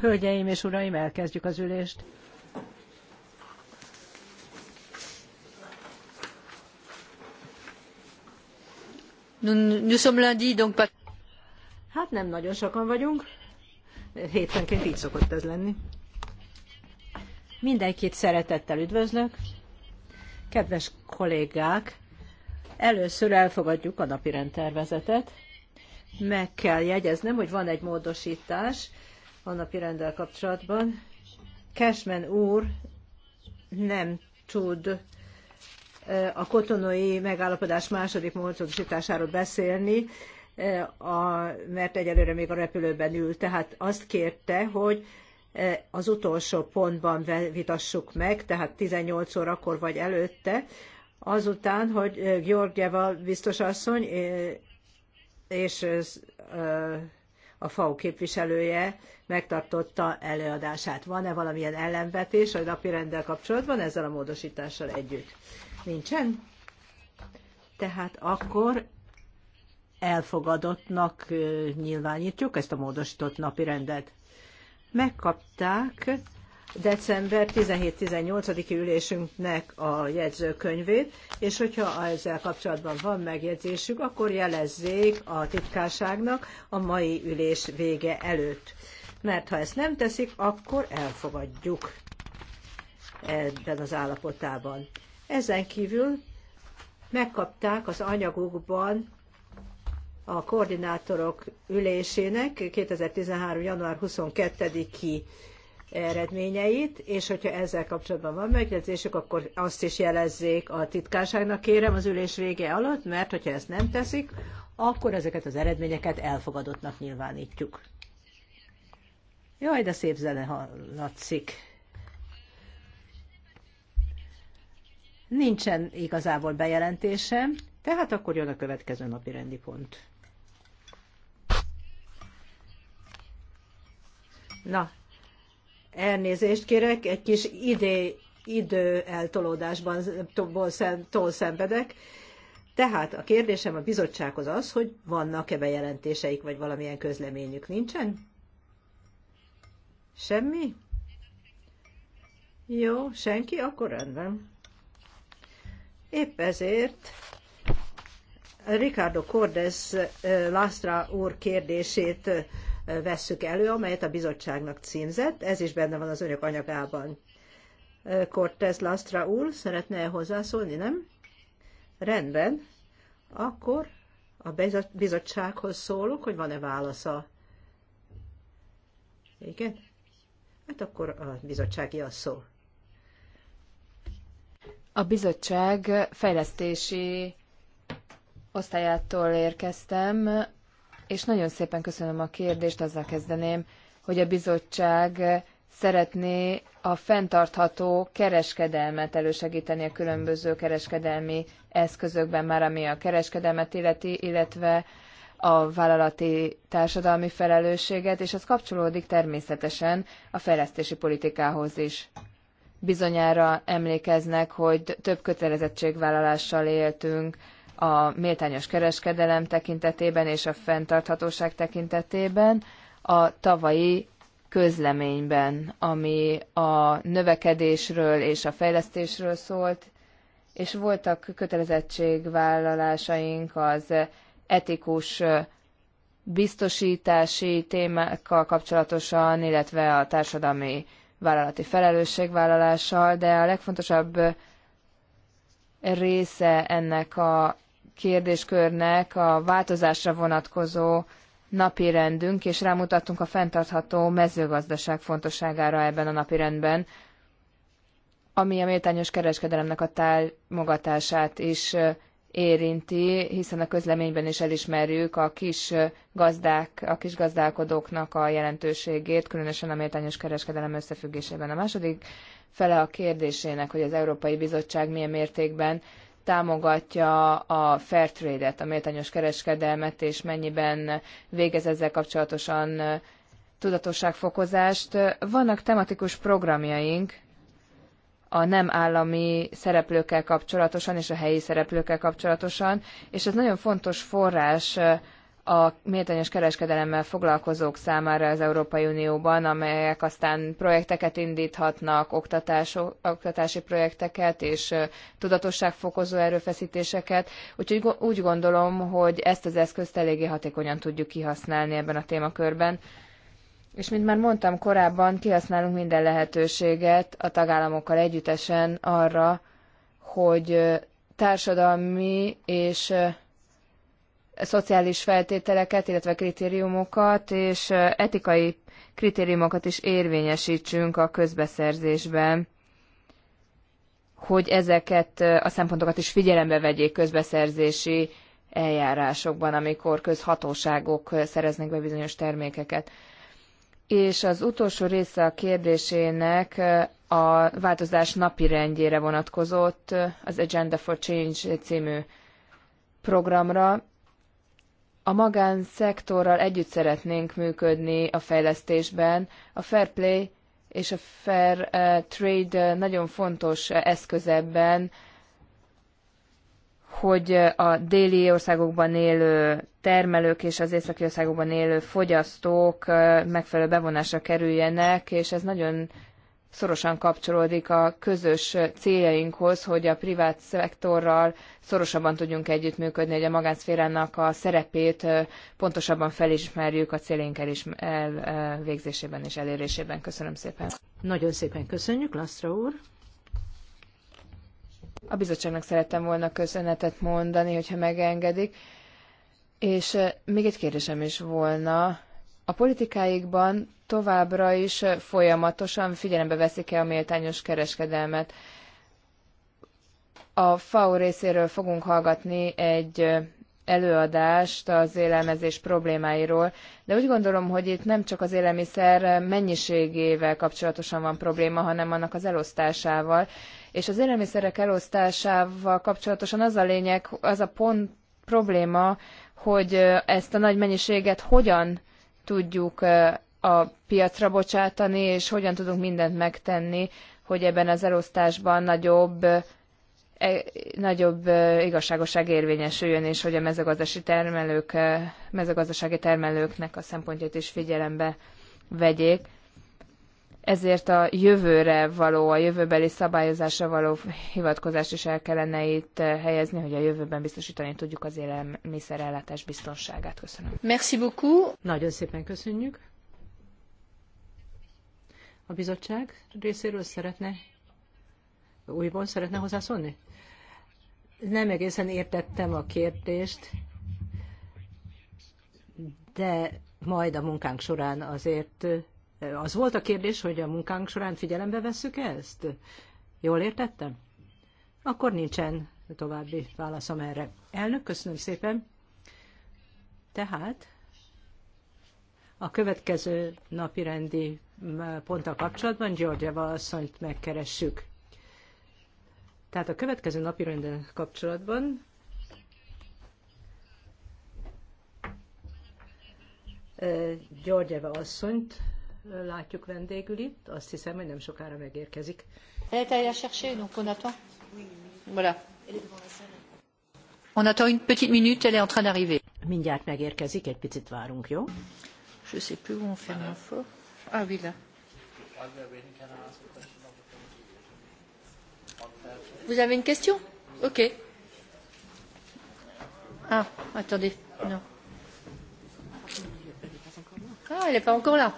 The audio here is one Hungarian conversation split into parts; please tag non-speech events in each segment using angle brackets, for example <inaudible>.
Hölgyeim és uraim, elkezdjük az ülést. Hát nem nagyon sokan vagyunk. Hétfőnként így szokott ez lenni. Mindenkit szeretettel üdvözlök. Kedves kollégák, először elfogadjuk a napirend tervezetet meg kell jegyeznem, hogy van egy módosítás a napi rendel kapcsolatban. Cashman úr nem tud a kotonói megállapodás második módosításáról beszélni, a, mert egyelőre még a repülőben ül. Tehát azt kérte, hogy az utolsó pontban vitassuk meg, tehát 18 órakor vagy előtte, azután, hogy Georgieva biztos asszony és a FAO képviselője megtartotta előadását. Van-e valamilyen ellenvetés a napi rendel kapcsolatban ezzel a módosítással együtt? Nincsen? Tehát akkor elfogadottnak nyilvánítjuk ezt a módosított napi rendet. Megkapták december 17-18-i ülésünknek a jegyzőkönyvét, és hogyha ezzel kapcsolatban van megjegyzésük, akkor jelezzék a titkárságnak a mai ülés vége előtt. Mert ha ezt nem teszik, akkor elfogadjuk ebben az állapotában. Ezen kívül megkapták az anyagokban a koordinátorok ülésének 2013. január 22-i eredményeit, és hogyha ezzel kapcsolatban van megjegyzésük, akkor azt is jelezzék a titkárságnak, kérem az ülés vége alatt, mert hogyha ezt nem teszik, akkor ezeket az eredményeket elfogadottnak nyilvánítjuk. Jaj, de szép zene hallatszik. Nincsen igazából bejelentésem, tehát akkor jön a következő napi rendi pont. Na, Elnézést kérek, egy kis idő, idő eltolódásban tól szenvedek. Tehát a kérdésem a bizottsághoz az, hogy vannak-e bejelentéseik, vagy valamilyen közleményük nincsen? Semmi? Jó, senki? Akkor rendben. Épp ezért Ricardo Cordes Lastra úr kérdését vesszük elő, amelyet a bizottságnak címzett, ez is benne van az önök anyagában. Cortez Lastra úr szeretne -e hozzászólni, nem? Rendben. Akkor a bizottsághoz szólok, hogy van-e válasza. Igen? Hát akkor a bizottsági a szó. A bizottság fejlesztési osztályától érkeztem és nagyon szépen köszönöm a kérdést, azzal kezdeném, hogy a bizottság szeretné a fenntartható kereskedelmet elősegíteni a különböző kereskedelmi eszközökben, már ami a kereskedelmet illeti, illetve a vállalati társadalmi felelősséget, és ez kapcsolódik természetesen a fejlesztési politikához is. Bizonyára emlékeznek, hogy több kötelezettségvállalással éltünk, a méltányos kereskedelem tekintetében és a fenntarthatóság tekintetében a tavalyi közleményben, ami a növekedésről és a fejlesztésről szólt, és voltak kötelezettségvállalásaink az etikus biztosítási témákkal kapcsolatosan, illetve a társadalmi vállalati felelősségvállalással, de a legfontosabb része ennek a kérdéskörnek a változásra vonatkozó napirendünk, és rámutattunk a fenntartható mezőgazdaság fontosságára ebben a napirendben, ami a méltányos kereskedelemnek a támogatását is érinti, hiszen a közleményben is elismerjük a kis gazdák, a kis gazdálkodóknak a jelentőségét, különösen a méltányos kereskedelem összefüggésében. A második fele a kérdésének, hogy az Európai Bizottság milyen mértékben támogatja a fair trade-et, a méltányos kereskedelmet, és mennyiben végez ezzel kapcsolatosan tudatosságfokozást. Vannak tematikus programjaink a nem állami szereplőkkel kapcsolatosan és a helyi szereplőkkel kapcsolatosan, és ez nagyon fontos forrás a méltányos kereskedelemmel foglalkozók számára az Európai Unióban, amelyek aztán projekteket indíthatnak, oktatási projekteket és tudatosságfokozó erőfeszítéseket. Úgyhogy úgy gondolom, hogy ezt az eszközt eléggé hatékonyan tudjuk kihasználni ebben a témakörben. És mint már mondtam korábban, kihasználunk minden lehetőséget a tagállamokkal együttesen arra, hogy társadalmi és szociális feltételeket, illetve kritériumokat és etikai kritériumokat is érvényesítsünk a közbeszerzésben, hogy ezeket a szempontokat is figyelembe vegyék közbeszerzési eljárásokban, amikor közhatóságok szereznek be bizonyos termékeket. És az utolsó része a kérdésének a változás napi rendjére vonatkozott az Agenda for Change című programra a magánszektorral együtt szeretnénk működni a fejlesztésben. A fair play és a fair eh, trade eh, nagyon fontos eh, eszköz ebben, hogy a déli országokban élő termelők és az északi országokban élő fogyasztók megfelelő bevonásra kerüljenek, és ez nagyon szorosan kapcsolódik a közös céljainkhoz, hogy a privát szektorral szorosabban tudjunk együttműködni, hogy a magánszférának a szerepét pontosabban felismerjük a céljaink elvégzésében és elérésében. Köszönöm szépen. Nagyon szépen köszönjük, Lasztra úr. A bizottságnak szerettem volna köszönetet mondani, hogyha megengedik. És még egy kérdésem is volna, a politikáikban továbbra is folyamatosan figyelembe veszik-e a méltányos kereskedelmet. A FAO részéről fogunk hallgatni egy előadást az élelmezés problémáiról, de úgy gondolom, hogy itt nem csak az élelmiszer mennyiségével kapcsolatosan van probléma, hanem annak az elosztásával. És az élelmiszerek elosztásával kapcsolatosan az a lényeg, az a pont probléma, hogy ezt a nagy mennyiséget hogyan tudjuk a piacra bocsátani, és hogyan tudunk mindent megtenni, hogy ebben az elosztásban nagyobb e, nagyobb igazságosság érvényesüljön, és hogy a mezőgazdasági, termelők, mezőgazdasági termelőknek a szempontjait is figyelembe vegyék ezért a jövőre való, a jövőbeli szabályozásra való hivatkozást is el kellene itt eh, helyezni, hogy a jövőben biztosítani tudjuk az élelmiszerellátás biztonságát. Köszönöm. Merci beaucoup. Nagyon szépen köszönjük. A bizottság részéről szeretne, újból szeretne hozzászólni? Nem egészen értettem a kérdést, de majd a munkánk során azért az volt a kérdés, hogy a munkánk során figyelembe vesszük -e ezt? Jól értettem? Akkor nincsen további válaszom erre. Elnök, köszönöm szépen. Tehát a következő napi rendi ponttal kapcsolatban Georgia asszonyt megkeressük. Tehát a következő napi rendel kapcsolatban Georgieva asszonyt látjuk vendégül itt. Azt hiszem, hogy nem sokára megérkezik. Lehet aller chercher, donc on attend. Voilà. On attend une petite minute, elle est en train d'arriver. Mindjárt megérkezik, egy picit várunk, jó? Je sais plus où on fait mon l'info. Ah oui, là. Vous avez une question Ok. Ah, attendez, non. Ah, elle n'est pas encore là.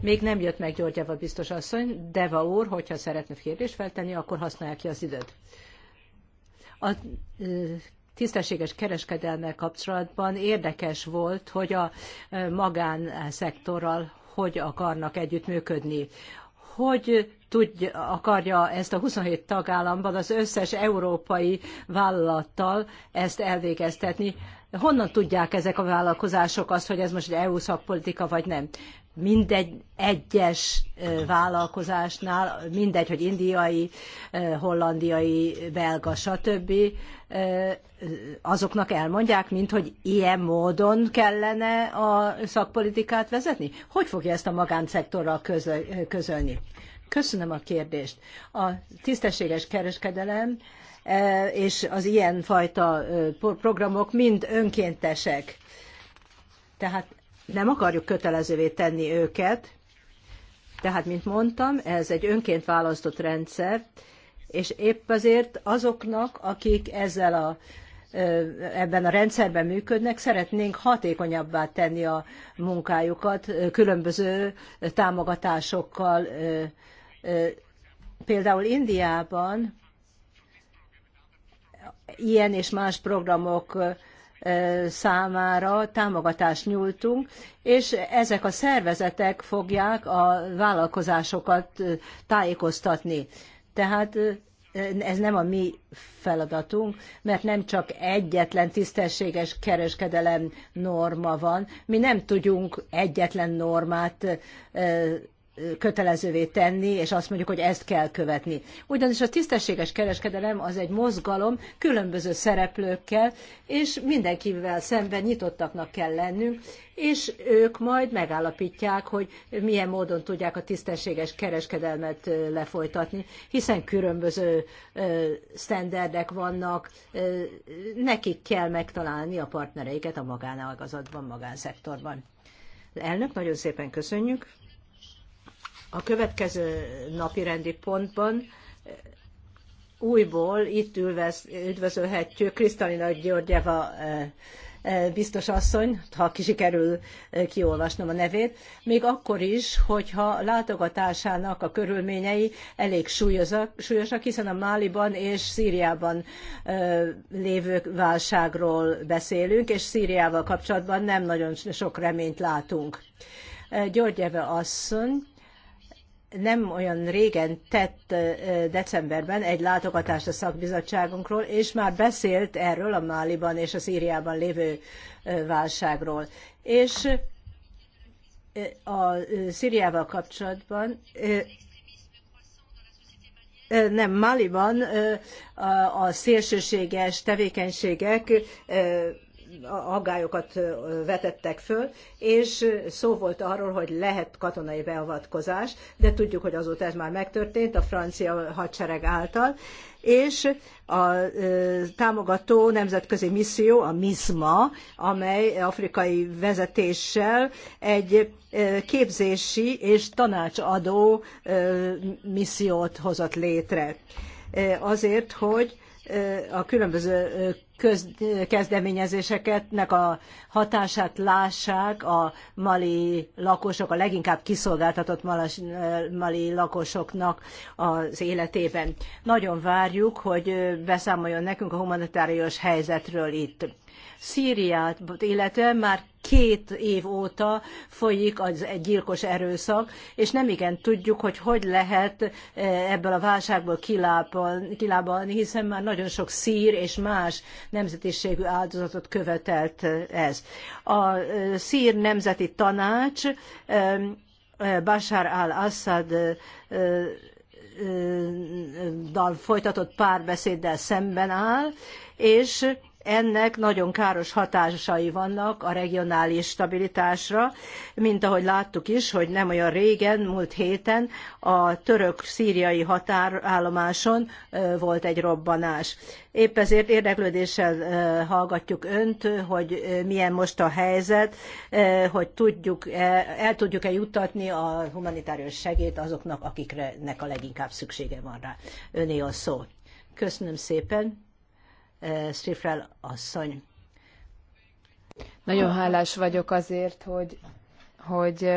Még nem jött meg Györgyeva biztos asszony, Deva úr, hogyha szeretne kérdést feltenni, akkor használja ki az időt. A tisztességes kereskedelmel kapcsolatban érdekes volt, hogy a magánszektorral hogy akarnak együttműködni. Hogy tudja, akarja ezt a 27 tagállamban az összes európai vállalattal ezt elvégeztetni, Honnan tudják ezek a vállalkozások azt, hogy ez most EU e szakpolitika vagy nem? Mindegy egyes vállalkozásnál, mindegy, hogy indiai, hollandiai, belga, stb. azoknak elmondják, mint hogy ilyen módon kellene a szakpolitikát vezetni? Hogy fogja ezt a magánszektorral közölni? Köszönöm a kérdést. A tisztességes kereskedelem Eh, és az ilyenfajta eh, programok mind önkéntesek. Tehát nem akarjuk kötelezővé tenni őket, tehát, mint mondtam, ez egy önként választott rendszer, és épp azért azoknak, akik ezzel a, eh, ebben a rendszerben működnek, szeretnénk hatékonyabbá tenni a munkájukat különböző támogatásokkal. Például Indiában ilyen és más programok számára támogatást nyújtunk, és ezek a szervezetek fogják a vállalkozásokat tájékoztatni. Tehát ez nem a mi feladatunk, mert nem csak egyetlen tisztességes kereskedelem norma van. Mi nem tudjunk egyetlen normát kötelezővé tenni, és azt mondjuk, hogy ezt kell követni. Ugyanis a tisztességes kereskedelem az egy mozgalom különböző szereplőkkel, és mindenkivel szemben nyitottaknak kell lennünk, és ők majd megállapítják, hogy milyen módon tudják a tisztességes kereskedelmet lefolytatni, hiszen különböző sztenderdek vannak, nekik kell megtalálni a partnereiket a magánágazatban, magánszektorban. Elnök, nagyon szépen köszönjük. A következő napi rendi pontban eh, újból itt ülvez, üdvözölhetjük Krisztalina Györgyeva eh, eh, biztos asszony, ha sikerül kiolvasnom a nevét, még akkor is, hogyha látogatásának a körülményei elég súlyosak, súlyosak hiszen a Máliban és Szíriában lévő válságról beszélünk, és Szíriával kapcsolatban nem nagyon sok reményt látunk. Györgyeve asszony nem olyan régen tett decemberben egy látogatást a szakbizottságunkról, és már beszélt erről a Máliban és a Szíriában lévő válságról. És a Szíriával kapcsolatban nem, Maliban a szélsőséges tevékenységek aggályokat vetettek föl, és szó volt arról, hogy lehet katonai beavatkozás, de tudjuk, hogy azóta ez már megtörtént a francia hadsereg által, és a támogató nemzetközi misszió, a MISMA, amely afrikai vezetéssel egy képzési és tanácsadó missziót hozott létre. Azért, hogy a különböző köz, kezdeményezéseketnek a hatását lássák a mali lakosok, a leginkább kiszolgáltatott mali lakosoknak az életében. Nagyon várjuk, hogy beszámoljon nekünk a humanitárius helyzetről itt. Szíriát illetően már két év óta folyik az egy gyilkos erőszak, és nem igen tudjuk, hogy hogy lehet eh, ebből a válságból kilábalni, hiszen már nagyon sok szír és más nemzetiségű áldozatot követelt eh, ez. A eh, szír nemzeti tanács Bashar al-Assad dal folytatott párbeszéddel szemben áll, és ennek nagyon káros hatásai vannak a regionális stabilitásra, mint ahogy láttuk is, hogy nem olyan régen, múlt héten a török-szíriai határállomáson volt egy robbanás. Épp ezért érdeklődéssel hallgatjuk önt, hogy milyen most a helyzet, hogy tudjuk -e, el tudjuk-e juttatni a humanitárius segélyt azoknak, akiknek a leginkább szüksége van rá. Öné a szó. Köszönöm szépen. Szifrel asszony. Nagyon hálás vagyok azért, hogy, hogy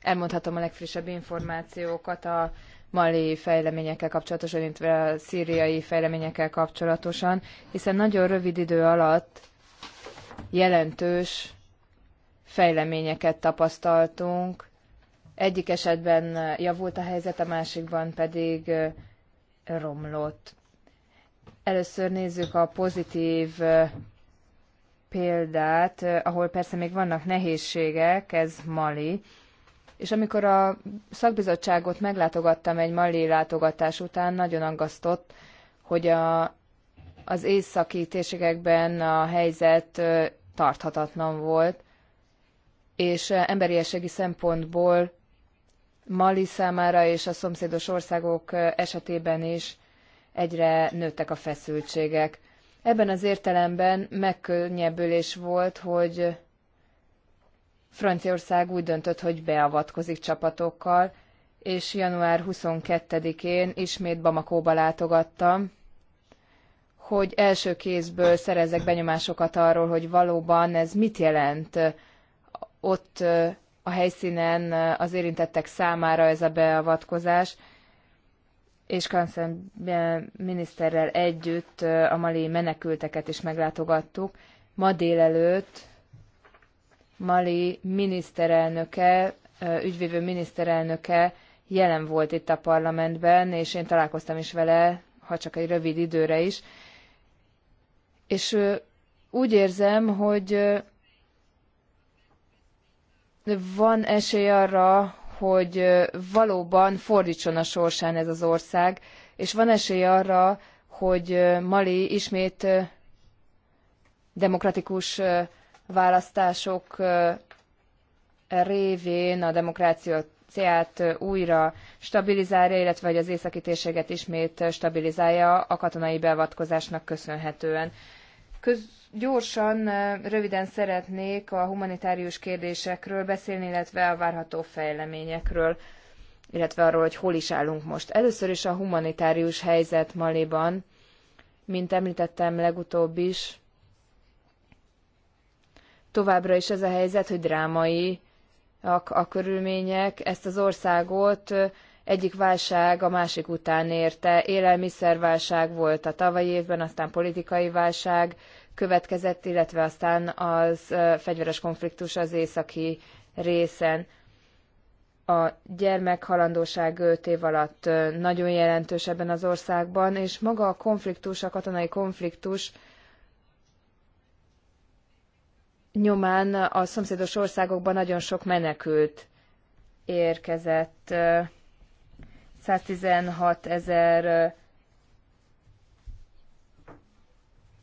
elmondhatom a legfrissebb információkat a mali fejleményekkel kapcsolatosan, illetve a szíriai fejleményekkel kapcsolatosan, hiszen nagyon rövid idő alatt jelentős fejleményeket tapasztaltunk. Egyik esetben javult a helyzet, a másikban pedig romlott. Először nézzük a pozitív példát, ahol persze még vannak nehézségek, ez Mali. És amikor a szakbizottságot meglátogattam egy Mali látogatás után, nagyon aggasztott, hogy a, az északi térségekben a helyzet tarthatatlan volt, és emberiességi szempontból Mali számára és a szomszédos országok esetében is egyre nőttek a feszültségek. Ebben az értelemben megkönnyebbülés volt, hogy Franciaország úgy döntött, hogy beavatkozik csapatokkal, és január 22-én ismét Bamakóba látogattam, hogy első kézből szerezek benyomásokat arról, hogy valóban ez mit jelent ott a helyszínen az érintettek számára ez a beavatkozás, és Kanszem eh, miniszterrel együtt eh, a mali menekülteket is meglátogattuk. Ma délelőtt Mali miniszterelnöke, eh, ügyvívő miniszterelnöke jelen volt itt a parlamentben, és én találkoztam is vele, ha csak egy rövid időre is. És úgy érzem, hogy van esély arra, hogy valóban fordítson a sorsán ez az ország, és van esély arra, hogy Mali ismét demokratikus választások révén a demokráciát újra stabilizálja, illetve hogy az északi térséget ismét stabilizálja a katonai beavatkozásnak köszönhetően. Köz, gyorsan, röviden szeretnék a humanitárius kérdésekről beszélni, illetve a várható fejleményekről, illetve arról, hogy hol is állunk most. Először is a humanitárius helyzet Maliban. Mint említettem legutóbb is, továbbra is ez a helyzet, hogy drámai a, a körülmények. Ezt az országot egyik válság a másik után érte. Élelmiszerválság volt a tavalyi évben, aztán politikai válság következett, illetve aztán az fegyveres konfliktus az északi részen. A gyermekhalandóság 5 év alatt nagyon jelentős ebben az országban, és maga a konfliktus, a katonai konfliktus nyomán a szomszédos országokban nagyon sok menekült érkezett 116 ezer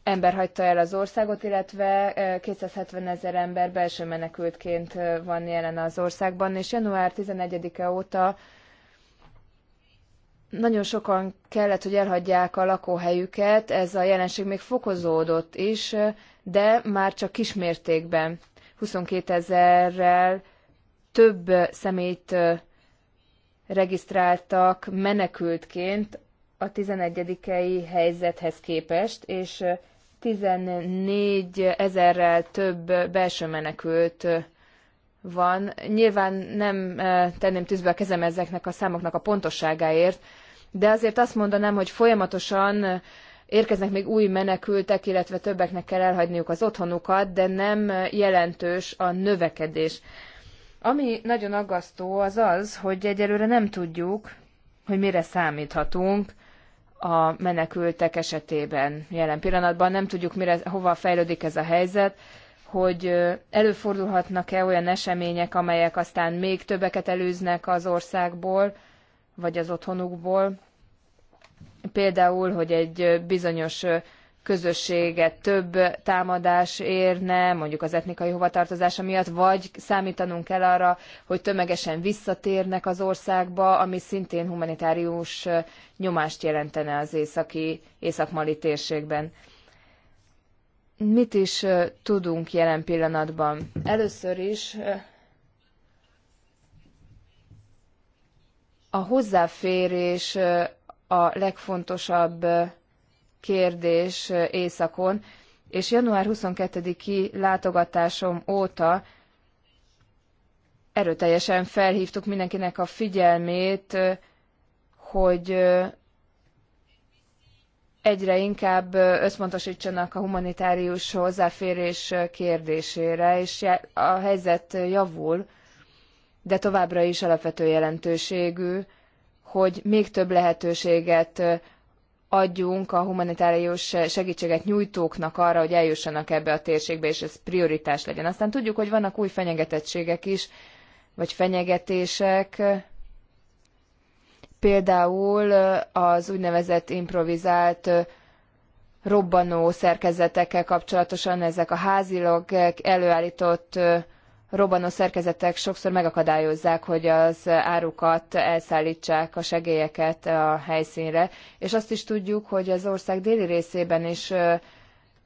ember hagyta el az országot, illetve 270 ezer ember belső menekültként van jelen az országban, és január 11-e óta nagyon sokan kellett, hogy elhagyják a lakóhelyüket, ez a jelenség még fokozódott is, de már csak kismértékben. 22 ezerrel több szemét regisztráltak menekültként a 11 helyzethez képest, és 14 ezerrel több belső menekült van. Nyilván nem eh, tenném tűzbe a kezem ezeknek a számoknak a pontosságáért, de azért azt mondanám, hogy folyamatosan érkeznek még új menekültek, illetve többeknek kell elhagyniuk az otthonukat, de nem jelentős a növekedés. Ami nagyon aggasztó az az, hogy egyelőre nem tudjuk, hogy mire számíthatunk a menekültek esetében. Jelen pillanatban nem tudjuk, mire, hova fejlődik ez a helyzet, hogy előfordulhatnak-e olyan események, amelyek aztán még többeket előznek az országból, vagy az otthonukból. Például, hogy egy bizonyos közösséget több támadás érne, mondjuk az etnikai hovatartozása miatt, vagy számítanunk kell arra, hogy tömegesen visszatérnek az országba, ami szintén humanitárius nyomást jelentene az északi, észak-mali térségben. Mit is tudunk jelen pillanatban? Először is a hozzáférés a legfontosabb kérdés északon, és január 22-i látogatásom óta erőteljesen felhívtuk mindenkinek a figyelmét, hogy egyre inkább összpontosítsanak a humanitárius hozzáférés kérdésére, és a helyzet javul, de továbbra is alapvető jelentőségű, hogy még több lehetőséget adjunk a humanitárius segítséget nyújtóknak arra, hogy eljussanak ebbe a térségbe, és ez prioritás legyen. Aztán tudjuk, hogy vannak új fenyegetettségek is, vagy fenyegetések, például az úgynevezett improvizált robbanó szerkezetekkel kapcsolatosan ezek a házilag előállított robbanó szerkezetek sokszor megakadályozzák, hogy az árukat elszállítsák, a segélyeket a helyszínre. És azt is tudjuk, hogy az ország déli részében is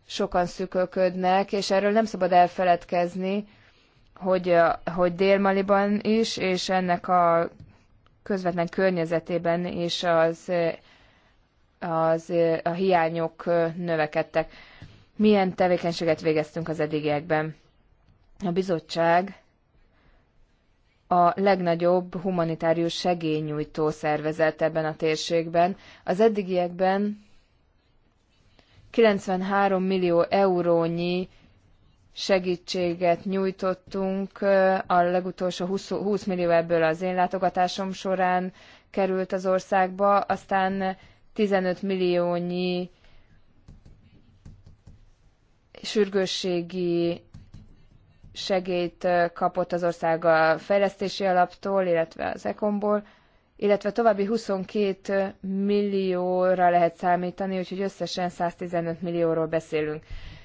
sokan szükölködnek, és erről nem szabad elfeledkezni, hogy, hogy Dél-Maliban is, és ennek a közvetlen környezetében is az, az, a hiányok növekedtek. Milyen tevékenységet végeztünk az eddigiekben? a bizottság a legnagyobb humanitárius segélynyújtó szervezet ebben a térségben. Az eddigiekben 93 millió eurónyi segítséget nyújtottunk, a legutolsó 20 millió ebből az én látogatásom során került az országba, aztán 15 milliónyi sürgősségi segélyt kapott az ország a fejlesztési alaptól, illetve az ECOM-ból, illetve további 22 millióra lehet számítani, úgyhogy összesen 115 millióról beszélünk.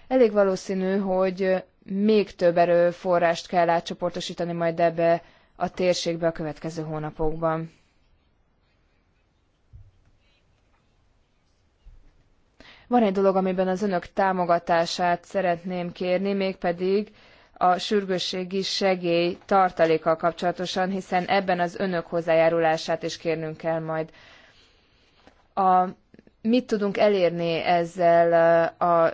Elég valószínű, hogy még több erőforrást kell átcsoportosítani majd ebbe a térségbe a következő hónapokban. Van egy dolog, amiben az önök támogatását szeretném kérni, mégpedig a sürgősségi segély tartalékkal kapcsolatosan, hiszen ebben az önök hozzájárulását is kérnünk kell majd. A, mit tudunk elérni ezzel a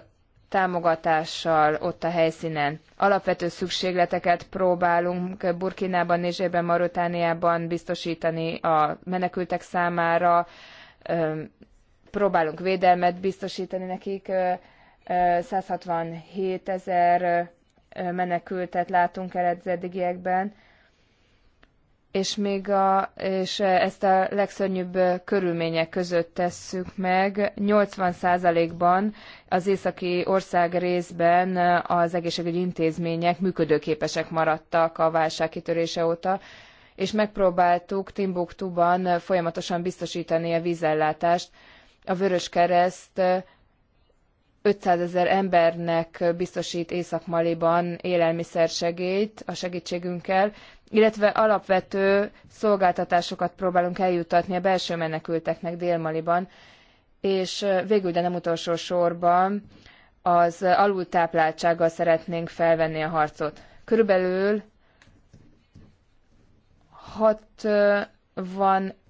támogatással ott a helyszínen. Alapvető szükségleteket próbálunk Burkinában, Nézsében, Marotániában biztosítani a menekültek számára, próbálunk védelmet biztosítani nekik, 167 ezer menekültet látunk el az eddigiekben, és még a, és ezt a legszörnyűbb körülmények között tesszük meg. 80%-ban az északi ország részben az egészségügyi intézmények működőképesek maradtak a válság kitörése óta, és megpróbáltuk Timbuktuban folyamatosan biztosítani a vízellátást. A Vörös Kereszt 500 ezer embernek biztosít Észak-Maliban élelmiszersegélyt a segítségünkkel, illetve alapvető szolgáltatásokat próbálunk eljuttatni a belső menekülteknek Dél-Maliban, és végül, de nem utolsó sorban az alultápláltsággal szeretnénk felvenni a harcot. Körülbelül 60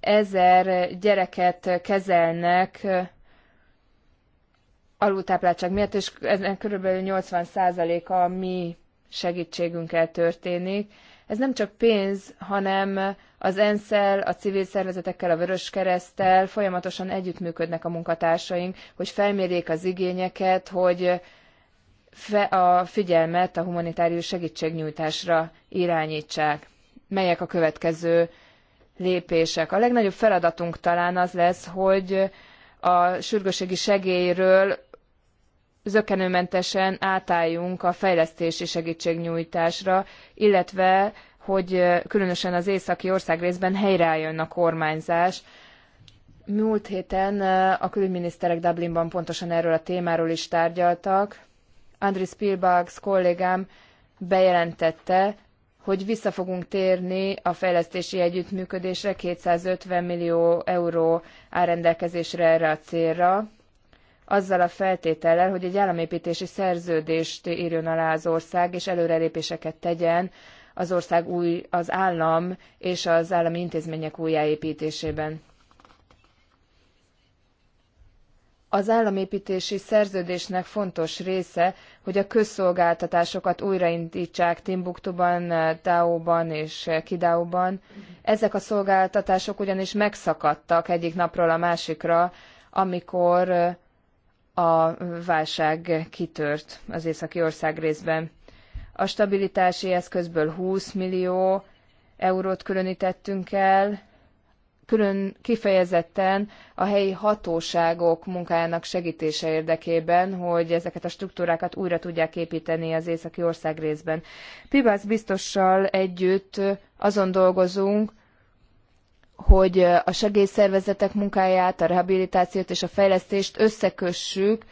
ezer gyereket kezelnek alultápláltság miatt, és ennek körülbelül 80%-a mi segítségünkkel történik. Ez nem csak pénz, hanem az ensz a civil szervezetekkel, a Vörös Keresztel folyamatosan együttműködnek a munkatársaink, hogy felmérjék az igényeket, hogy a figyelmet a humanitárius segítségnyújtásra irányítsák. Melyek a következő lépések? A legnagyobb feladatunk talán az lesz, hogy a sürgőségi segélyről zökenőmentesen átálljunk a fejlesztési segítségnyújtásra, illetve hogy különösen az északi országrészben helyreálljon a kormányzás. Múlt héten a külügyminiszterek Dublinban pontosan erről a témáról is tárgyaltak. Andris Spielbags kollégám bejelentette, hogy vissza fogunk térni a fejlesztési együttműködésre, 250 millió euró áll rendelkezésre erre a célra azzal a feltétellel, hogy egy államépítési szerződést írjon alá az ország, és előrelépéseket tegyen az ország új, az állam és az állami intézmények újjáépítésében. Az államépítési szerződésnek fontos része, hogy a közszolgáltatásokat újraindítsák Timbuktuban, Taóban és Kidáóban. Ezek a szolgáltatások ugyanis megszakadtak egyik napról a másikra, amikor a válság kitört az északi ország részben. A stabilitási eszközből 20 millió eurót különítettünk el, külön kifejezetten a helyi hatóságok munkájának segítése érdekében, hogy ezeket a struktúrákat újra tudják építeni az északi ország részben. Pibász biztossal együtt azon dolgozunk, hogy a segélyszervezetek munkáját, a rehabilitációt és a fejlesztést összekössük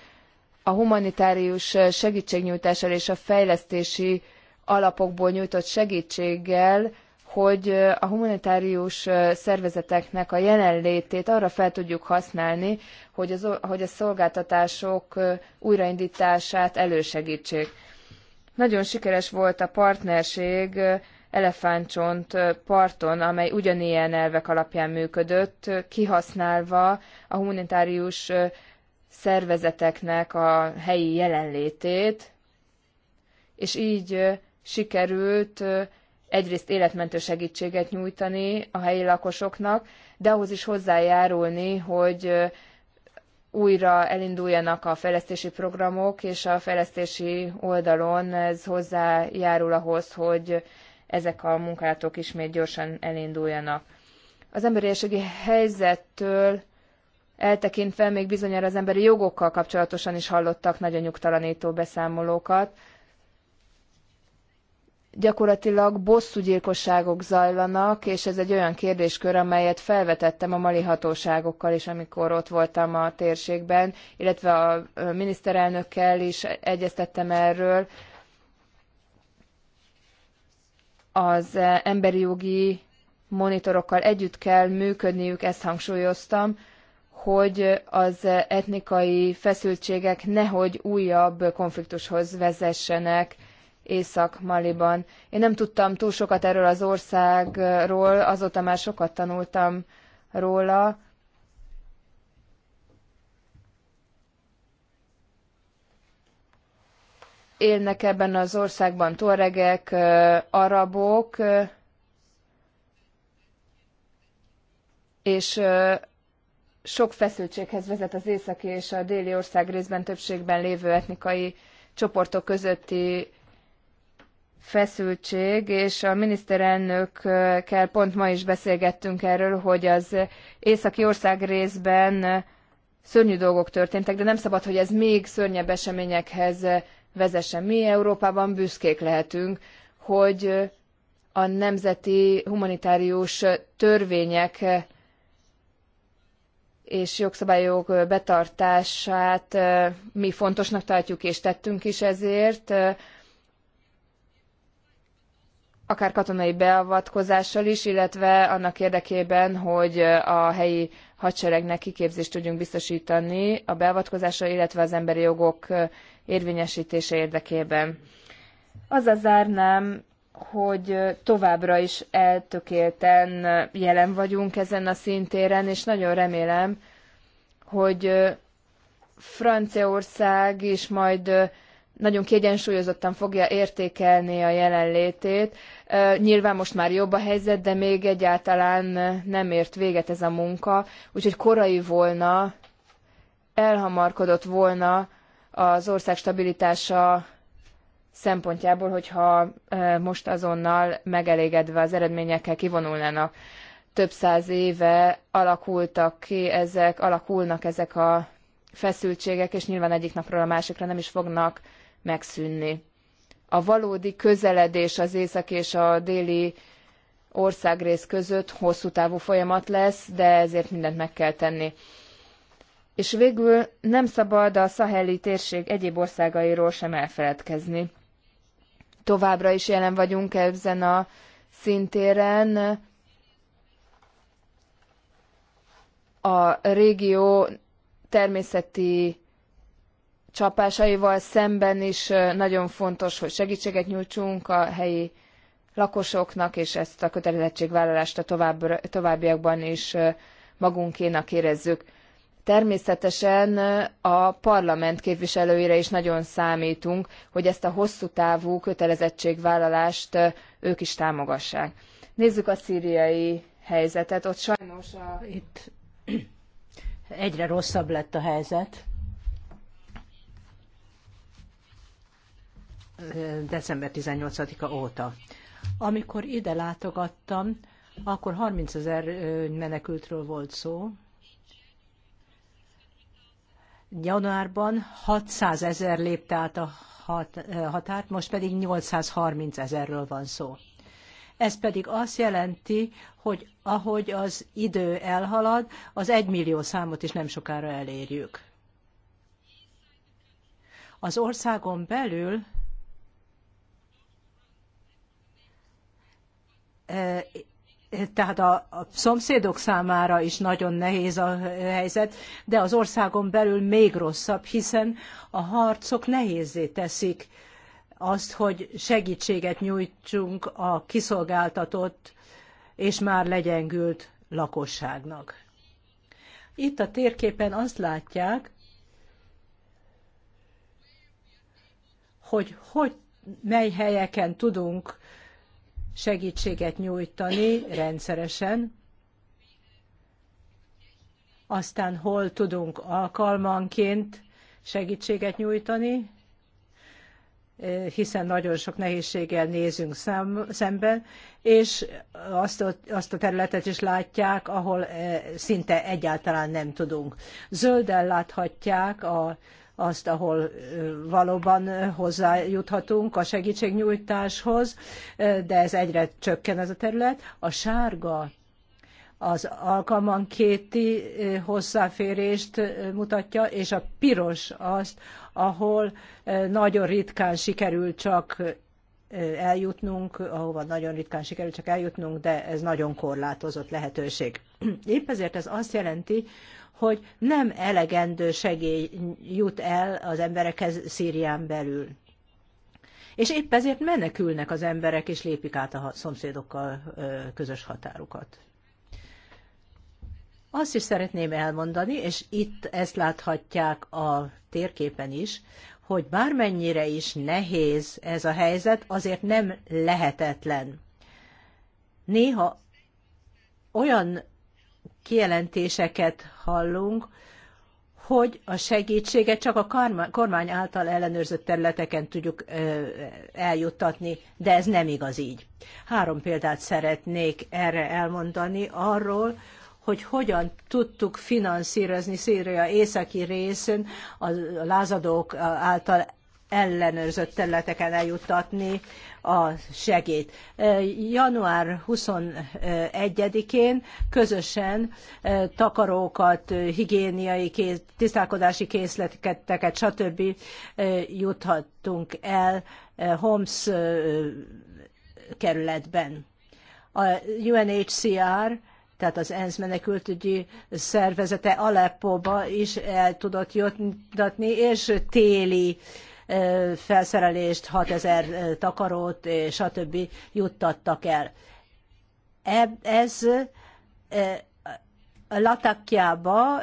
a humanitárius segítségnyújtással és a fejlesztési alapokból nyújtott segítséggel, hogy a humanitárius szervezeteknek a jelenlétét arra fel tudjuk használni, hogy, az, hogy a szolgáltatások újraindítását elősegítsék. Nagyon sikeres volt a partnerség elefántcsont parton, amely ugyanilyen elvek alapján működött, kihasználva a humanitárius szervezeteknek a helyi jelenlétét, és így sikerült egyrészt életmentő segítséget nyújtani a helyi lakosoknak, de ahhoz is hozzájárulni, hogy újra elinduljanak a fejlesztési programok, és a fejlesztési oldalon ez hozzájárul ahhoz, hogy ezek a munkálatok ismét gyorsan elinduljanak. Az emberi jogi helyzettől eltekintve még bizonyára az emberi jogokkal kapcsolatosan is hallottak nagyon nyugtalanító beszámolókat. Gyakorlatilag bosszúgyilkosságok zajlanak, és ez egy olyan kérdéskör, amelyet felvetettem a mali hatóságokkal is, amikor ott voltam a térségben, illetve a miniszterelnökkel is egyeztettem erről, az eh, emberi jogi monitorokkal együtt kell működniük, ezt hangsúlyoztam, hogy az etnikai feszültségek nehogy újabb konfliktushoz vezessenek Észak-Maliban. Én nem tudtam túl sokat erről az országról, azóta már sokat tanultam róla, élnek ebben az országban toregek, arabok, és sok feszültséghez vezet az északi és a déli ország részben többségben lévő etnikai csoportok közötti feszültség, és a miniszterelnökkel pont ma is beszélgettünk erről, hogy az északi ország részben szörnyű dolgok történtek, de nem szabad, hogy ez még szörnyebb eseményekhez vezesse. Mi Európában büszkék lehetünk, hogy a nemzeti humanitárius törvények és jogszabályok betartását mi fontosnak tartjuk, és tettünk is ezért, akár katonai beavatkozással is, illetve annak érdekében, hogy a helyi hadseregnek kiképzést tudjunk biztosítani a beavatkozásra, illetve az emberi jogok érvényesítése érdekében. a zárnám, hogy továbbra is eltökélten jelen vagyunk ezen a szintéren, és nagyon remélem, hogy Franciaország is majd nagyon kiegyensúlyozottan fogja értékelni a jelenlétét. Nyilván most már jobb a helyzet, de még egyáltalán nem ért véget ez a munka, úgyhogy korai volna, elhamarkodott volna az ország stabilitása szempontjából, hogyha most azonnal megelégedve az eredményekkel kivonulnának. Több száz éve alakultak ki ezek, alakulnak ezek a feszültségek, és nyilván egyik napról a másikra nem is fognak megszűnni. A valódi közeledés az észak és a déli országrész között hosszú távú folyamat lesz, de ezért mindent meg kell tenni. És végül nem szabad a szaheli térség egyéb országairól sem elfeledkezni. Továbbra is jelen vagyunk ezen a szintéren. A régió természeti csapásaival szemben is nagyon fontos, hogy segítséget nyújtsunk a helyi lakosoknak, és ezt a kötelezettségvállalást a továbbiakban is magunkénak érezzük. Természetesen a parlament képviselőire is nagyon számítunk, hogy ezt a hosszú távú kötelezettségvállalást ők is támogassák. Nézzük a szíriai helyzetet. Ott sajnos a... Itt egyre rosszabb lett a helyzet. December 18-a óta. Amikor ide látogattam, akkor 30 ezer menekültről volt szó, Januárban 600 ezer lépte át a hat, határt, most pedig 830 ezerről van szó. Ez pedig azt jelenti, hogy ahogy az idő elhalad, az egymillió számot is nem sokára elérjük. Az országon belül tehát a, szomszédok számára is nagyon nehéz a helyzet, de az országon belül még rosszabb, hiszen a harcok nehézé teszik azt, hogy segítséget nyújtsunk a kiszolgáltatott és már legyengült lakosságnak. Itt a térképen azt látják, hogy, hogy mely helyeken tudunk segítséget nyújtani rendszeresen, aztán hol tudunk alkalmanként segítséget nyújtani, hiszen nagyon sok nehézséggel nézünk szem, szemben, és azt a, azt a területet is látják, ahol eh, szinte egyáltalán nem tudunk. Zölden láthatják a azt, ahol valóban hozzájuthatunk a segítségnyújtáshoz, de ez egyre csökken ez a terület. A sárga az alkalmankéti hozzáférést mutatja, és a piros azt, ahol nagyon ritkán sikerül csak eljutnunk, ahova nagyon ritkán sikerül csak eljutnunk, de ez nagyon korlátozott lehetőség. Épp ezért ez azt jelenti, hogy nem elegendő segély jut el az emberekhez Szírián belül. És épp ezért menekülnek az emberek, és lépik át a szomszédokkal közös határukat. Azt is szeretném elmondani, és itt ezt láthatják a térképen is, hogy bármennyire is nehéz ez a helyzet, azért nem lehetetlen. Néha olyan kijelentéseket hallunk, hogy a segítséget csak a kormány által ellenőrzött területeken tudjuk eljuttatni, de ez nem igaz így. Három példát szeretnék erre elmondani arról, hogy hogyan tudtuk finanszírozni Szíria északi részén a lázadók által ellenőrzött területeken eljuttatni a segét. Január 21-én közösen takarókat, higiéniai, kész, tisztálkodási készleteket, stb. juthattunk el Homs kerületben. A UNHCR tehát az ENSZ menekültügyi szervezete Aleppóba is el tudott jutni, és téli felszerelést, 6000 takarót, stb. juttattak el. Ez Latakjába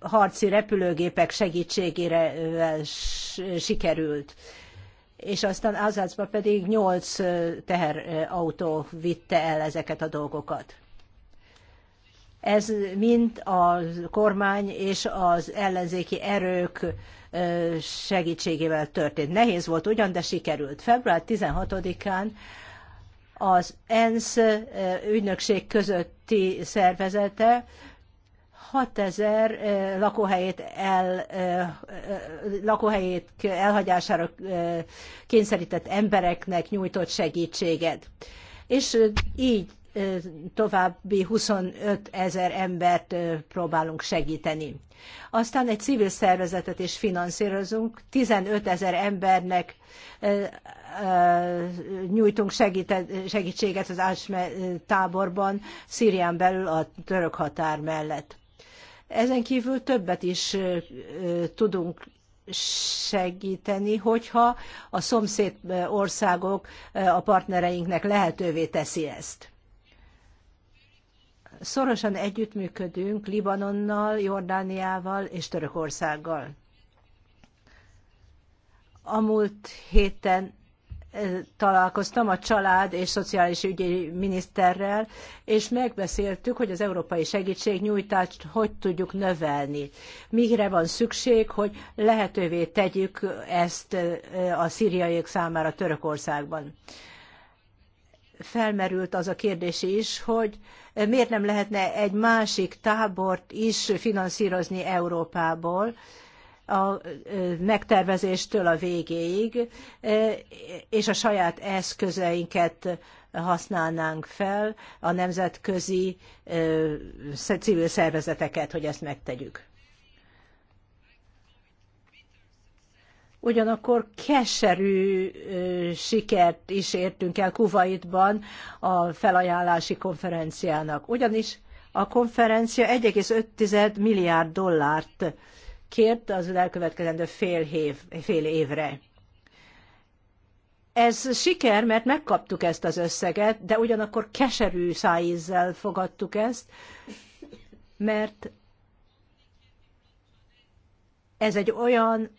harci repülőgépek segítségére sikerült és aztán Azácba pedig nyolc teherautó vitte el ezeket a dolgokat. Ez mind a kormány és az ellenzéki erők segítségével történt. Nehéz volt ugyan, de sikerült. Február 16-án az ENSZ ügynökség közötti szervezete 6000 lakóhelyét, el, lakóhelyét elhagyására kényszerített embereknek nyújtott segítséget. És így további 25 ezer embert próbálunk segíteni. Aztán egy civil szervezetet is finanszírozunk, 15 ezer embernek nyújtunk segítséget az Ásme táborban, Szírián belül a török határ mellett. Ezen kívül többet is tudunk segíteni, hogyha a szomszéd országok a partnereinknek lehetővé teszi ezt. Szorosan együttműködünk Libanonnal, Jordániával és Törökországgal. A múlt héten e, találkoztam a család és szociális ügyi miniszterrel, és megbeszéltük, hogy az európai segítségnyújtást hogy tudjuk növelni. Mire van szükség, hogy lehetővé tegyük ezt e, a szíriaiak számára Törökországban felmerült az a kérdés is, hogy miért nem lehetne egy másik tábort is finanszírozni Európából, a megtervezéstől a végéig, és a saját eszközeinket használnánk fel, a nemzetközi civil szervezeteket, hogy ezt megtegyük. ugyanakkor keserű sikert is értünk el Kuwaitban a felajánlási konferenciának. Ugyanis a konferencia 1,5 milliárd dollárt kért az elkövetkezendő fél, év, fél évre. Ez siker, mert megkaptuk ezt az összeget, de ugyanakkor keserű szájízzel fogadtuk ezt, mert ez egy olyan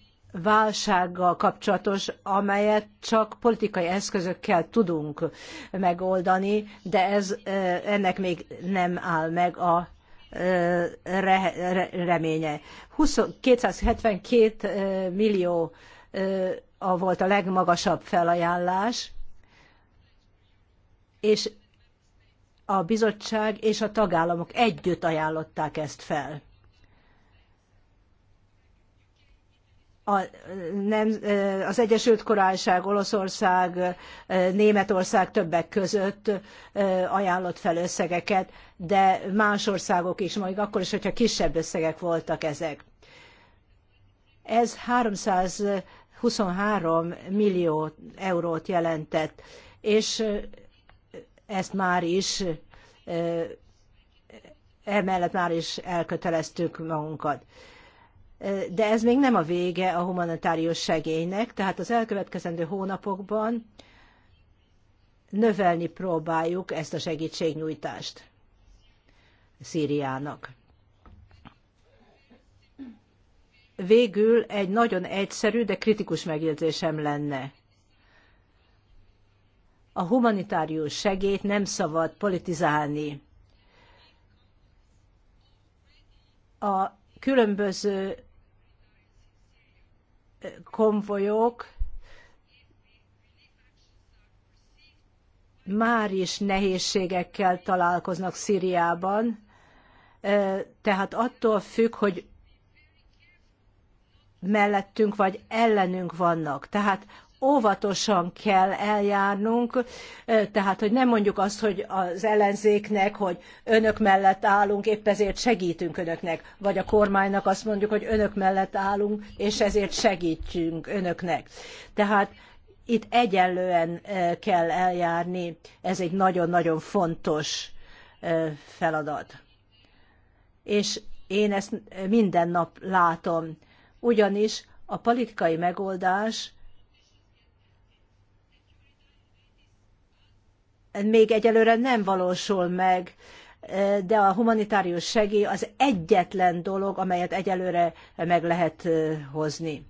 válsággal kapcsolatos, amelyet csak politikai eszközökkel tudunk megoldani, de ez ennek még nem áll meg a reménye. 20, 272 millió a volt a legmagasabb felajánlás, és a bizottság és a tagállamok együtt ajánlották ezt fel. a, nem, az Egyesült Királyság, Olaszország, Németország többek között ajánlott fel összegeket, de más országok is, majd akkor is, hogyha kisebb összegek voltak ezek. Ez 323 millió eurót jelentett, és ezt már is emellett már is elköteleztük magunkat de ez még nem a vége a humanitárius segélynek, tehát az elkövetkezendő hónapokban növelni próbáljuk ezt a segítségnyújtást Szíriának. Végül egy nagyon egyszerű, de kritikus megjegyzésem lenne. A humanitárius segélyt nem szabad politizálni. A különböző konvojok már is nehézségekkel találkoznak Szíriában, tehát attól függ, hogy mellettünk vagy ellenünk vannak. Tehát óvatosan kell eljárnunk, tehát hogy nem mondjuk azt, hogy az ellenzéknek, hogy önök mellett állunk, épp ezért segítünk önöknek, vagy a kormánynak azt mondjuk, hogy önök mellett állunk, és ezért segítünk önöknek. Tehát itt egyenlően kell eljárni, ez egy nagyon-nagyon fontos feladat. És én ezt minden nap látom, ugyanis a politikai megoldás még egyelőre nem valósul meg, e, de a humanitárius segély az egyetlen dolog, amelyet egyelőre meg lehet e, hozni.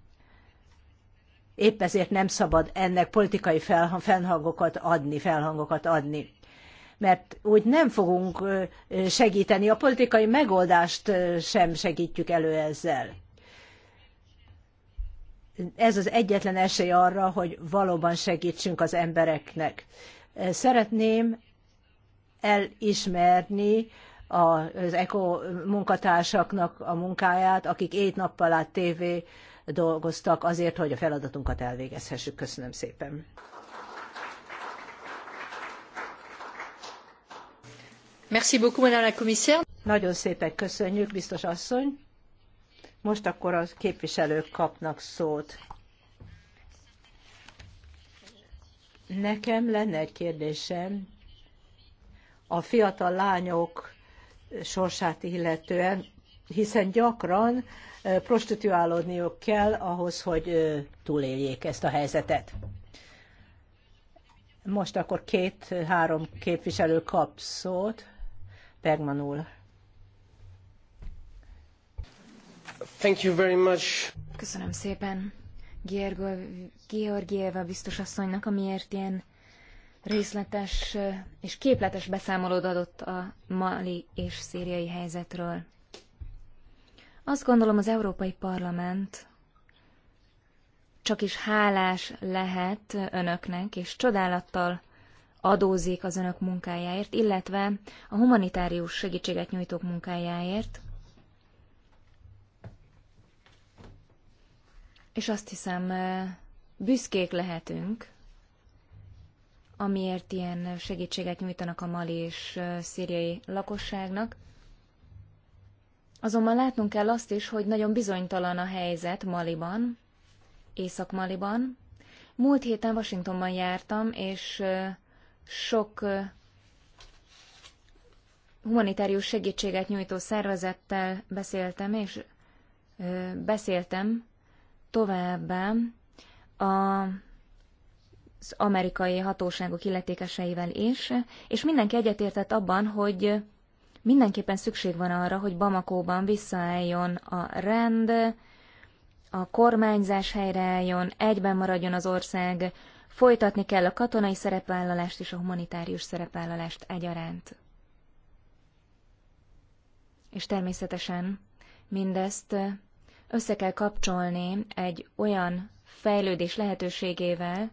Épp ezért nem szabad ennek politikai felhangokat adni, felhangokat adni. Mert úgy nem fogunk e, segíteni, a politikai megoldást sem segítjük elő ezzel. Ez az egyetlen esély arra, hogy valóban segítsünk az embereknek. Szeretném elismerni az ECO munkatársaknak a munkáját, éjt nappal át tévé dolgoztak azért, hogy a feladatunkat elvégezhessük. Köszönöm szépen. Merci beaucoup, Madame la Commissaire. Nagyon szépen köszönjük, biztos asszony. Most akkor a képviselők kapnak szót. Nekem lenne egy kérdésem a fiatal lányok sorsát illetően, hiszen gyakran prostituálódniuk kell ahhoz, hogy túléljék ezt a helyzetet. Most akkor két-három képviselő kap szót. Bergman úr. Thank you very much. Köszönöm szépen. Georgieva biztos asszonynak, amiért ilyen részletes és képletes beszámolód adott a mali és szíriai helyzetről. Azt gondolom az Európai Parlament csak is hálás lehet önöknek, és csodálattal adózik az önök munkájáért, illetve a humanitárius segítséget nyújtók munkájáért, és azt hiszem, büszkék lehetünk, amiért ilyen segítséget nyújtanak a mali és szíriai lakosságnak. Azonban látnunk kell azt is, hogy nagyon bizonytalan a helyzet Maliban, Észak-Maliban. Múlt héten Washingtonban jártam, és sok humanitárius segítséget nyújtó szervezettel beszéltem, és beszéltem Továbbá a az amerikai hatóságok illetékeseivel is, és mindenki egyetértett abban, hogy mindenképpen szükség van arra, hogy Bamakóban visszaálljon a rend, a kormányzás helyreálljon, egyben maradjon az ország, folytatni kell a katonai szerepvállalást és a humanitárius szerepvállalást egyaránt. És természetesen mindezt össze kell kapcsolni egy olyan fejlődés lehetőségével,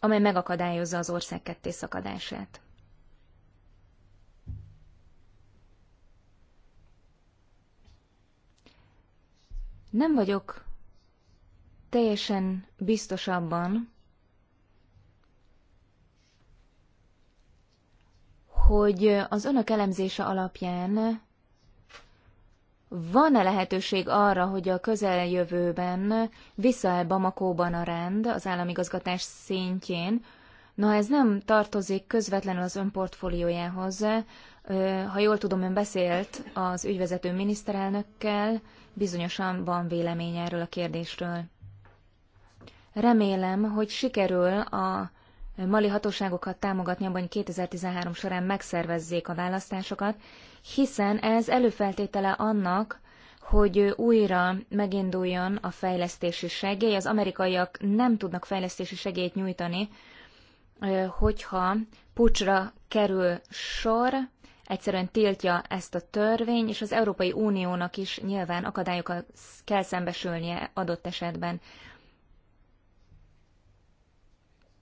amely megakadályozza az ország ketté szakadását. Nem vagyok teljesen biztos abban, hogy az önök elemzése alapján van-e lehetőség arra, hogy a közeljövőben visszaáll Bamakóban a rend az államigazgatás szintjén? Na, ez nem tartozik közvetlenül az ön portfóliójához. Ha jól tudom, ön beszélt az ügyvezető miniszterelnökkel, bizonyosan van vélemény erről a kérdésről. Remélem, hogy sikerül a mali hatóságokat támogatni abban, hogy 2013 során megszervezzék a választásokat, hiszen ez előfeltétele annak, hogy újra meginduljon a fejlesztési segély. Az amerikaiak nem tudnak fejlesztési segélyt nyújtani, hogyha pucsra kerül sor, egyszerűen tiltja ezt a törvény, és az Európai Uniónak is nyilván akadályokkal kell szembesülnie adott esetben.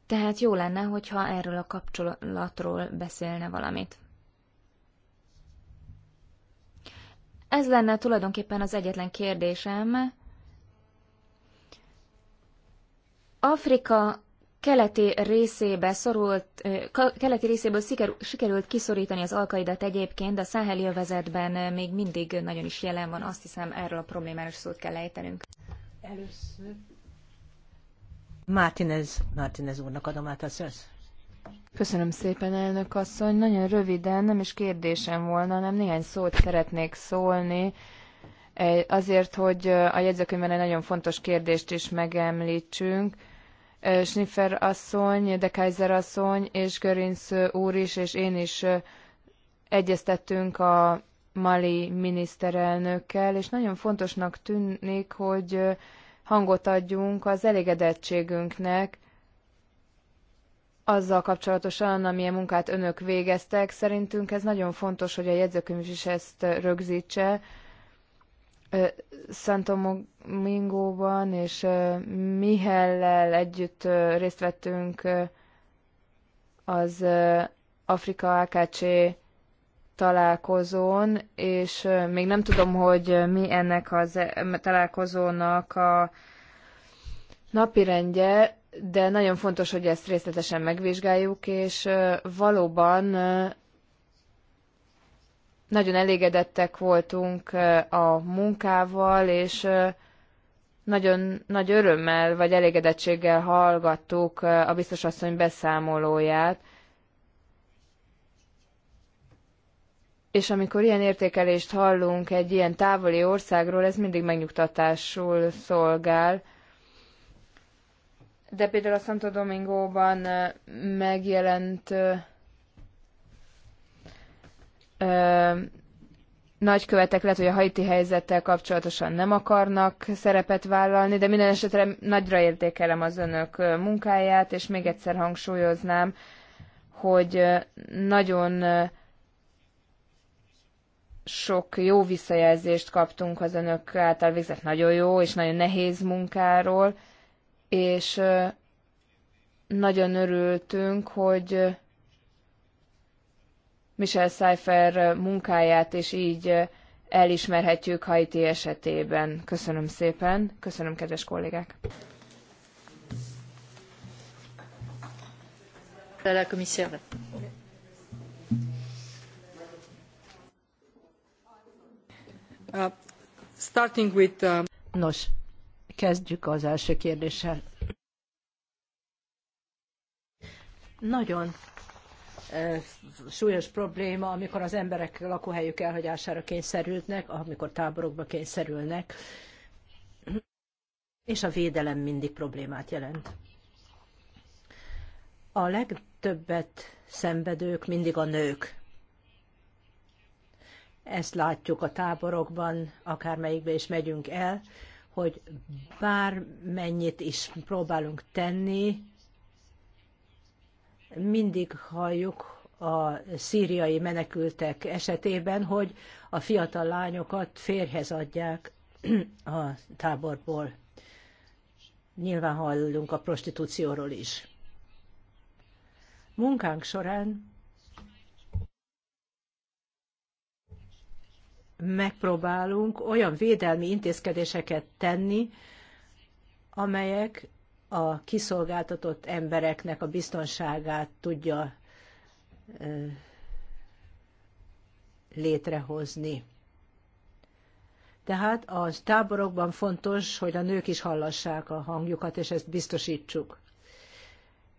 Tehát jó lenne, hogyha erről a kapcsolatról beszélne valamit. Ez lenne tulajdonképpen az egyetlen kérdésem. Afrika keleti részébe szorult, keleti részéből sikerült kiszorítani az alkaidat egyébként, de a száheli övezetben még mindig nagyon is jelen van, azt hiszem erről a problémáról is szót kell ejtenünk. Először Martinez, Martinez úrnak adom át a szöz. Köszönöm szépen, elnök asszony. Nagyon röviden, nem is kérdésem volna, hanem néhány szót szeretnék szólni, e, azért, hogy a jegyzőkönyvben egy nagyon fontos kérdést is megemlítsünk. E, Schniffer asszony, de Kaiser asszony és Görinc úr is, és én is egyeztettünk a mali miniszterelnökkel, és nagyon fontosnak tűnik, hogy hangot adjunk az elégedettségünknek azzal kapcsolatosan, amilyen munkát önök végeztek. Szerintünk ez nagyon fontos, hogy a jegyzőkönyv is ezt rögzítse. Santo Mingóban és Mihellel együtt részt vettünk az Afrika AKC találkozón, és még nem tudom, hogy mi ennek a e- találkozónak a napirendje, de nagyon fontos, hogy ezt részletesen megvizsgáljuk, és valóban nagyon elégedettek voltunk a munkával, és nagyon nagy örömmel vagy elégedettséggel hallgattuk a biztosasszony beszámolóját, és amikor ilyen értékelést hallunk egy ilyen távoli országról, ez mindig megnyugtatásul szolgál. De például a Santo Domingóban megjelent ö, ö, nagykövetek lehet, hogy a haiti helyzettel kapcsolatosan nem akarnak szerepet vállalni, de minden esetre nagyra értékelem az önök munkáját, és még egyszer hangsúlyoznám, hogy nagyon sok jó visszajelzést kaptunk az önök által végzett nagyon jó és nagyon nehéz munkáról, és nagyon örültünk, hogy Michel Seifer munkáját, és így elismerhetjük Haiti esetében. Köszönöm szépen, köszönöm kedves kollégák! La commissaire. starting with, um, Nos, kezdjük az első kérdéssel. Nagyon súlyos probléma, amikor az emberek lakóhelyük elhagyására kényszerülnek, amikor táborokba kényszerülnek, és a védelem mindig problémát jelent. A legtöbbet szenvedők mindig a nők. Ezt látjuk a táborokban, akármelyikbe is megyünk el, hogy bármennyit is próbálunk tenni, mindig halljuk a szíriai menekültek esetében, hogy a fiatal lányokat férhez adják <clears throat> a táborból. Nyilván hallunk a prostitúcióról is. Munkánk során megpróbálunk olyan védelmi intézkedéseket tenni, amelyek a kiszolgáltatott embereknek a biztonságát tudja létrehozni. Tehát a táborokban fontos, hogy a nők is hallassák a hangjukat, és ezt biztosítsuk.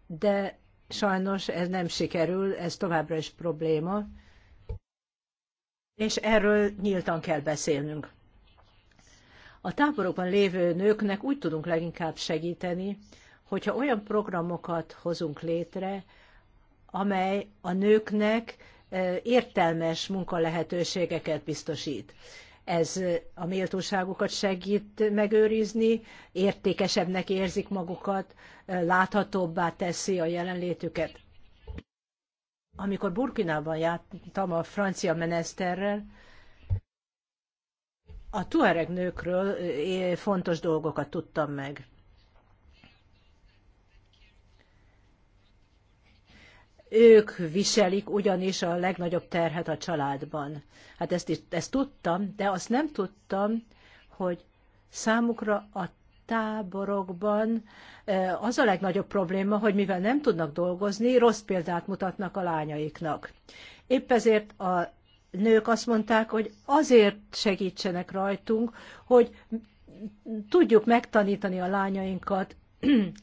De sajnos ez nem sikerül, ez továbbra is probléma, és erről nyíltan kell beszélnünk. A táborokban lévő nőknek úgy tudunk leginkább segíteni, hogyha olyan programokat hozunk létre, amely a nőknek e, értelmes munkalehetőségeket biztosít. Ez a méltóságukat segít megőrizni, értékesebbnek érzik magukat, e, láthatóbbá teszi a jelenlétüket. Amikor Burkinában jártam a francia meneszterrel, a tuareg nőkről eh, fontos dolgokat tudtam meg. Ők viselik ugyanis a legnagyobb terhet a családban. Hát ezt, ezt tudtam, de azt nem tudtam, hogy számukra a táborokban az a legnagyobb probléma, hogy mivel nem tudnak dolgozni, rossz példát mutatnak a lányaiknak. Épp ezért a nők azt mondták, hogy azért segítsenek rajtunk, hogy tudjuk megtanítani a lányainkat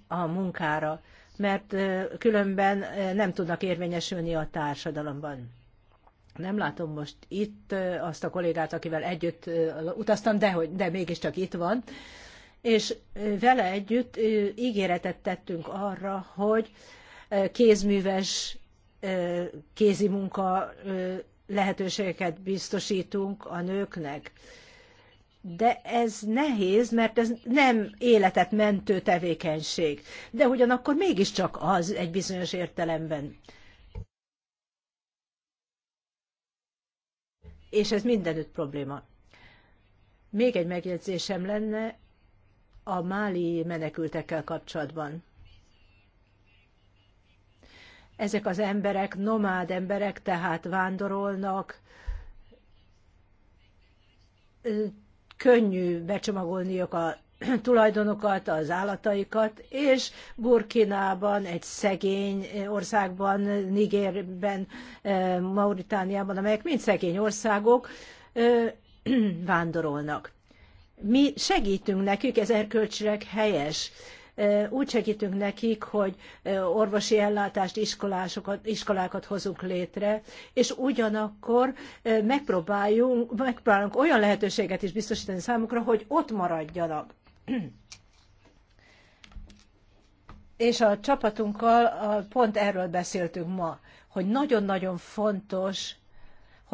a munkára, mert különben nem tudnak érvényesülni a társadalomban. Nem látom most itt azt a kollégát, akivel együtt utaztam, de, hogy, de mégiscsak itt van és vele együtt ígéretet tettünk arra, hogy kézműves kézimunka lehetőségeket biztosítunk a nőknek. De ez nehéz, mert ez nem életet mentő tevékenység. De ugyanakkor mégiscsak az egy bizonyos értelemben. És ez mindenütt probléma. Még egy megjegyzésem lenne a máli menekültekkel kapcsolatban. Ezek az emberek nomád emberek, tehát vándorolnak, könnyű becsomagolniuk a <clears throat> tulajdonokat, az állataikat, és Burkinában, egy szegény országban, Nigérben, Mauritániában, amelyek mind szegény országok, <clears throat> vándorolnak mi segítünk nekik, ez erkölcsileg helyes. Úgy segítünk nekik, hogy orvosi ellátást, iskolásokat, iskolákat hozunk létre, és ugyanakkor megpróbáljunk, megpróbálunk olyan lehetőséget is biztosítani számukra, hogy ott maradjanak. <clears throat> És a csapatunkkal pont erről beszéltünk ma, hogy nagyon-nagyon fontos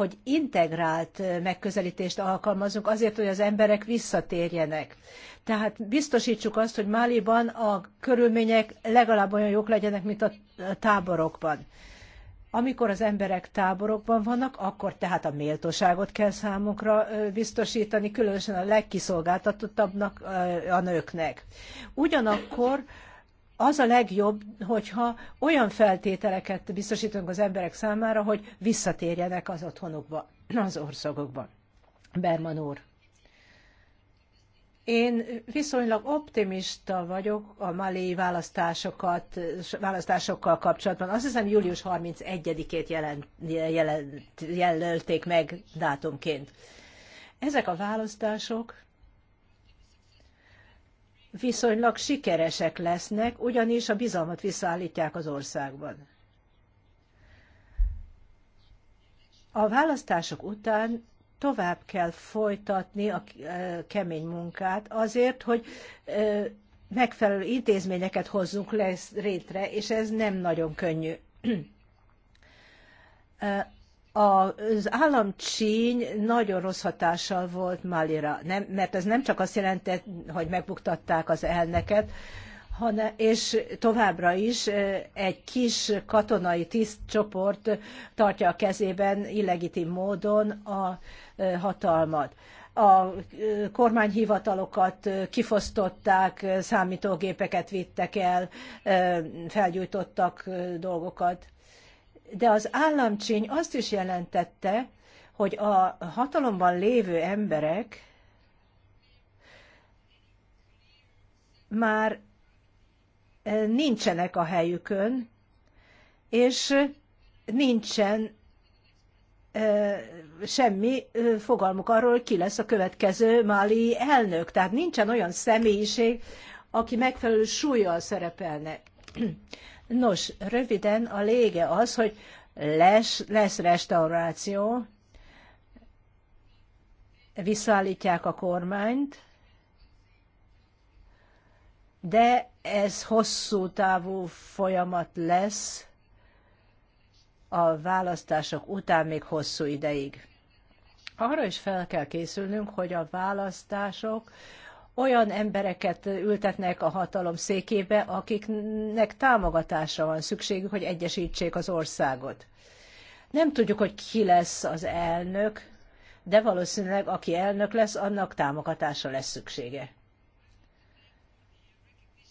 hogy integrált megközelítést alkalmazunk azért, hogy az emberek visszatérjenek. Tehát biztosítsuk azt, hogy Máliban a körülmények legalább olyan jók legyenek, mint a táborokban. Amikor az emberek táborokban vannak, akkor tehát a méltóságot kell számukra biztosítani, különösen a legkiszolgáltatottabbnak, a nőknek. Ugyanakkor az a legjobb, hogyha olyan feltételeket biztosítunk az emberek számára, hogy visszatérjenek az otthonukba, az országokba. Berman úr. Én viszonylag optimista vagyok a mali választásokat, választásokkal kapcsolatban. Azt hiszem július 31-ét jelent, jelölték meg dátumként. Ezek a választások viszonylag sikeresek lesznek, ugyanis a bizalmat visszaállítják az országban. A választások után tovább kell folytatni a eh, kemény munkát azért, hogy eh, megfelelő intézményeket hozzunk létre, és ez nem nagyon könnyű. <clears throat> Eh, az államcsíny nagyon rossz hatással volt Malira, nem, mert ez nem csak azt jelentett, hogy megbuktatták az elneket, hanem, és továbbra is egy kis katonai tisztcsoport tartja a kezében illegitim módon a hatalmat. A kormányhivatalokat kifosztották, számítógépeket vittek el, felgyújtottak dolgokat de az államcsény azt is jelentette, hogy a hatalomban lévő emberek már eh, nincsenek a helyükön, és nincsen eh, semmi eh, fogalmuk arról, ki lesz a következő máli elnök. Tehát nincsen olyan személyiség, aki megfelelő súlyjal szerepelne. Nos, röviden a lége az, hogy lesz, lesz restauráció, visszaállítják a kormányt, de ez hosszú távú folyamat lesz a választások után még hosszú ideig. Arra is fel kell készülnünk, hogy a választások olyan embereket ültetnek a hatalom székébe, akiknek támogatásra van szükségük, hogy egyesítsék az országot. Nem tudjuk, hogy ki lesz az elnök, de valószínűleg aki elnök lesz, annak támogatásra lesz szüksége.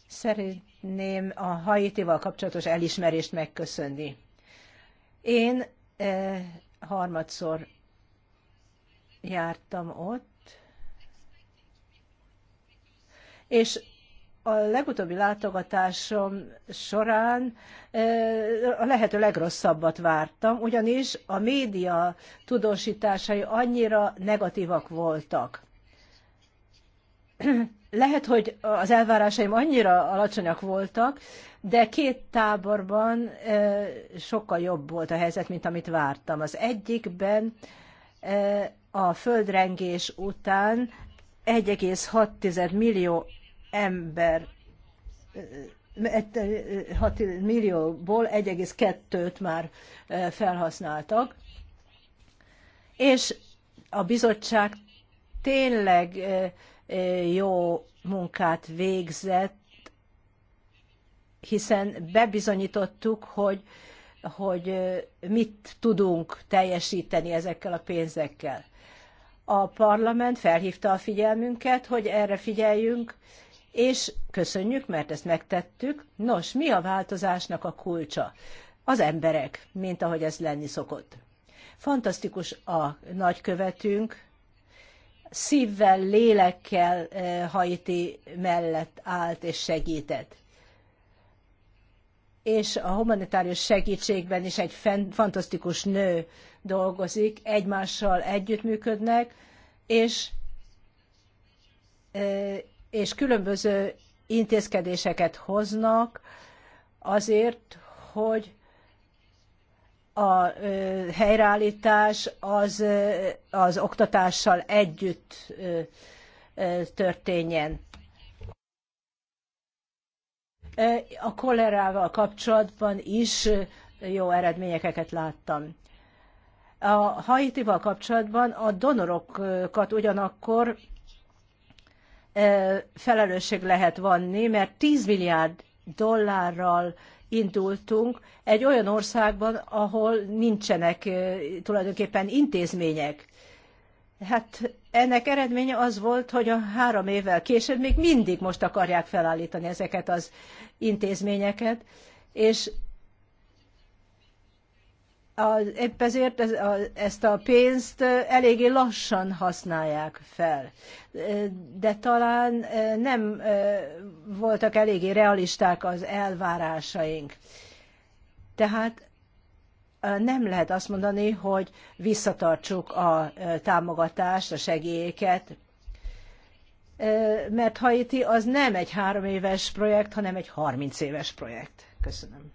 Szeretném a Haitival kapcsolatos elismerést megköszönni. Én eh, harmadszor jártam ott, és a legutóbbi látogatásom során a lehető legrosszabbat vártam, ugyanis a média tudósításai annyira negatívak voltak. Lehet, hogy az elvárásaim annyira alacsonyak voltak, de két táborban sokkal jobb volt a helyzet, mint amit vártam. Az egyikben a földrengés után 1,6 millió ember 6 millióból 1,2-t már felhasználtak, és a bizottság tényleg jó munkát végzett, hiszen bebizonyítottuk, hogy, hogy mit tudunk teljesíteni ezekkel a pénzekkel. A parlament felhívta a figyelmünket, hogy erre figyeljünk, és köszönjük, mert ezt megtettük. Nos, mi a változásnak a kulcsa? Az emberek, mint ahogy ez lenni szokott. Fantasztikus a nagykövetünk, szívvel, lélekkel eh, hajti mellett állt és segített. És a humanitárius segítségben is egy fantasztikus nő dolgozik, egymással együttműködnek, és eh, és különböző intézkedéseket hoznak azért, hogy a helyreállítás az, az oktatással együtt történjen. A kolerával kapcsolatban is jó eredményeket láttam. A Haitival kapcsolatban a donorokat ugyanakkor felelősség lehet vanni, mert 10 milliárd dollárral indultunk egy olyan országban, ahol nincsenek tulajdonképpen intézmények. Hát ennek eredménye az volt, hogy a három évvel később még mindig most akarják felállítani ezeket az intézményeket, és az, épp ezért ez, a, ezt a pénzt eléggé lassan használják fel. De talán nem voltak eléggé realisták az elvárásaink. Tehát nem lehet azt mondani, hogy visszatartsuk a támogatást, a segélyeket, mert Haiti az nem egy három éves projekt, hanem egy 30 éves projekt. Köszönöm.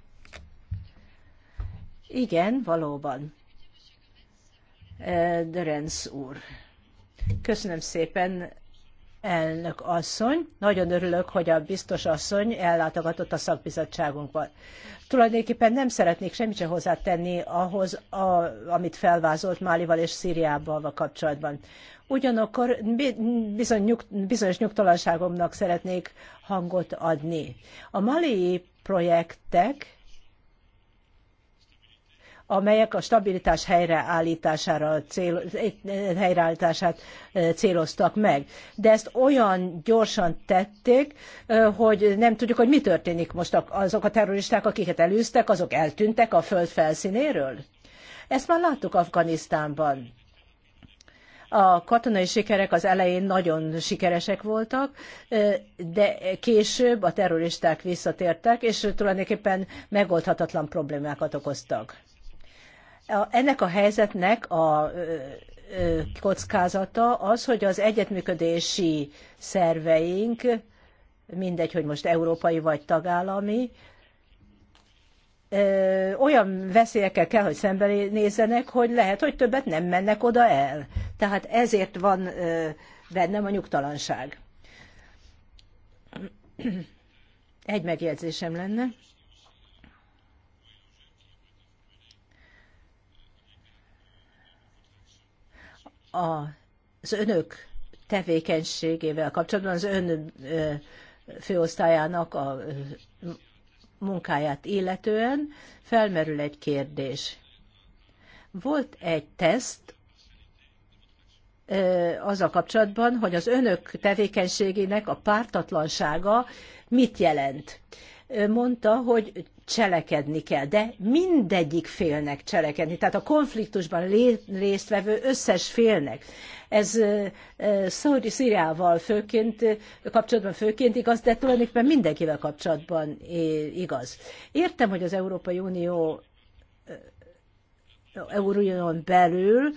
Igen, valóban. Dörenc úr. Köszönöm szépen, elnök asszony. Nagyon örülök, hogy a biztos asszony ellátogatott a szakbizottságunkban. Tulajdonképpen nem szeretnék semmit sem hozzátenni ahhoz, a, amit felvázolt Málival és Szíriával kapcsolatban. Ugyanakkor bizony nyug, bizonyos nyugtalanságomnak szeretnék hangot adni. A mali projektek amelyek a stabilitás helyreállítására cél, helyreállítását céloztak meg. De ezt olyan gyorsan tették, hogy nem tudjuk, hogy mi történik most azok a terroristák, akiket elűztek, azok eltűntek a föld felszínéről. Ezt már láttuk Afganisztánban. A katonai sikerek az elején nagyon sikeresek voltak, de később a terroristák visszatértek, és tulajdonképpen megoldhatatlan problémákat okoztak. Ennek a helyzetnek a kockázata az, hogy az egyetműködési szerveink, mindegy, hogy most európai vagy tagállami, olyan veszélyekkel kell, hogy szembenézzenek, hogy lehet, hogy többet nem mennek oda el. Tehát ezért van bennem a nyugtalanság. Egy megjegyzésem lenne. az önök tevékenységével kapcsolatban, az ön főosztályának a munkáját illetően felmerül egy kérdés. Volt egy teszt az a kapcsolatban, hogy az önök tevékenységének a pártatlansága mit jelent. Mondta, hogy cselekedni kell, de mindegyik félnek cselekedni. Tehát a konfliktusban résztvevő összes félnek. Ez Szíriával főként, kapcsolatban főként igaz, de tulajdonképpen mindenkivel kapcsolatban igaz. Értem, hogy az Európai Unió Euróunión belül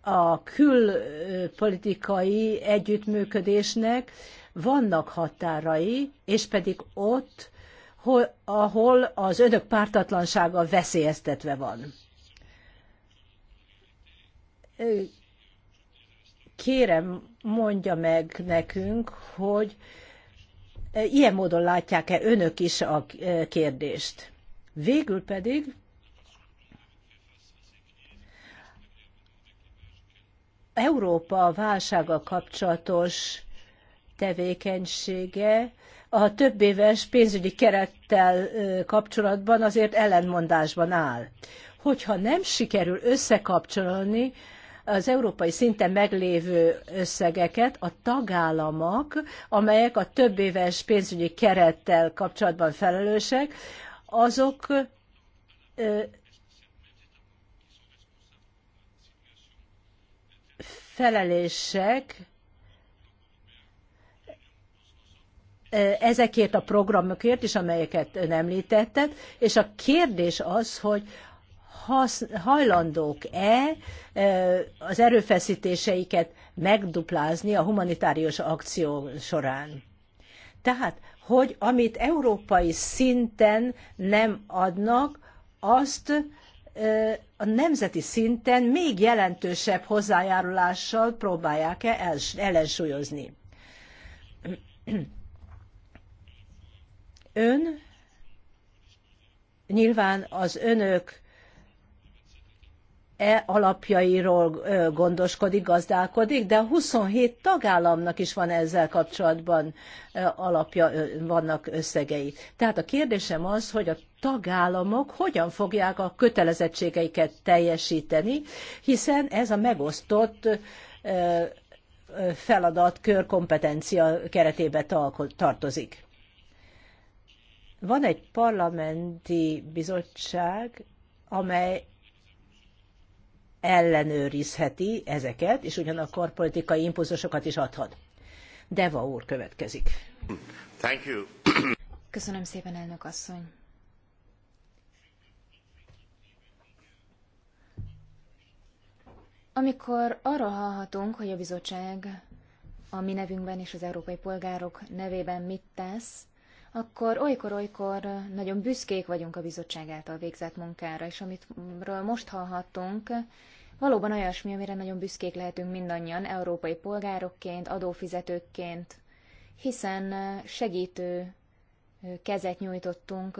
a külpolitikai együttműködésnek vannak határai, és pedig ott hol, ahol az önök pártatlansága veszélyeztetve van. Kérem, mondja meg nekünk, hogy ilyen módon látják-e önök is a kérdést. Végül pedig Európa válsága kapcsolatos tevékenysége a több éves pénzügyi kerettel kapcsolatban azért ellenmondásban áll. Hogyha nem sikerül összekapcsolni az európai szinten meglévő összegeket a tagállamok, amelyek a több éves pénzügyi kerettel kapcsolatban felelősek, azok felelősek ezekért a programokért is, amelyeket ön említettet, és a kérdés az, hogy hajlandók-e az erőfeszítéseiket megduplázni a humanitárius akció során. Tehát, hogy amit európai szinten nem adnak, azt a nemzeti szinten még jelentősebb hozzájárulással próbálják-e ellensúlyozni. Ön nyilván az önök e alapjairól gondoskodik, gazdálkodik, de 27 tagállamnak is van ezzel kapcsolatban alapja, vannak összegei. Tehát a kérdésem az, hogy a tagállamok hogyan fogják a kötelezettségeiket teljesíteni, hiszen ez a megosztott feladatkör kompetencia keretébe tartozik. Van egy parlamenti bizottság, amely ellenőrizheti ezeket, és ugyanakkor politikai impulzusokat is adhat. Deva úr következik. Thank you. Köszönöm szépen, elnök asszony. Amikor arra hallhatunk, hogy a bizottság a mi nevünkben és az európai polgárok nevében mit tesz, akkor olykor-olykor nagyon büszkék vagyunk a bizottság által végzett munkára, és amit most hallhattunk, valóban olyasmi, amire nagyon büszkék lehetünk mindannyian, európai polgárokként, adófizetőkként, hiszen segítő kezet nyújtottunk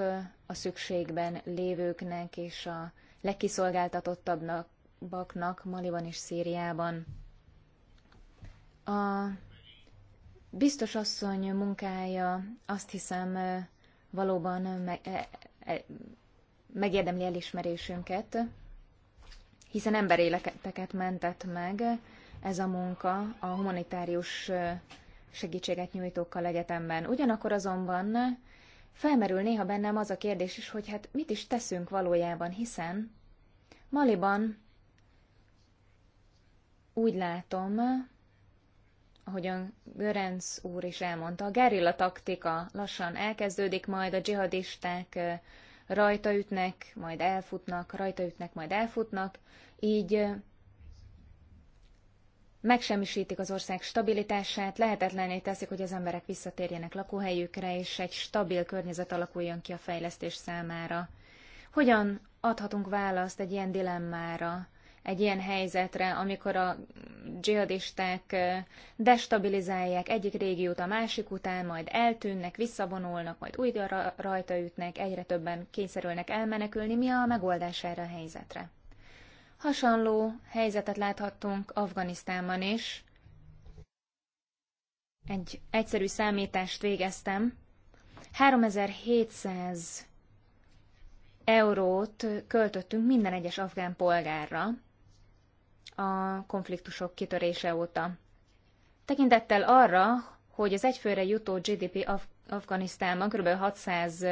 a szükségben lévőknek és a legkiszolgáltatottabbaknak Maliban és Szíriában. A Biztos asszony munkája azt hiszem valóban e, e, megérdemli elismerésünket, hiszen emberéleteket mentett meg ez a munka a humanitárius segítséget nyújtókkal egyetemben. Ugyanakkor azonban felmerül néha bennem az a kérdés is, hogy hát mit is teszünk valójában, hiszen Maliban úgy látom, ahogyan Görenc úr is elmondta, a gerilla taktika lassan elkezdődik, majd a dzsihadisták rajtaütnek, majd elfutnak, rajtaütnek, majd elfutnak, így megsemmisítik az ország stabilitását, lehetetlené teszik, hogy az emberek visszatérjenek lakóhelyükre, és egy stabil környezet alakuljon ki a fejlesztés számára. Hogyan adhatunk választ egy ilyen dilemmára? egy ilyen helyzetre, amikor a dzsihadisták destabilizálják egyik régiót a másik után, majd eltűnnek, visszavonulnak, majd újra rajta ütnek, egyre többen kényszerülnek elmenekülni. Mi a megoldás erre a helyzetre? Hasonló helyzetet láthattunk Afganisztánban is. Egy egyszerű számítást végeztem. 3700 eurót költöttünk minden egyes afgán polgárra, a konfliktusok kitörése óta. Tekintettel arra, hogy az egyfőre jutó GDP Af- Afganisztánban kb. 600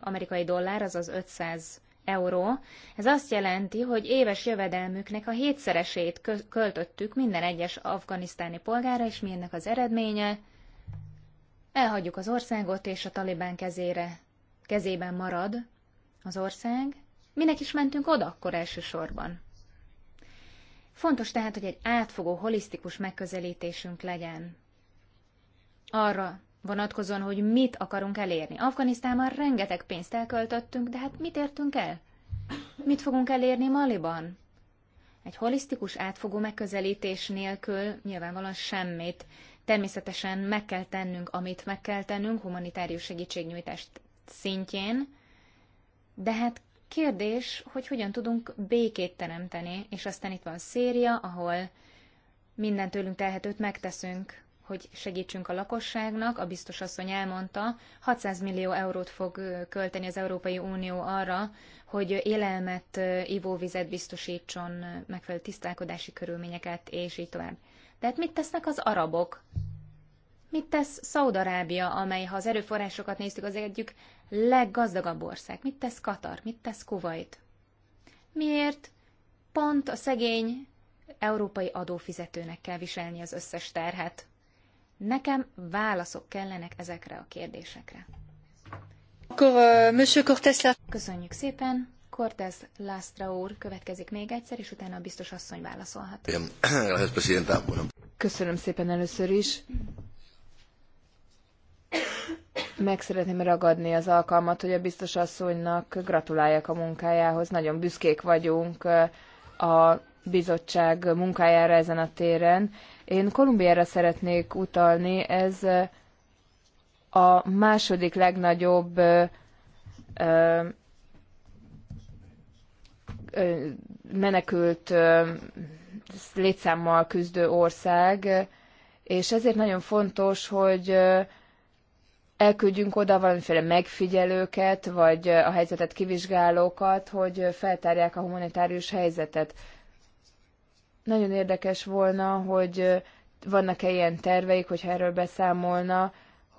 amerikai dollár, azaz 500 euró, ez azt jelenti, hogy éves jövedelmüknek a hétszeresét költöttük minden egyes afganisztáni polgára, és mi ennek az eredménye? Elhagyjuk az országot, és a talibán kezére, kezében marad az ország. Minek is mentünk oda akkor elsősorban? Fontos tehát, hogy egy átfogó, holisztikus megközelítésünk legyen. Arra vonatkozóan, hogy mit akarunk elérni. Afganisztánban rengeteg pénzt elköltöttünk, de hát mit értünk el? Mit fogunk elérni Maliban? Egy holisztikus, átfogó megközelítés nélkül nyilvánvalóan semmit. Természetesen meg kell tennünk, amit meg kell tennünk humanitárius segítségnyújtást szintjén, de hát Kérdés, hogy hogyan tudunk békét teremteni, és aztán itt van Széria, ahol minden tőlünk telhetőt megteszünk, hogy segítsünk a lakosságnak. A biztos asszony elmondta, 600 millió eurót fog költeni az Európai Unió arra, hogy élelmet, ivóvizet biztosítson, megfelelő tisztálkodási körülményeket, és így tovább. De hát mit tesznek az arabok? Mit tesz Szaudarábia, amely, ha az erőforrásokat néztük, az egyik leggazdagabb ország. Mit tesz Katar? Mit tesz Kuwait? Miért pont a szegény európai adófizetőnek kell viselni az összes terhet? Nekem válaszok kellenek ezekre a kérdésekre. Köszönjük szépen! Cortez Lastra úr következik még egyszer, és utána a biztos asszony válaszolhat. Köszönöm <clears throat> szépen először is. Meg szeretném ragadni az alkalmat, hogy a biztos asszonynak gratuláljak a munkájához. Nagyon büszkék vagyunk a bizottság munkájára ezen a téren. Én Kolumbiára szeretnék utalni, ez a második legnagyobb menekült létszámmal küzdő ország, és ezért nagyon fontos, hogy elküldjünk oda valamiféle megfigyelőket, vagy a helyzetet kivizsgálókat, hogy feltárják a humanitárius helyzetet. Nagyon érdekes volna, hogy vannak-e ilyen terveik, hogyha erről beszámolna,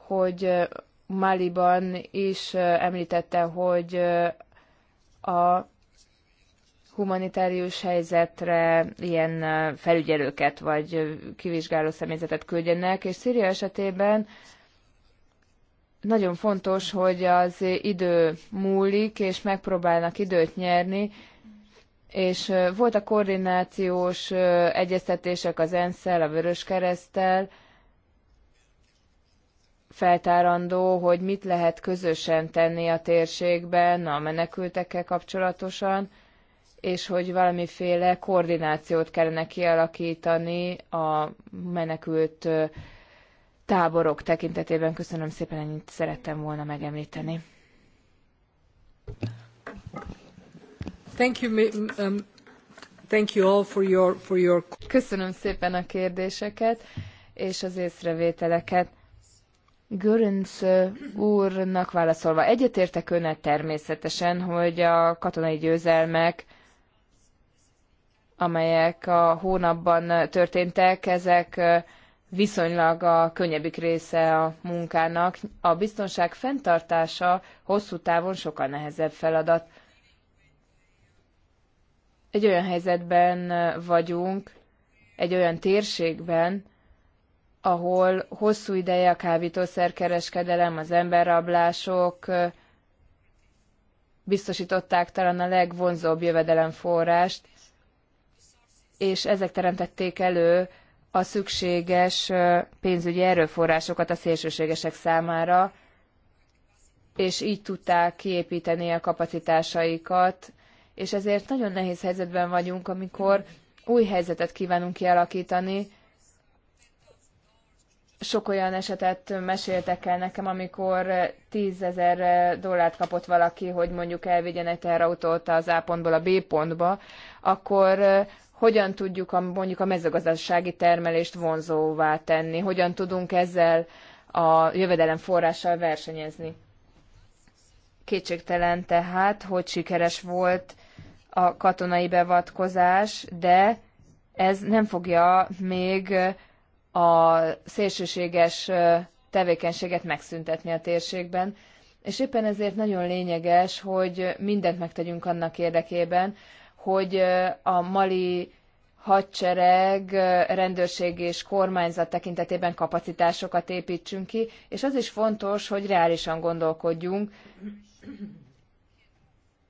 hogy Maliban is említette, hogy a humanitárius helyzetre ilyen felügyelőket vagy kivizsgáló személyzetet küldjenek, és Szíria esetében nagyon fontos, hogy az idő múlik, és megpróbálnak időt nyerni, és voltak koordinációs egyeztetések az ENSZ-szel, a Vörös Keresztel, feltárandó, hogy mit lehet közösen tenni a térségben a menekültekkel kapcsolatosan, és hogy valamiféle koordinációt kellene kialakítani a menekült táborok tekintetében. Köszönöm szépen, ennyit szerettem volna megemlíteni. Thank you, um, thank you all for your, for your... Köszönöm szépen a kérdéseket és az észrevételeket. Görönc úrnak válaszolva, egyetértek önnel természetesen, hogy a katonai győzelmek, amelyek a hónapban történtek, ezek viszonylag a könnyebbik része a munkának. A biztonság fenntartása hosszú távon sokkal nehezebb feladat. Egy olyan helyzetben vagyunk, egy olyan térségben, ahol hosszú ideje a kábítószerkereskedelem, az emberrablások biztosították talán a legvonzóbb jövedelemforrást, és ezek teremtették elő a szükséges pénzügyi erőforrásokat a szélsőségesek számára, és így tudták kiépíteni a kapacitásaikat, és ezért nagyon nehéz helyzetben vagyunk, amikor új helyzetet kívánunk kialakítani. Sok olyan esetet meséltek el nekem, amikor tízezer dollárt kapott valaki, hogy mondjuk elvigyen egy teherautót az A pontból a B pontba, akkor hogyan tudjuk a, mondjuk a mezőgazdasági termelést vonzóvá tenni, hogyan tudunk ezzel a jövedelem forrással versenyezni. Kétségtelen tehát, hogy sikeres volt a katonai beavatkozás, de ez nem fogja még a szélsőséges tevékenységet megszüntetni a térségben, és éppen ezért nagyon lényeges, hogy mindent megtegyünk annak érdekében, hogy a mali hadsereg, rendőrség és kormányzat tekintetében kapacitásokat építsünk ki, és az is fontos, hogy reálisan gondolkodjunk,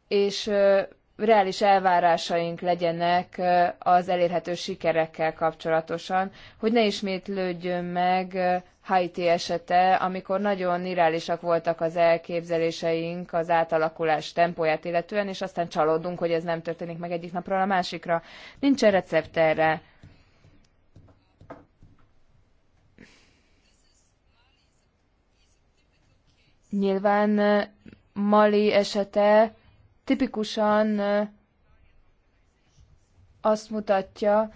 és reális elvárásaink legyenek az elérhető sikerekkel kapcsolatosan, hogy ne ismétlődjön meg Haiti esete, amikor nagyon irálisak voltak az elképzeléseink az átalakulás tempóját illetően, és aztán csalódunk, hogy ez nem történik meg egyik napról a másikra. Nincsen recept erre. Nyilván Mali esete tipikusan azt mutatja,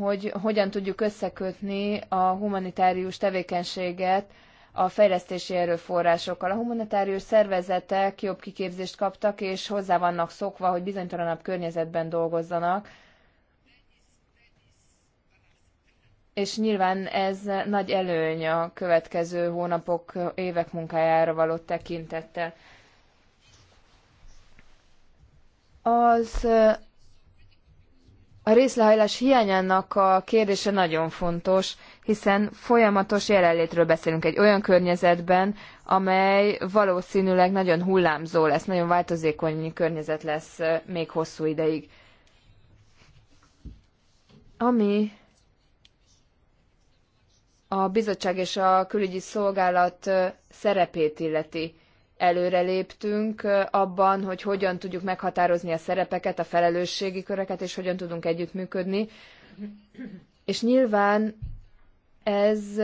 hogy hogyan tudjuk összekötni a humanitárius tevékenységet a fejlesztési erőforrásokkal. A humanitárius szervezetek jobb kiképzést kaptak, és hozzá vannak szokva, hogy bizonytalanabb környezetben dolgozzanak. És nyilván ez nagy előny a következő hónapok, évek munkájára való tekintettel. az a részlehajlás hiányának a kérdése nagyon fontos, hiszen folyamatos jelenlétről beszélünk egy olyan környezetben, amely valószínűleg nagyon hullámzó lesz, nagyon változékony környezet lesz még hosszú ideig. Ami a bizottság és a külügyi szolgálat szerepét illeti előreléptünk abban, hogy hogyan tudjuk meghatározni a szerepeket, a felelősségi köreket, és hogyan tudunk együttműködni. És nyilván ez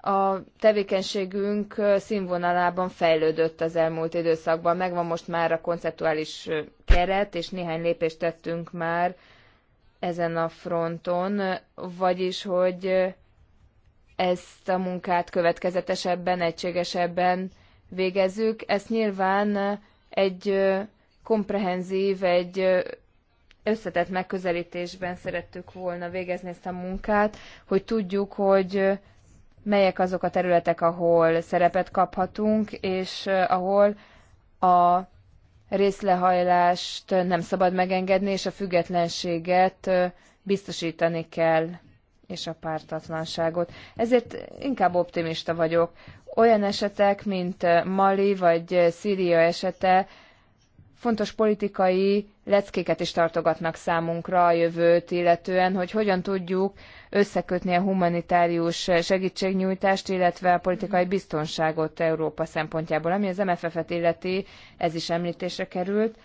a tevékenységünk színvonalában fejlődött az elmúlt időszakban. Megvan most már a konceptuális keret, és néhány lépést tettünk már ezen a fronton, vagyis, hogy ezt a munkát következetesebben, egységesebben végezzük. Ezt nyilván egy komprehenzív, egy összetett megközelítésben szerettük volna végezni ezt a munkát, hogy tudjuk, hogy melyek azok a területek, ahol szerepet kaphatunk, és ahol a részlehajlást nem szabad megengedni, és a függetlenséget biztosítani kell és a pártatlanságot. Ezért inkább optimista vagyok. Olyan esetek, mint Mali vagy Szíria esete, fontos politikai leckéket is tartogatnak számunkra a jövőt, illetően, hogy hogyan tudjuk összekötni a humanitárius segítségnyújtást, illetve a politikai biztonságot Európa szempontjából. Ami az MFF-et illeti, ez is említésre került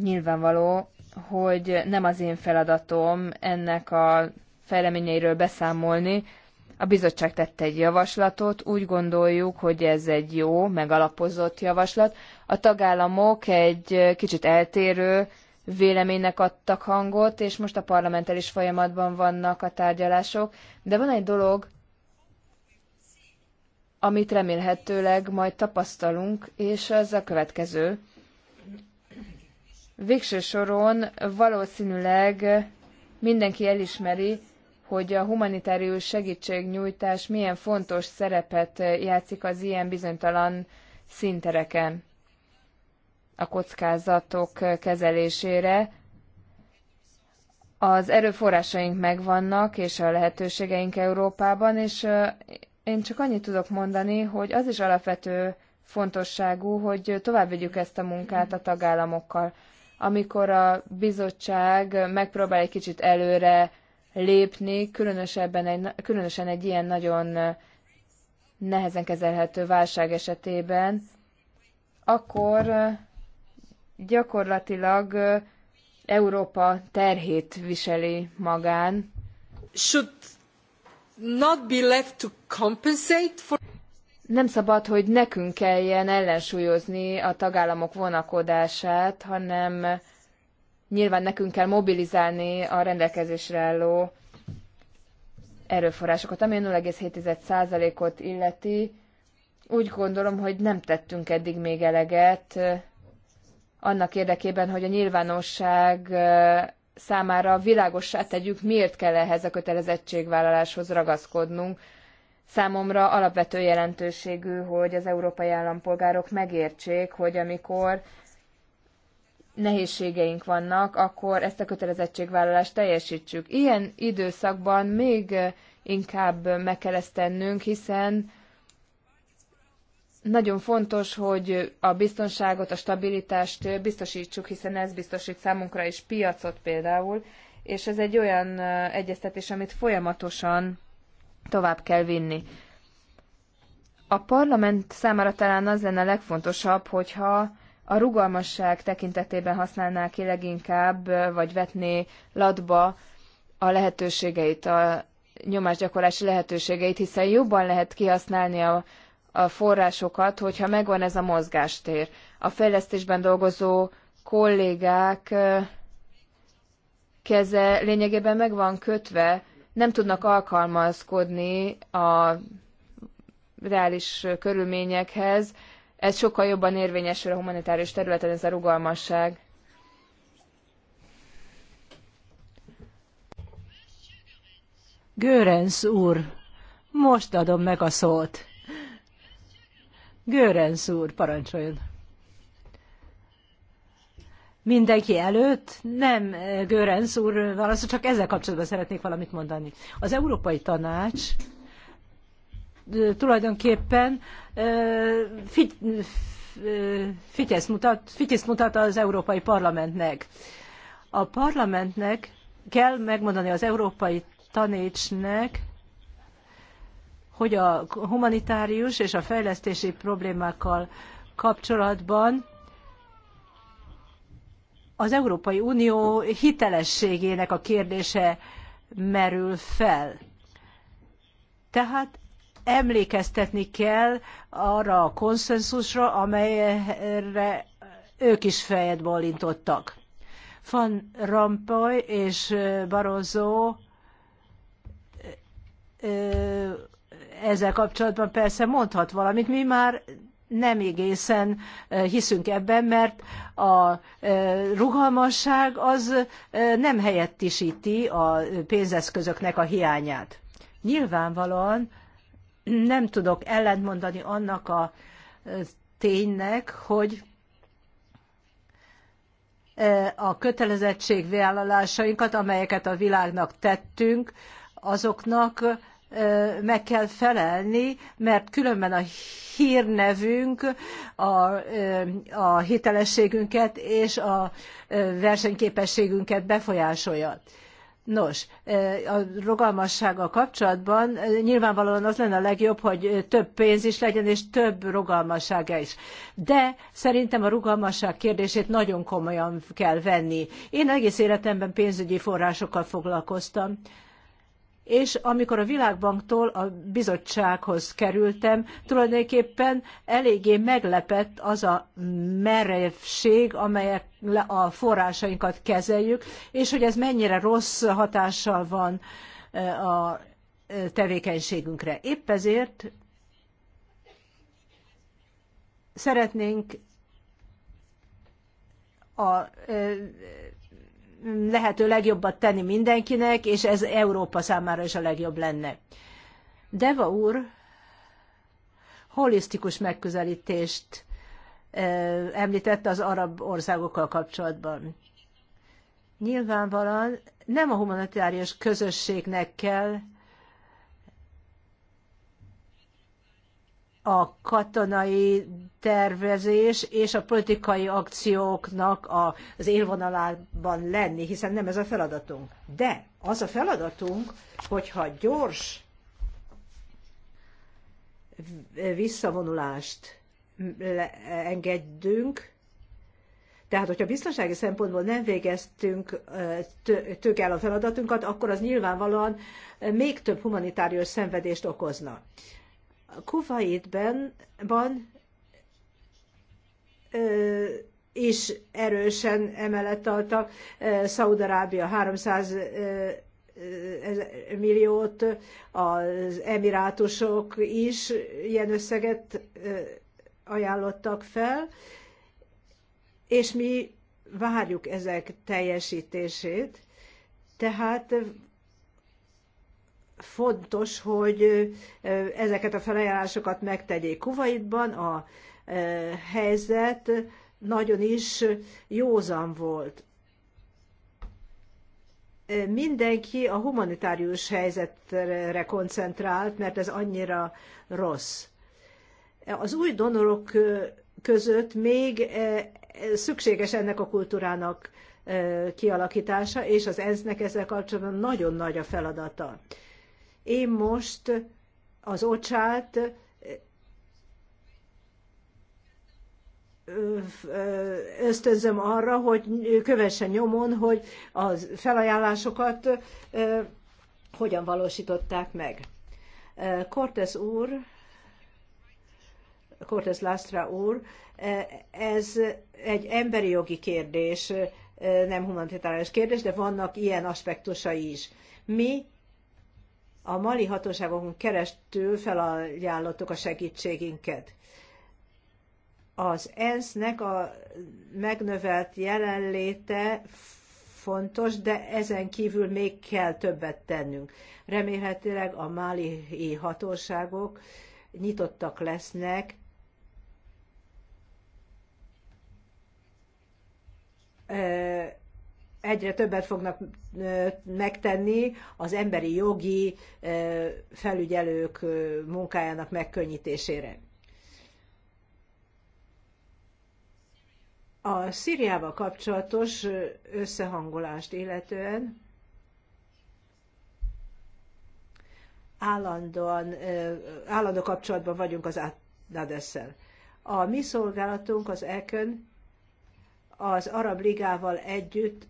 nyilvánvaló, hogy nem az én feladatom ennek a fejleményeiről beszámolni. A bizottság tette egy javaslatot, úgy gondoljuk, hogy ez egy jó, megalapozott javaslat. A tagállamok egy kicsit eltérő véleménynek adtak hangot, és most a parlamenttel is folyamatban vannak a tárgyalások. De van egy dolog, amit remélhetőleg majd tapasztalunk, és az a következő. Végső soron valószínűleg mindenki elismeri, hogy a humanitárius segítségnyújtás milyen fontos szerepet játszik az ilyen bizonytalan szintereken a kockázatok kezelésére. Az erőforrásaink megvannak, és a lehetőségeink Európában, és én csak annyit tudok mondani, hogy az is alapvető fontosságú, hogy tovább vegyük ezt a munkát a tagállamokkal amikor a bizottság megpróbál egy kicsit előre lépni, különösebben egy, különösen egy ilyen nagyon nehezen kezelhető válság esetében, akkor gyakorlatilag Európa terhét viseli magán. Should not be left to compensate for nem szabad, hogy nekünk kelljen ellensúlyozni a tagállamok vonakodását, hanem nyilván nekünk kell mobilizálni a rendelkezésre álló erőforrásokat, ami 0,7%-ot illeti. Úgy gondolom, hogy nem tettünk eddig még eleget eh, annak érdekében, hogy a nyilvánosság eh, számára világossá tegyük, miért kell ehhez a kötelezettségvállaláshoz ragaszkodnunk, Számomra alapvető jelentőségű, hogy az európai állampolgárok megértsék, hogy amikor nehézségeink vannak, akkor ezt a kötelezettségvállalást teljesítsük. Ilyen időszakban még inkább meg kell ezt tennünk, hiszen nagyon fontos, hogy a biztonságot, a stabilitást biztosítsuk, hiszen ez biztosít számunkra is piacot például, és ez egy olyan egyeztetés, amit folyamatosan tovább kell vinni. A parlament számára talán az lenne a legfontosabb, hogyha a rugalmasság tekintetében használná ki leginkább, vagy vetné latba a lehetőségeit, a nyomásgyakorlási lehetőségeit, hiszen jobban lehet kihasználni a, a forrásokat, hogyha megvan ez a mozgástér. A fejlesztésben dolgozó kollégák keze lényegében meg van kötve nem tudnak alkalmazkodni a reális körülményekhez. Ez sokkal jobban érvényesül a humanitárius területen, ez a rugalmasság. Görenc úr, most adom meg a szót. Görenc úr, parancsoljon mindenki előtt. Nem, eh, Görenc úr, válaszol, csak ezzel kapcsolatban szeretnék valamit mondani. Az Európai Tanács eh, tulajdonképpen eh, figy, fityeszt mutat, fityeszt mutat az Európai Parlamentnek. A parlamentnek kell megmondani az Európai Tanácsnak, hogy a humanitárius és a fejlesztési problémákkal kapcsolatban az Európai Unió hitelességének a kérdése merül fel. Tehát emlékeztetni kell arra a konszenzusra, amelyre ők is fejet bólintottak. Van Rampoy és Barozó ezzel kapcsolatban persze mondhat valamit, mi már nem egészen hiszünk ebben, mert a rugalmasság az nem helyettisíti a pénzeszközöknek a hiányát. Nyilvánvalóan nem tudok ellentmondani annak a ténynek, hogy a kötelezettségvállalásainkat, amelyeket a világnak tettünk, azoknak meg kell felelni, mert különben a hírnevünk, a, a hitelességünket és a versenyképességünket befolyásolja. Nos, a rogalmassággal kapcsolatban nyilvánvalóan az lenne a legjobb, hogy több pénz is legyen, és több rugalmassága is. De szerintem a rugalmasság kérdését nagyon komolyan kell venni. Én egész életemben pénzügyi forrásokkal foglalkoztam, és amikor a Világbanktól a bizottsághoz kerültem, tulajdonképpen eléggé meglepett az a merevség, amelyek a forrásainkat kezeljük, és hogy ez mennyire rossz hatással van e, a e, tevékenységünkre. Épp ezért szeretnénk a e, lehető legjobbat tenni mindenkinek, és ez Európa számára is a legjobb lenne. Deva úr holisztikus megközelítést említette az arab országokkal kapcsolatban. Nyilvánvalóan nem a humanitárius közösségnek kell a katonai tervezés és a politikai akcióknak az élvonalában lenni, hiszen nem ez a feladatunk. De az a feladatunk, hogyha gyors visszavonulást engedünk, tehát, hogyha biztonsági szempontból nem végeztünk tök el a feladatunkat, akkor az nyilvánvalóan még több humanitárius szenvedést okozna. Kuwaitben ban, is erősen emellett tartak. Szaudarábia 300 milliót, az emirátusok is ilyen összeget ajánlottak fel, és mi várjuk ezek teljesítését. Tehát fontos, hogy ezeket a felajánlásokat megtegyék. Kuwaitban a helyzet nagyon is józan volt. Mindenki a humanitárius helyzetre koncentrált, mert ez annyira rossz. Az új donorok között még szükséges ennek a kultúrának kialakítása, és az ENSZ-nek ezzel kapcsolatban nagyon nagy a feladata. Én most az ocsát ösztönzöm arra, hogy kövessen nyomon, hogy a felajánlásokat hogyan valósították meg. Cortez úr, Cortez Lastra úr, ez egy emberi jogi kérdés, nem humanitárius kérdés, de vannak ilyen aspektusai is. Mi a mali hatóságokon keresztül felajánlottuk a segítségünket. Az ENSZ-nek a megnövelt jelenléte fontos, de ezen kívül még kell többet tennünk. Remélhetőleg a máli hatóságok nyitottak lesznek egyre többet fognak megtenni az emberi jogi felügyelők munkájának megkönnyítésére. A Szíriával kapcsolatos összehangolást illetően állandóan, állandó kapcsolatban vagyunk az Adesszel. A mi szolgálatunk, az ECON, az Arab Ligával együtt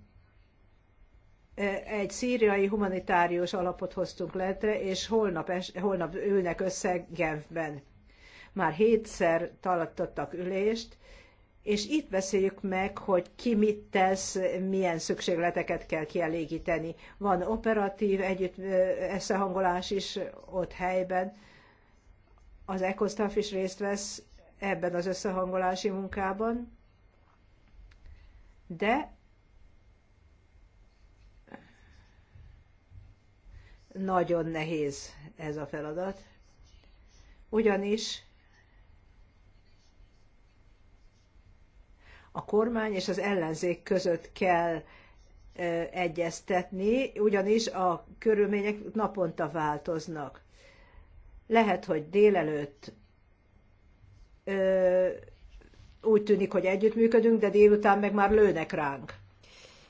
egy szíriai humanitárius alapot hoztunk létre, és holnap, es, holnap ülnek össze Genfben. Már hétszer tartottak ülést, és itt beszéljük meg, hogy ki mit tesz, milyen szükségleteket kell kielégíteni. Van operatív együtt összehangolás is ott helyben. Az ECOSTAF is részt vesz ebben az összehangolási munkában, de Nagyon nehéz ez a feladat, ugyanis a kormány és az ellenzék között kell egyeztetni, ugyanis a körülmények naponta változnak. Lehet, hogy délelőtt ö, úgy tűnik, hogy együttműködünk, de délután meg már lőnek ránk.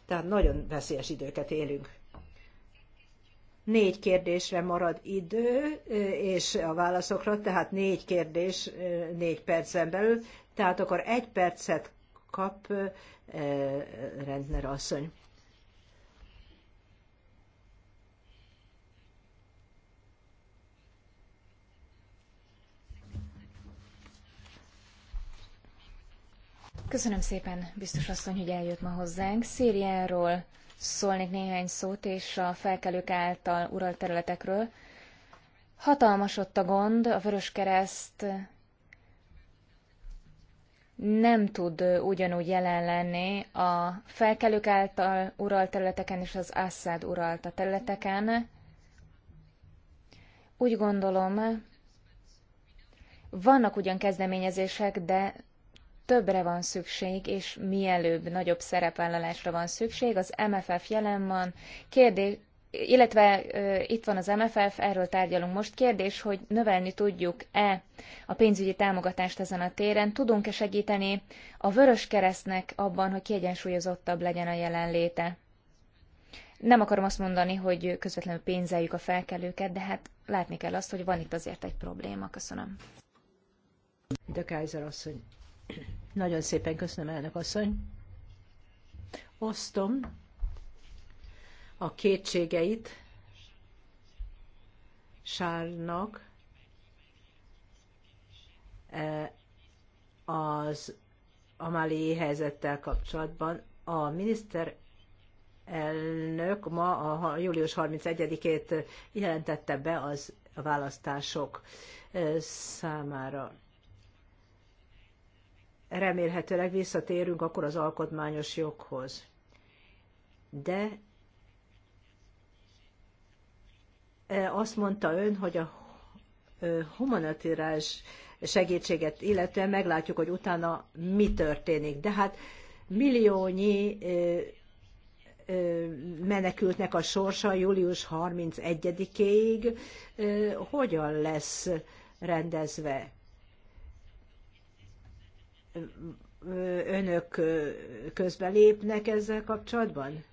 Tehát nagyon veszélyes időket élünk. Négy kérdésre marad idő, és a válaszokra, tehát négy kérdés négy percen belül, tehát akkor egy percet kap Rendner asszony. Köszönöm szépen, biztos asszony, hogy eljött ma hozzánk. Szériáról szólnék néhány szót, és a felkelők által uralt területekről. Hatalmas ott a gond, a Kereszt nem tud ugyanúgy jelen lenni a felkelők által uralt területeken és az Assad a területeken. Úgy gondolom, vannak ugyan kezdeményezések, de többre van szükség, és mielőbb nagyobb szerepvállalásra van szükség. Az MFF jelen van, kérdés, illetve uh, itt van az MFF, erről tárgyalunk most. Kérdés, hogy növelni tudjuk-e a pénzügyi támogatást ezen a téren? Tudunk-e segíteni a Vörös Keresztnek abban, hogy kiegyensúlyozottabb legyen a jelenléte? Nem akarom azt mondani, hogy közvetlenül pénzeljük a felkelőket, de hát látni kell azt, hogy van itt azért egy probléma. Köszönöm. De Kaiser asszony. Nagyon szépen köszönöm, elnök asszony. Osztom a kétségeit Sárnak e, az amáli helyzettel kapcsolatban. A miniszter elnök ma a július 31-ét jelentette be az a választások e, számára remélhetőleg visszatérünk akkor az alkotmányos joghoz. De e, azt mondta ön, hogy a e, humanitárás segítséget illetően meglátjuk, hogy utána mi történik. De hát milliónyi e, menekültnek a sorsa július 31-éig hogyan lesz rendezve? önök közbelépnek ezzel kapcsolatban?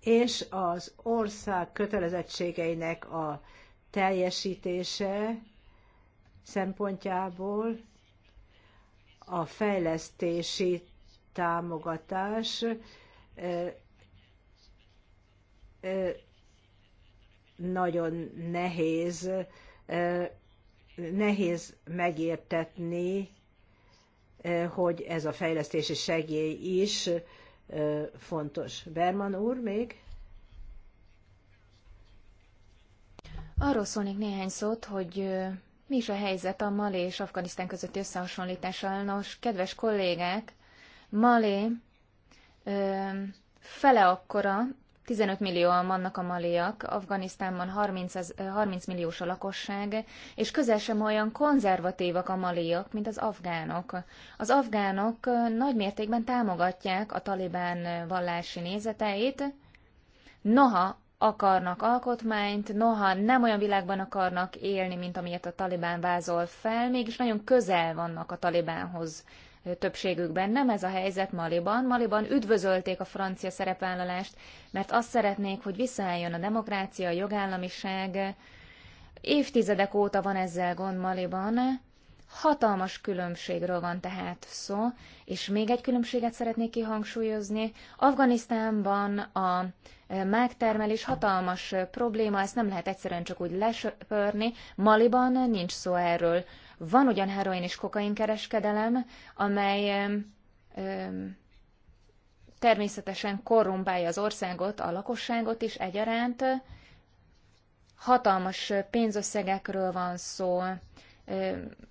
És az ország kötelezettségeinek a teljesítése szempontjából a fejlesztési támogatás nagyon nehéz nehéz megértetni, eh, hogy ez a fejlesztési segély is eh, fontos. Berman úr még? Arról szólnék néhány szót, hogy eh, mi is a helyzet a Mali és Afganisztán közötti összehasonlítással. Nos, kedves kollégák, Mali fele akkora 15 millióan vannak a maliak, Afganisztánban 30, 30 milliós a lakosság, és közel sem olyan konzervatívak a maliak, mint az afgánok. Az afgánok nagy mértékben támogatják a talibán vallási nézeteit, noha akarnak alkotmányt, noha nem olyan világban akarnak élni, mint amilyet a talibán vázol fel, mégis nagyon közel vannak a talibánhoz többségükben. Nem ez a helyzet Maliban. Maliban üdvözölték a francia szerepvállalást, mert azt szeretnék, hogy visszaálljon a demokrácia, a jogállamiság. Évtizedek óta van ezzel gond Maliban. Hatalmas különbségről van tehát szó, és még egy különbséget szeretnék kihangsúlyozni. Afganisztánban a mágtermelés hatalmas probléma, ezt nem lehet egyszerűen csak úgy lesöpörni. Maliban nincs szó erről. Van ugyan heroin és kokain kereskedelem, amely természetesen korrumpálja az országot, a lakosságot is egyaránt. Hatalmas pénzösszegekről van szó,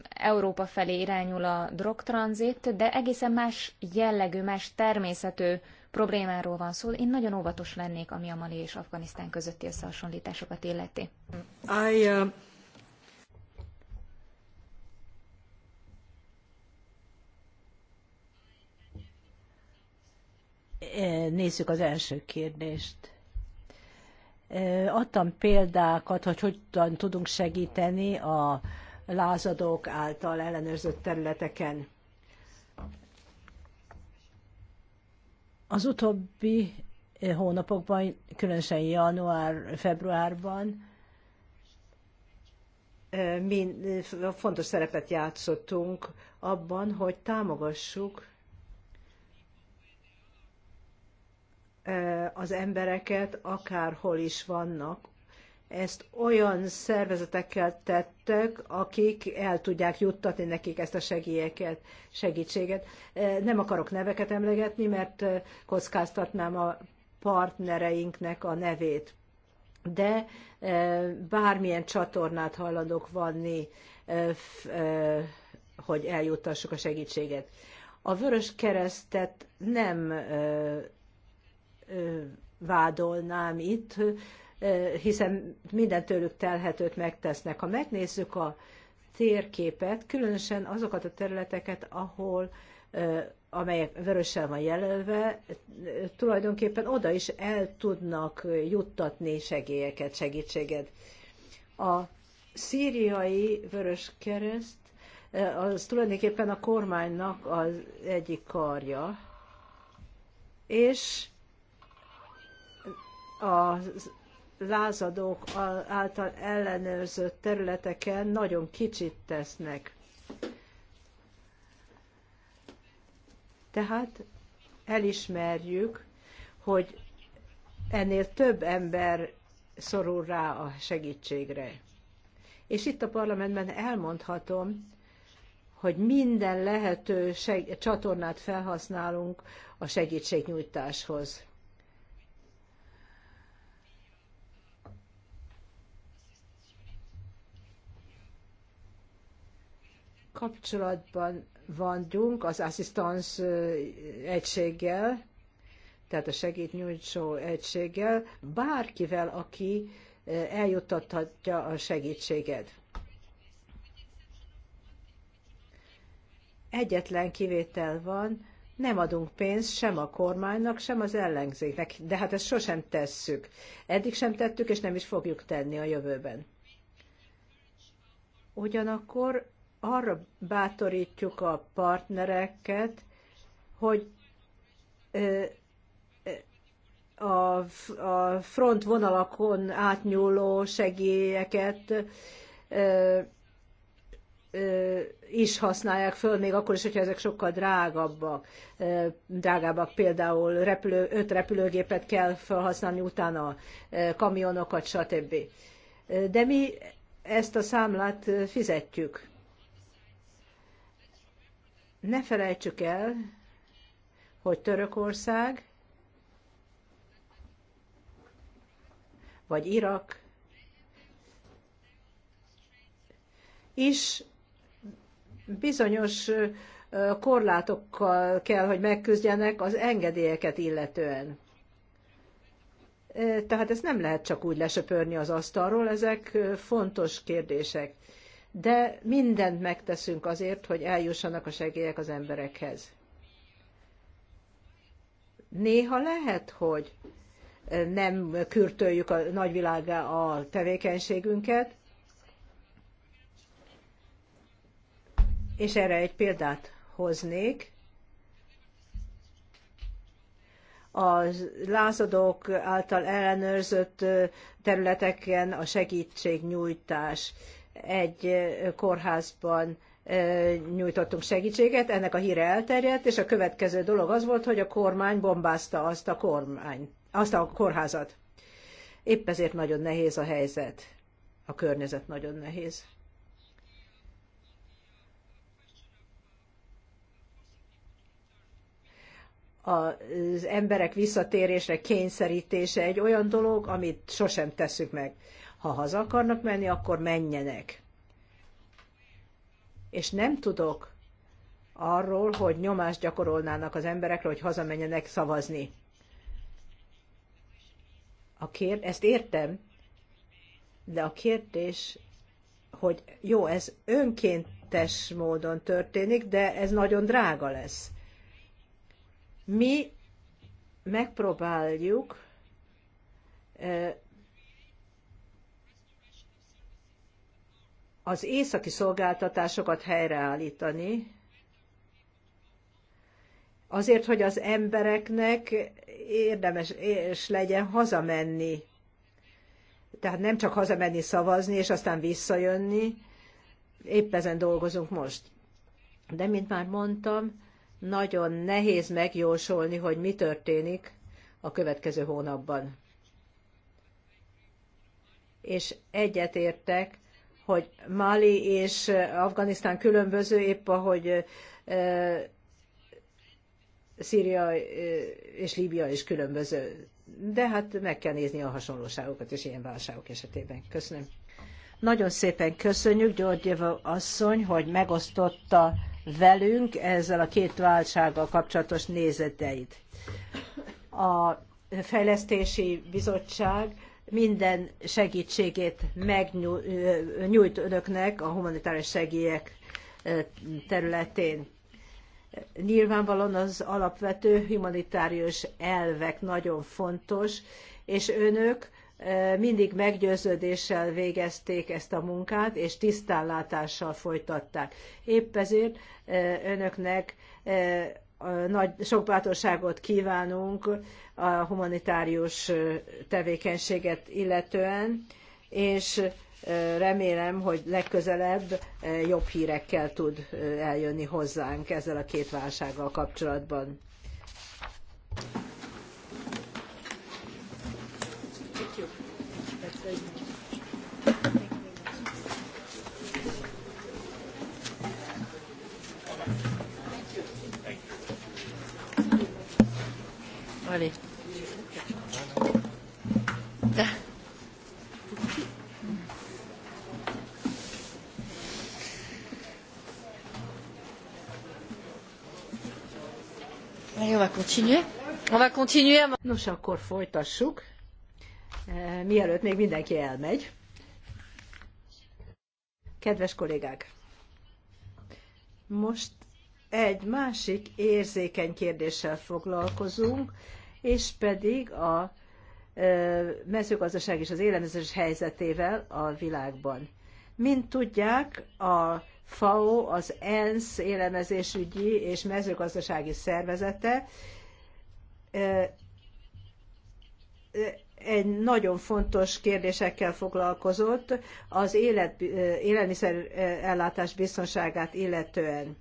Európa felé irányul a drogtranzit, de egészen más jellegű, más természetű problémáról van szó. Én nagyon óvatos lennék, ami a Mali és Afganisztán közötti összehasonlításokat illeti. I, uh... E, nézzük az első kérdést. E, adtam példákat, hogy hogyan tudunk segíteni a lázadók által ellenőrzött területeken. Az utóbbi e, hónapokban, különösen január-februárban mi fontos szerepet játszottunk abban, hogy támogassuk az embereket, akárhol is vannak. Ezt olyan szervezetekkel tettek, akik el tudják juttatni nekik ezt a segélyeket, segítséget. Nem akarok neveket emlegetni, mert kockáztatnám a partnereinknek a nevét. De bármilyen csatornát hajlandók vanni, hogy eljuttassuk a segítséget. A Vörös Keresztet nem vádolnám itt, hiszen minden tőlük telhetőt megtesznek. Ha megnézzük a térképet, különösen azokat a területeket, ahol amelyek vörössel van jelölve, tulajdonképpen oda is el tudnak juttatni segélyeket, segítséget. A szíriai vörös kereszt az tulajdonképpen a kormánynak az egyik karja, és a lázadók által ellenőrzött területeken nagyon kicsit tesznek. Tehát elismerjük, hogy ennél több ember szorul rá a segítségre. És itt a parlamentben elmondhatom, hogy minden lehető seg- csatornát felhasználunk a segítségnyújtáshoz. Kapcsolatban vagyunk az asszisztans egységgel, tehát a segítnyújtó egységgel, bárkivel, aki eljuttathatja a segítséged. Egyetlen kivétel van, nem adunk pénzt sem a kormánynak, sem az ellenzéknek, de hát ezt sosem tesszük. Eddig sem tettük, és nem is fogjuk tenni a jövőben. Ugyanakkor arra bátorítjuk a partnereket, hogy a, a front vonalakon átnyúló segélyeket is használják föl, még akkor is, hogyha ezek sokkal drágabbak. Drágábbak például repülő, öt repülőgépet kell felhasználni, utána kamionokat, stb. De mi ezt a számlát fizetjük. Ne felejtsük el, hogy Törökország vagy Irak is bizonyos korlátokkal kell, hogy megküzdjenek az engedélyeket illetően. Tehát ez nem lehet csak úgy lesöpörni az asztalról, ezek fontos kérdések de mindent megteszünk azért, hogy eljussanak a segélyek az emberekhez. Néha lehet, hogy nem kürtöljük a nagyvilágá a tevékenységünket, és erre egy példát hoznék. a lázadók által ellenőrzött területeken a segítségnyújtás egy kórházban nyújtottunk segítséget, ennek a híre elterjedt, és a következő dolog az volt, hogy a kormány bombázta azt a, kormány, azt a kórházat. Épp ezért nagyon nehéz a helyzet. A környezet nagyon nehéz. az emberek visszatérésre kényszerítése egy olyan dolog, amit sosem teszünk meg. Ha haza akarnak menni, akkor menjenek. És nem tudok arról, hogy nyomást gyakorolnának az emberekre, hogy hazamenjenek szavazni. A kér... Ezt értem, de a kérdés, hogy jó, ez önkéntes módon történik, de ez nagyon drága lesz. Mi megpróbáljuk az északi szolgáltatásokat helyreállítani, azért, hogy az embereknek érdemes és legyen hazamenni. Tehát nem csak hazamenni szavazni, és aztán visszajönni. Épp ezen dolgozunk most. De, mint már mondtam, nagyon nehéz megjósolni, hogy mi történik a következő hónapban. És egyetértek hogy Mali és Afganisztán különböző, épp ahogy Szíria és Líbia is különböző. De hát meg kell nézni a hasonlóságokat is ilyen válságok esetében. Köszönöm. Nagyon szépen köszönjük, Györgyeva asszony, hogy megosztotta velünk ezzel a két válsággal kapcsolatos nézeteit. A Fejlesztési Bizottság minden segítségét megnyújt önöknek a humanitárius segélyek területén. Nyilvánvalóan az alapvető humanitárius elvek nagyon fontos, és önök mindig meggyőződéssel végezték ezt a munkát, és tisztánlátással folytatták. Épp ezért önöknek nagy, sok bátorságot kívánunk a humanitárius tevékenységet illetően, és remélem, hogy legközelebb jobb hírekkel tud eljönni hozzánk ezzel a két válsággal kapcsolatban. Allez. Allez, on va continuer. On va continuer. Nos, akkor folytassuk. Eh, mielőtt még mindenki elmegy. Kedves kollégák! Most egy másik érzékeny kérdéssel foglalkozunk, és pedig a mezőgazdaság és az élelmezés helyzetével a világban. Mint tudják, a FAO, az ENSZ élelmezésügyi és mezőgazdasági szervezete egy nagyon fontos kérdésekkel foglalkozott az élet, élelmiszerellátás biztonságát illetően.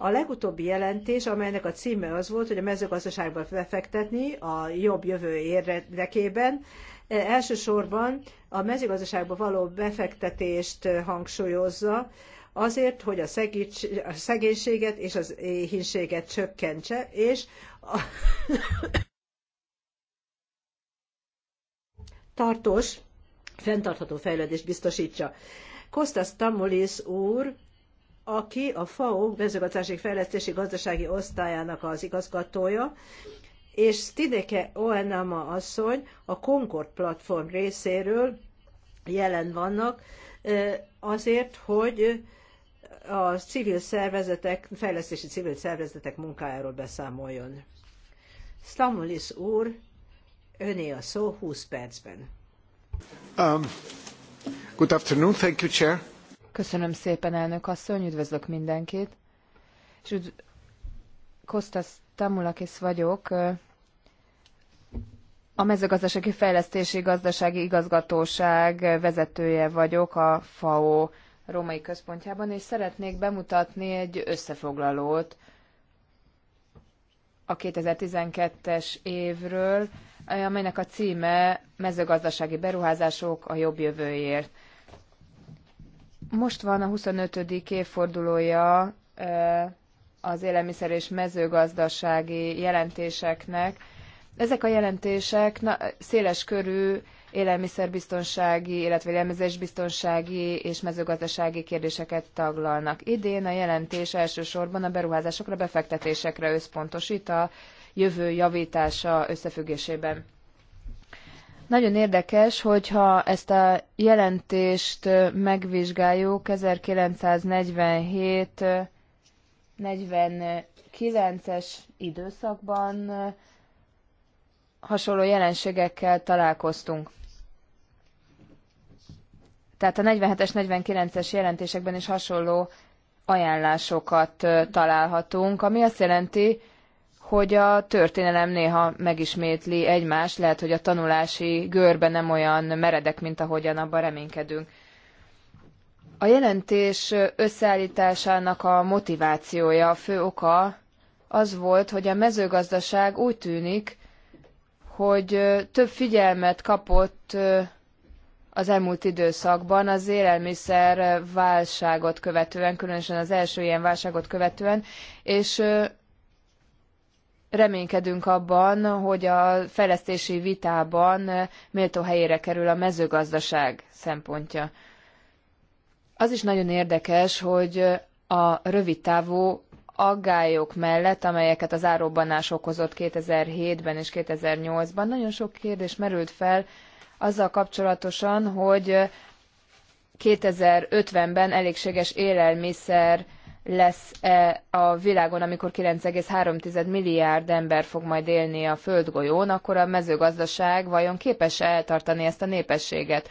A legutóbbi jelentés, amelynek a címe az volt, hogy a mezőgazdaságban befektetni a jobb jövő érdekében, e, elsősorban a mezőgazdaságba való befektetést hangsúlyozza, azért, hogy a, szegíts, a szegénységet és az éhínséget csökkentse, és a tartós, fenntartható fejlődést biztosítsa. Kostas Tamulis úr aki a FAO mezőgazdasági fejlesztési gazdasági osztályának az igazgatója, és Stideke Oenama asszony a Concord platform részéről jelen vannak azért, hogy a civil szervezetek, fejlesztési civil szervezetek munkájáról beszámoljon. Stamulis úr, öné a szó 20 percben. Um, good afternoon, thank you, Chair. Köszönöm szépen, elnök asszony, üdvözlök mindenkit. És üdv... Kostas Tamulakis vagyok, a mezőgazdasági fejlesztési gazdasági igazgatóság vezetője vagyok a FAO római központjában, és szeretnék bemutatni egy összefoglalót a 2012-es évről, amelynek a címe mezőgazdasági beruházások a jobb jövőért. Most van a 25. évfordulója az élelmiszer és mezőgazdasági jelentéseknek. Ezek a jelentések na, széles körű élelmiszerbiztonsági, illetve élelmezésbiztonsági és mezőgazdasági kérdéseket taglalnak. Idén a jelentés elsősorban a beruházásokra, befektetésekre összpontosít a jövő javítása összefüggésében. Nagyon érdekes, hogyha ezt a jelentést megvizsgáljuk, 1947 49-es időszakban hasonló jelenségekkel találkoztunk. Tehát a 47-es, 49-es jelentésekben is hasonló ajánlásokat találhatunk, ami azt jelenti, hogy a történelem néha megismétli egymást, lehet, hogy a tanulási görbe nem olyan meredek, mint ahogyan abban reménykedünk. A jelentés összeállításának a motivációja, a fő oka az volt, hogy a mezőgazdaság úgy tűnik, hogy több figyelmet kapott az elmúlt időszakban az élelmiszer válságot követően, különösen az első ilyen válságot követően, és reménykedünk abban, hogy a fejlesztési vitában méltó helyére kerül a mezőgazdaság szempontja. Az is nagyon érdekes, hogy a rövidtávú aggályok mellett, amelyeket az áróbanás okozott 2007-ben és 2008-ban, nagyon sok kérdés merült fel azzal kapcsolatosan, hogy 2050-ben elégséges élelmiszer lesz -e a világon, amikor 9,3 milliárd ember fog majd élni a földgolyón, akkor a mezőgazdaság vajon képes -e eltartani ezt a népességet?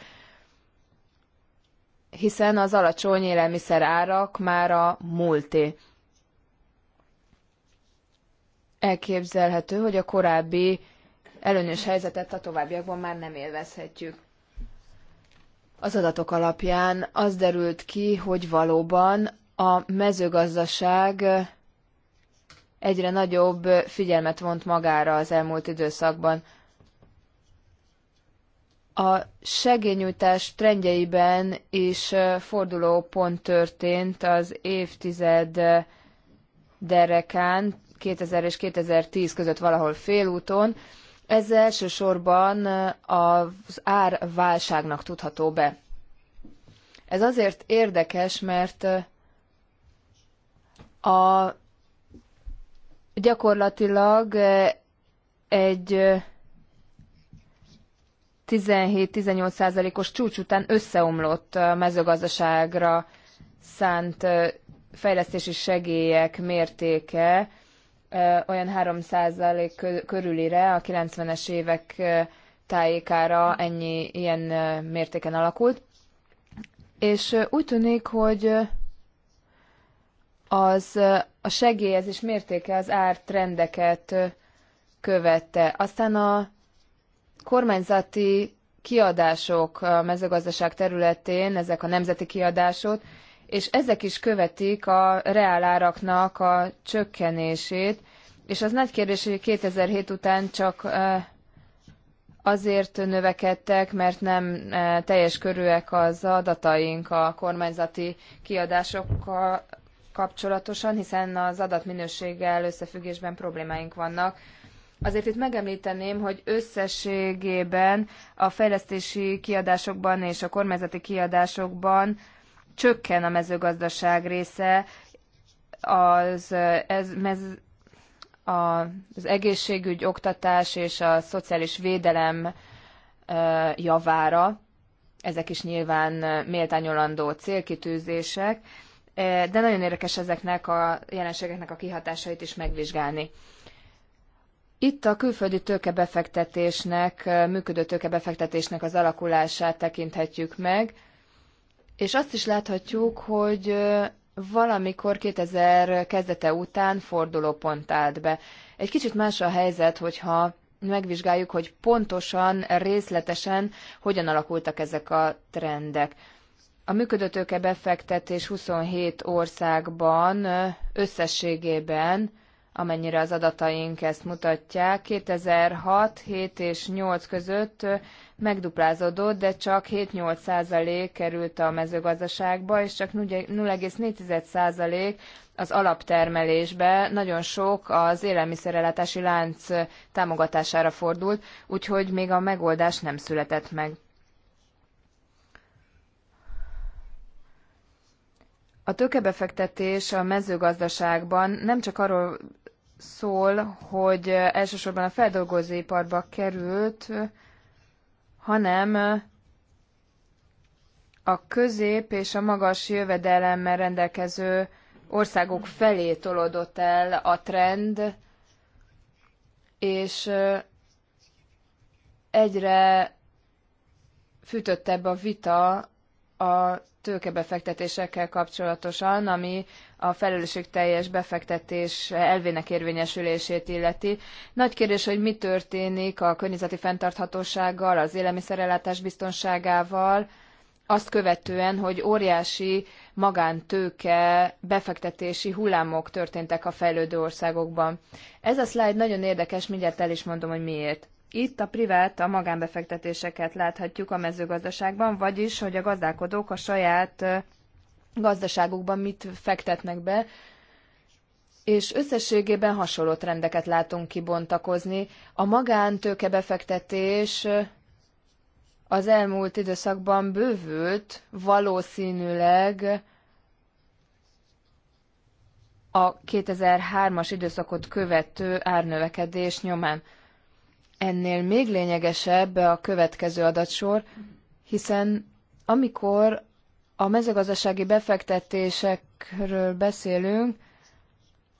Hiszen az alacsony élelmiszer árak már a múlté. Elképzelhető, hogy a korábbi előnyös helyzetet a továbbiakban már nem élvezhetjük. Az adatok alapján az derült ki, hogy valóban a mezőgazdaság egyre nagyobb figyelmet vont magára az elmúlt időszakban. A segényújtás trendjeiben is fordulópont történt az évtized derekán, 2000 és 2010 között valahol félúton. Ez elsősorban az árválságnak tudható be. Ez azért érdekes, mert a gyakorlatilag egy 17-18 százalékos csúcs után összeomlott a mezőgazdaságra szánt fejlesztési segélyek mértéke olyan 3 százalék körülire a 90-es évek tájékára ennyi ilyen mértéken alakult. És úgy tűnik, hogy az a segélyezés mértéke az ártrendeket követte. Aztán a kormányzati kiadások a mezőgazdaság területén, ezek a nemzeti kiadások, és ezek is követik a reáláraknak a csökkenését, és az nagy kérdés, hogy 2007 után csak azért növekedtek, mert nem teljes körűek az adataink a kormányzati kiadásokkal kapcsolatosan, hiszen az adatminőséggel összefüggésben problémáink vannak. Azért itt megemlíteném, hogy összességében a fejlesztési kiadásokban és a kormányzati kiadásokban csökken a mezőgazdaság része, az, ez, mez, a, az egészségügy, oktatás és a szociális védelem javára. Ezek is nyilván méltányolandó célkitűzések, de nagyon érdekes ezeknek a jelenségeknek a kihatásait is megvizsgálni. Itt a külföldi tőkebefektetésnek, működő tőkebefektetésnek az alakulását tekinthetjük meg, és azt is láthatjuk, hogy valamikor 2000 kezdete után fordulópont állt be. Egy kicsit más a helyzet, hogyha megvizsgáljuk, hogy pontosan, részletesen hogyan alakultak ezek a trendek. A működőtőke befektetés 27 országban összességében, amennyire az adataink ezt mutatják, 2006, 7 és 8 között megduplázódott, de csak 7-8 százalék került a mezőgazdaságba, és csak 0,4 százalék az alaptermelésbe. Nagyon sok az élelmiszerellátási lánc támogatására fordult, úgyhogy még a megoldás nem született meg. A tőkebefektetés a mezőgazdaságban nem csak arról szól, hogy elsősorban a feldolgozóiparba került, hanem a közép és a magas jövedelemmel rendelkező országok felé tolódott el a trend, és egyre fűtöttebb a vita a tőkebefektetésekkel kapcsolatosan, ami a felelősségteljes befektetés elvének érvényesülését illeti. Nagy kérdés, hogy mi történik a környezeti fenntarthatósággal, az élelmiszerellátás biztonságával, azt követően, hogy óriási magántőke befektetési hullámok történtek a fejlődő országokban. Ez a szlájd nagyon érdekes, mindjárt el is mondom, hogy miért. Itt a privát, a magánbefektetéseket láthatjuk a mezőgazdaságban, vagyis, hogy a gazdálkodók a saját gazdaságukban mit fektetnek be, és összességében hasonló trendeket látunk kibontakozni. A magántőkebefektetés az elmúlt időszakban bővült, valószínűleg a 2003-as időszakot követő árnövekedés nyomán ennél még lényegesebb a következő adatsor, hiszen amikor a mezőgazdasági befektetésekről beszélünk,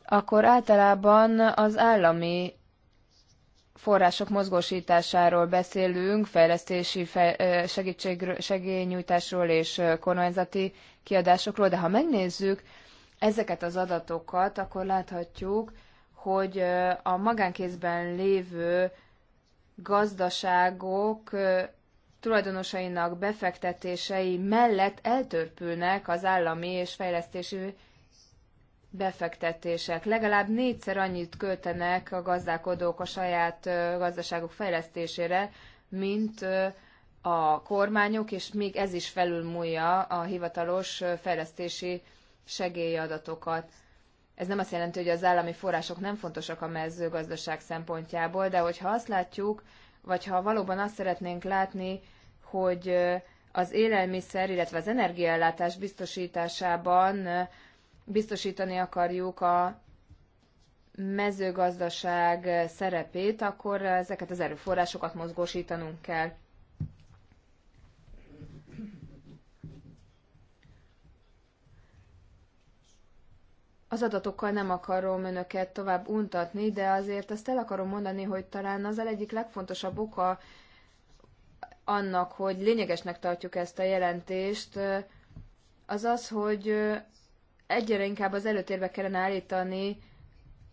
akkor általában az állami források mozgósításáról beszélünk, fejlesztési segítségről, segélynyújtásról és kormányzati kiadásokról, de ha megnézzük ezeket az adatokat, akkor láthatjuk, hogy a magánkézben lévő gazdaságok tulajdonosainak befektetései mellett eltörpülnek az állami és fejlesztési befektetések. Legalább négyszer annyit költenek a gazdálkodók a saját gazdaságok fejlesztésére, mint a kormányok, és még ez is felülmúlja a hivatalos fejlesztési segélyadatokat. Ez nem azt jelenti, hogy az állami források nem fontosak a mezőgazdaság szempontjából, de hogyha azt látjuk, vagy ha valóban azt szeretnénk látni, hogy az élelmiszer, illetve az energiaellátás biztosításában biztosítani akarjuk a mezőgazdaság szerepét, akkor ezeket az erőforrásokat mozgósítanunk kell. Az adatokkal nem akarom önöket tovább untatni, de azért ezt el akarom mondani, hogy talán az egyik legfontosabb oka annak, hogy lényegesnek tartjuk ezt a jelentést, az az, hogy egyre inkább az előtérbe kellene állítani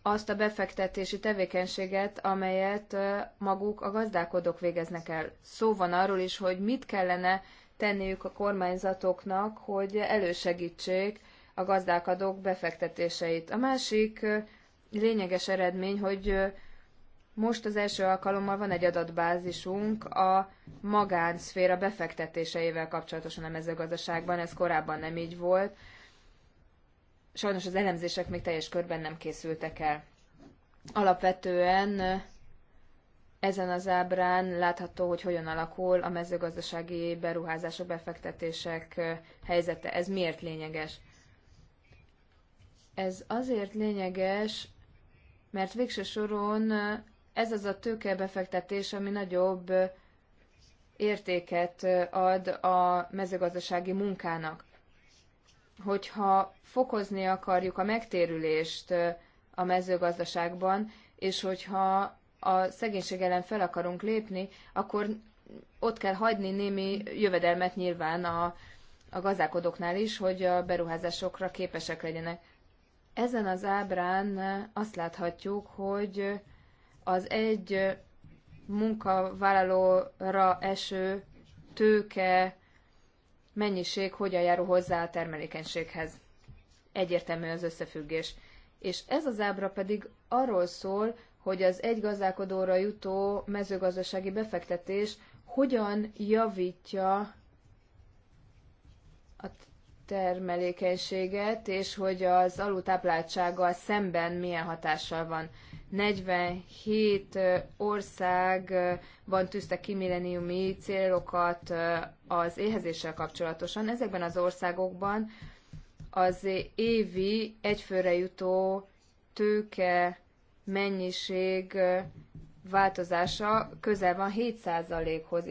azt a befektetési tevékenységet, amelyet maguk a gazdálkodók végeznek el. Szó van arról is, hogy mit kellene tenniük a kormányzatoknak, hogy elősegítsék a gazdálkodók befektetéseit. A másik lényeges eredmény, hogy most az első alkalommal van egy adatbázisunk a magánszféra befektetéseivel kapcsolatosan a mezőgazdaságban, ez korábban nem így volt. Sajnos az elemzések még teljes körben nem készültek el. Alapvetően ezen az ábrán látható, hogy hogyan alakul a mezőgazdasági beruházások, befektetések helyzete. Ez miért lényeges? Ez azért lényeges, mert végső soron ez az a tőkebefektetés, ami nagyobb értéket ad a mezőgazdasági munkának. Hogyha fokozni akarjuk a megtérülést a mezőgazdaságban, és hogyha a szegénység ellen fel akarunk lépni, akkor ott kell hagyni némi jövedelmet nyilván a, a gazdálkodóknál is, hogy a beruházásokra képesek legyenek. Ezen az ábrán azt láthatjuk, hogy az egy munkavállalóra eső tőke mennyiség hogyan járul hozzá a termelékenységhez. Egyértelmű az összefüggés. És ez az ábra pedig arról szól, hogy az egy gazdálkodóra jutó mezőgazdasági befektetés hogyan javítja a termelékenységet, és hogy az alultápláltsággal szemben milyen hatással van. 47 országban tűzte ki milleniumi célokat az éhezéssel kapcsolatosan. Ezekben az országokban az évi egyfőre jutó tőke mennyiség változása közel van 7%-hoz,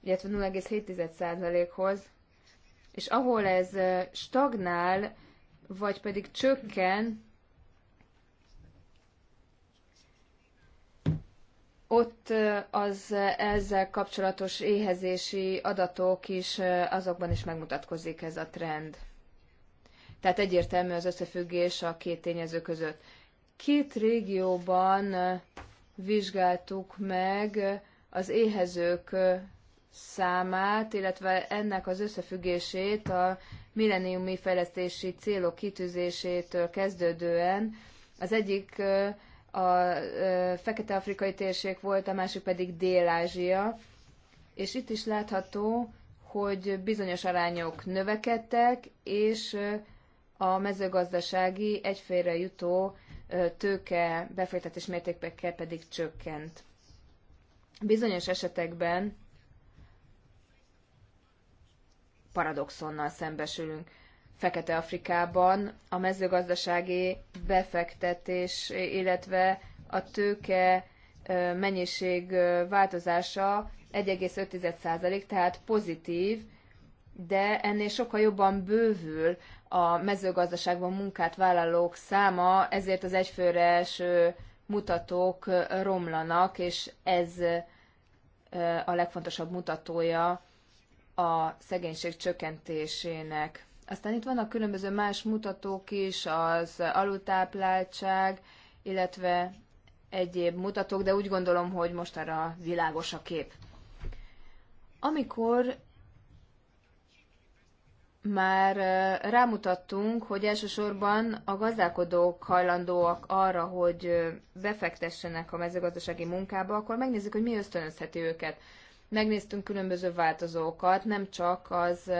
illetve 0,7%-hoz és ahol ez stagnál, vagy pedig csökken, ott az ezzel kapcsolatos éhezési adatok is, azokban is megmutatkozik ez a trend. Tehát egyértelmű az összefüggés a két tényező között. Két régióban vizsgáltuk meg az éhezők számát, illetve ennek az összefüggését a milleniumi fejlesztési célok kitűzésétől kezdődően. Az egyik a fekete-afrikai térség volt, a másik pedig Dél-Ázsia, és itt is látható, hogy bizonyos arányok növekedtek, és a mezőgazdasági egyfélre jutó tőke befektetés mértékekkel pedig csökkent. Bizonyos esetekben paradoxonnal szembesülünk. Fekete-Afrikában a mezőgazdasági befektetés, illetve a tőke mennyiség változása 1,5%, tehát pozitív, de ennél sokkal jobban bővül a mezőgazdaságban munkát vállalók száma, ezért az egyfőre első mutatók romlanak, és ez a legfontosabb mutatója a szegénység csökkentésének. Aztán itt vannak különböző más mutatók is, az alultápláltság, illetve egyéb mutatók, de úgy gondolom, hogy most arra világos a kép. Amikor már rámutattunk, hogy elsősorban a gazdálkodók hajlandóak arra, hogy befektessenek a mezőgazdasági munkába, akkor megnézzük, hogy mi ösztönözheti őket. Megnéztünk különböző változókat, nem csak az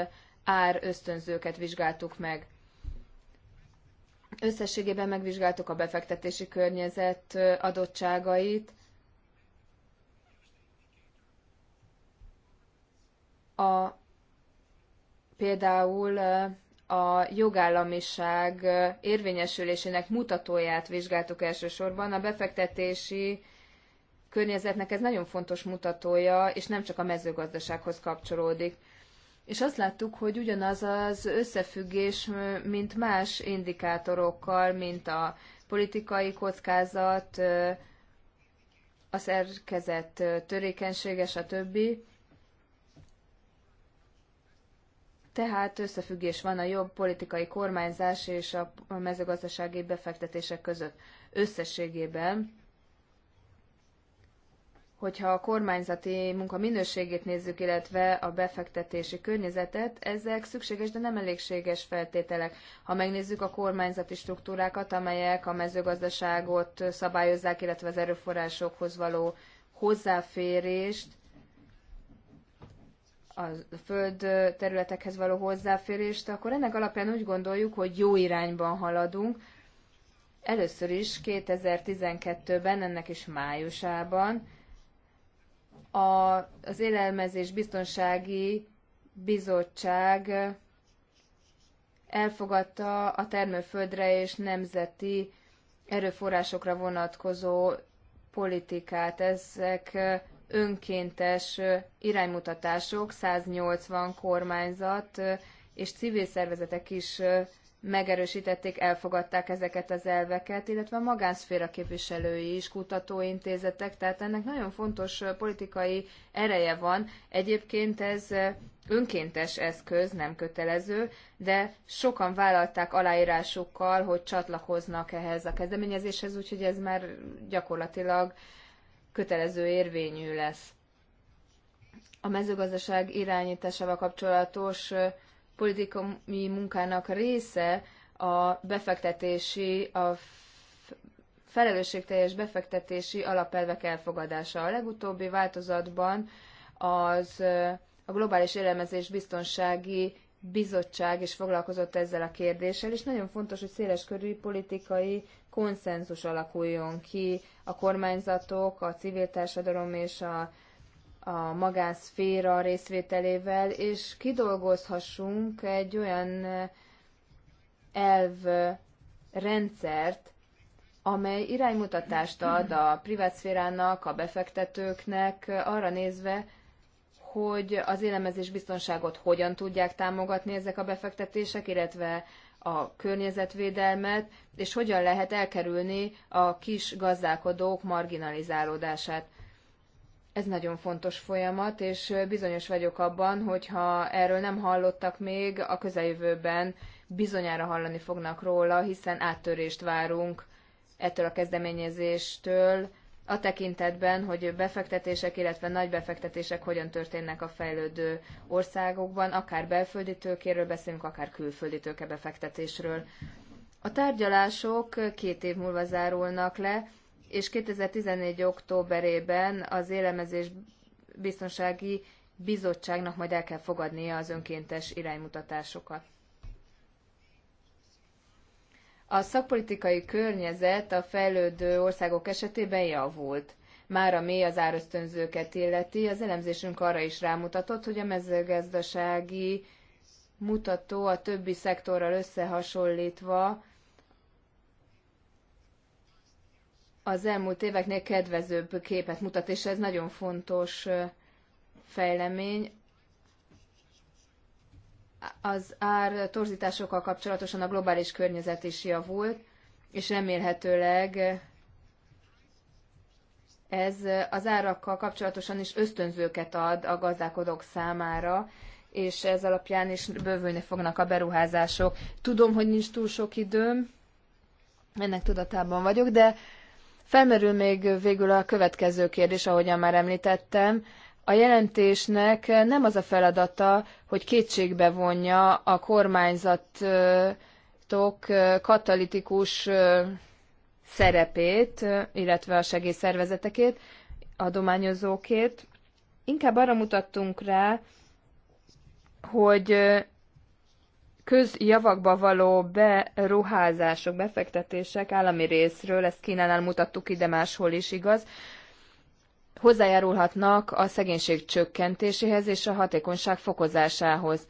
ár ösztönzőket vizsgáltuk meg. Összességében megvizsgáltuk a befektetési környezet adottságait, a, például a jogállamiság érvényesülésének mutatóját vizsgáltuk elsősorban, a befektetési környezetnek ez nagyon fontos mutatója, és nem csak a mezőgazdasághoz kapcsolódik. És azt láttuk, hogy ugyanaz az összefüggés, mint más indikátorokkal, mint a politikai kockázat, a szerkezet törékenysége, többi. Tehát összefüggés van a jobb politikai kormányzás és a mezőgazdasági befektetések között összességében hogyha a kormányzati munka minőségét nézzük, illetve a befektetési környezetet, ezek szükséges, de nem elégséges feltételek. Ha megnézzük a kormányzati struktúrákat, amelyek a mezőgazdaságot szabályozzák, illetve az erőforrásokhoz való hozzáférést, a föld területekhez való hozzáférést, akkor ennek alapján úgy gondoljuk, hogy jó irányban haladunk. Először is 2012-ben, ennek is májusában a, az Élelmezés Biztonsági Bizottság elfogadta a termőföldre és nemzeti erőforrásokra vonatkozó politikát. Ezek önkéntes iránymutatások, 180 kormányzat és civil szervezetek is megerősítették, elfogadták ezeket az elveket, illetve a magánszféra képviselői is, kutatóintézetek, tehát ennek nagyon fontos politikai ereje van. Egyébként ez önkéntes eszköz, nem kötelező, de sokan vállalták aláírásukkal, hogy csatlakoznak ehhez a kezdeményezéshez, úgyhogy ez már gyakorlatilag kötelező érvényű lesz. A mezőgazdaság irányításával kapcsolatos politikai munkának része a befektetési, a felelősségteljes befektetési alapelvek elfogadása. A legutóbbi változatban az a Globális Élelmezés Biztonsági Bizottság is foglalkozott ezzel a kérdéssel, és nagyon fontos, hogy széleskörű politikai konszenzus alakuljon ki a kormányzatok, a civil társadalom és a a magánszféra részvételével, és kidolgozhassunk egy olyan eh, elv eh, rendszert, amely iránymutatást ad a privátszférának, a befektetőknek eh, arra nézve, hogy az élemezés biztonságot hogyan tudják támogatni ezek a befektetések, illetve a környezetvédelmet, és hogyan lehet elkerülni a kis gazdálkodók marginalizálódását. Ez nagyon fontos folyamat, és bizonyos vagyok abban, hogy ha erről nem hallottak még, a közeljövőben bizonyára hallani fognak róla, hiszen áttörést várunk ettől a kezdeményezéstől, a tekintetben, hogy befektetések, illetve nagy befektetések hogyan történnek a fejlődő országokban, akár belföldi tőkéről beszélünk, akár külföldi befektetésről. A tárgyalások két év múlva zárulnak le, és 2014. októberében az Élemezés Biztonsági Bizottságnak majd el kell fogadnia az önkéntes iránymutatásokat. A szakpolitikai környezet a fejlődő országok esetében javult. Már a mély az árösztönzőket illeti, az elemzésünk arra is rámutatott, hogy a mezőgazdasági mutató a többi szektorral összehasonlítva az elmúlt éveknél kedvezőbb képet mutat, és ez nagyon fontos fejlemény. Az ár torzításokkal kapcsolatosan a globális környezet is javult, és remélhetőleg ez az árakkal kapcsolatosan is ösztönzőket ad a gazdálkodók számára, és ez alapján is bővülni fognak a beruházások. Tudom, hogy nincs túl sok időm, ennek tudatában vagyok, de Felmerül még végül a következő kérdés, ahogyan már említettem. A jelentésnek nem az a feladata, hogy kétségbe vonja a kormányzatok katalitikus szerepét, illetve a segélyszervezetekét, adományozókét. Inkább arra mutattunk rá, hogy közjavakba való beruházások, befektetések állami részről, ezt Kínánál mutattuk ide máshol is igaz, hozzájárulhatnak a szegénység csökkentéséhez és a hatékonyság fokozásához.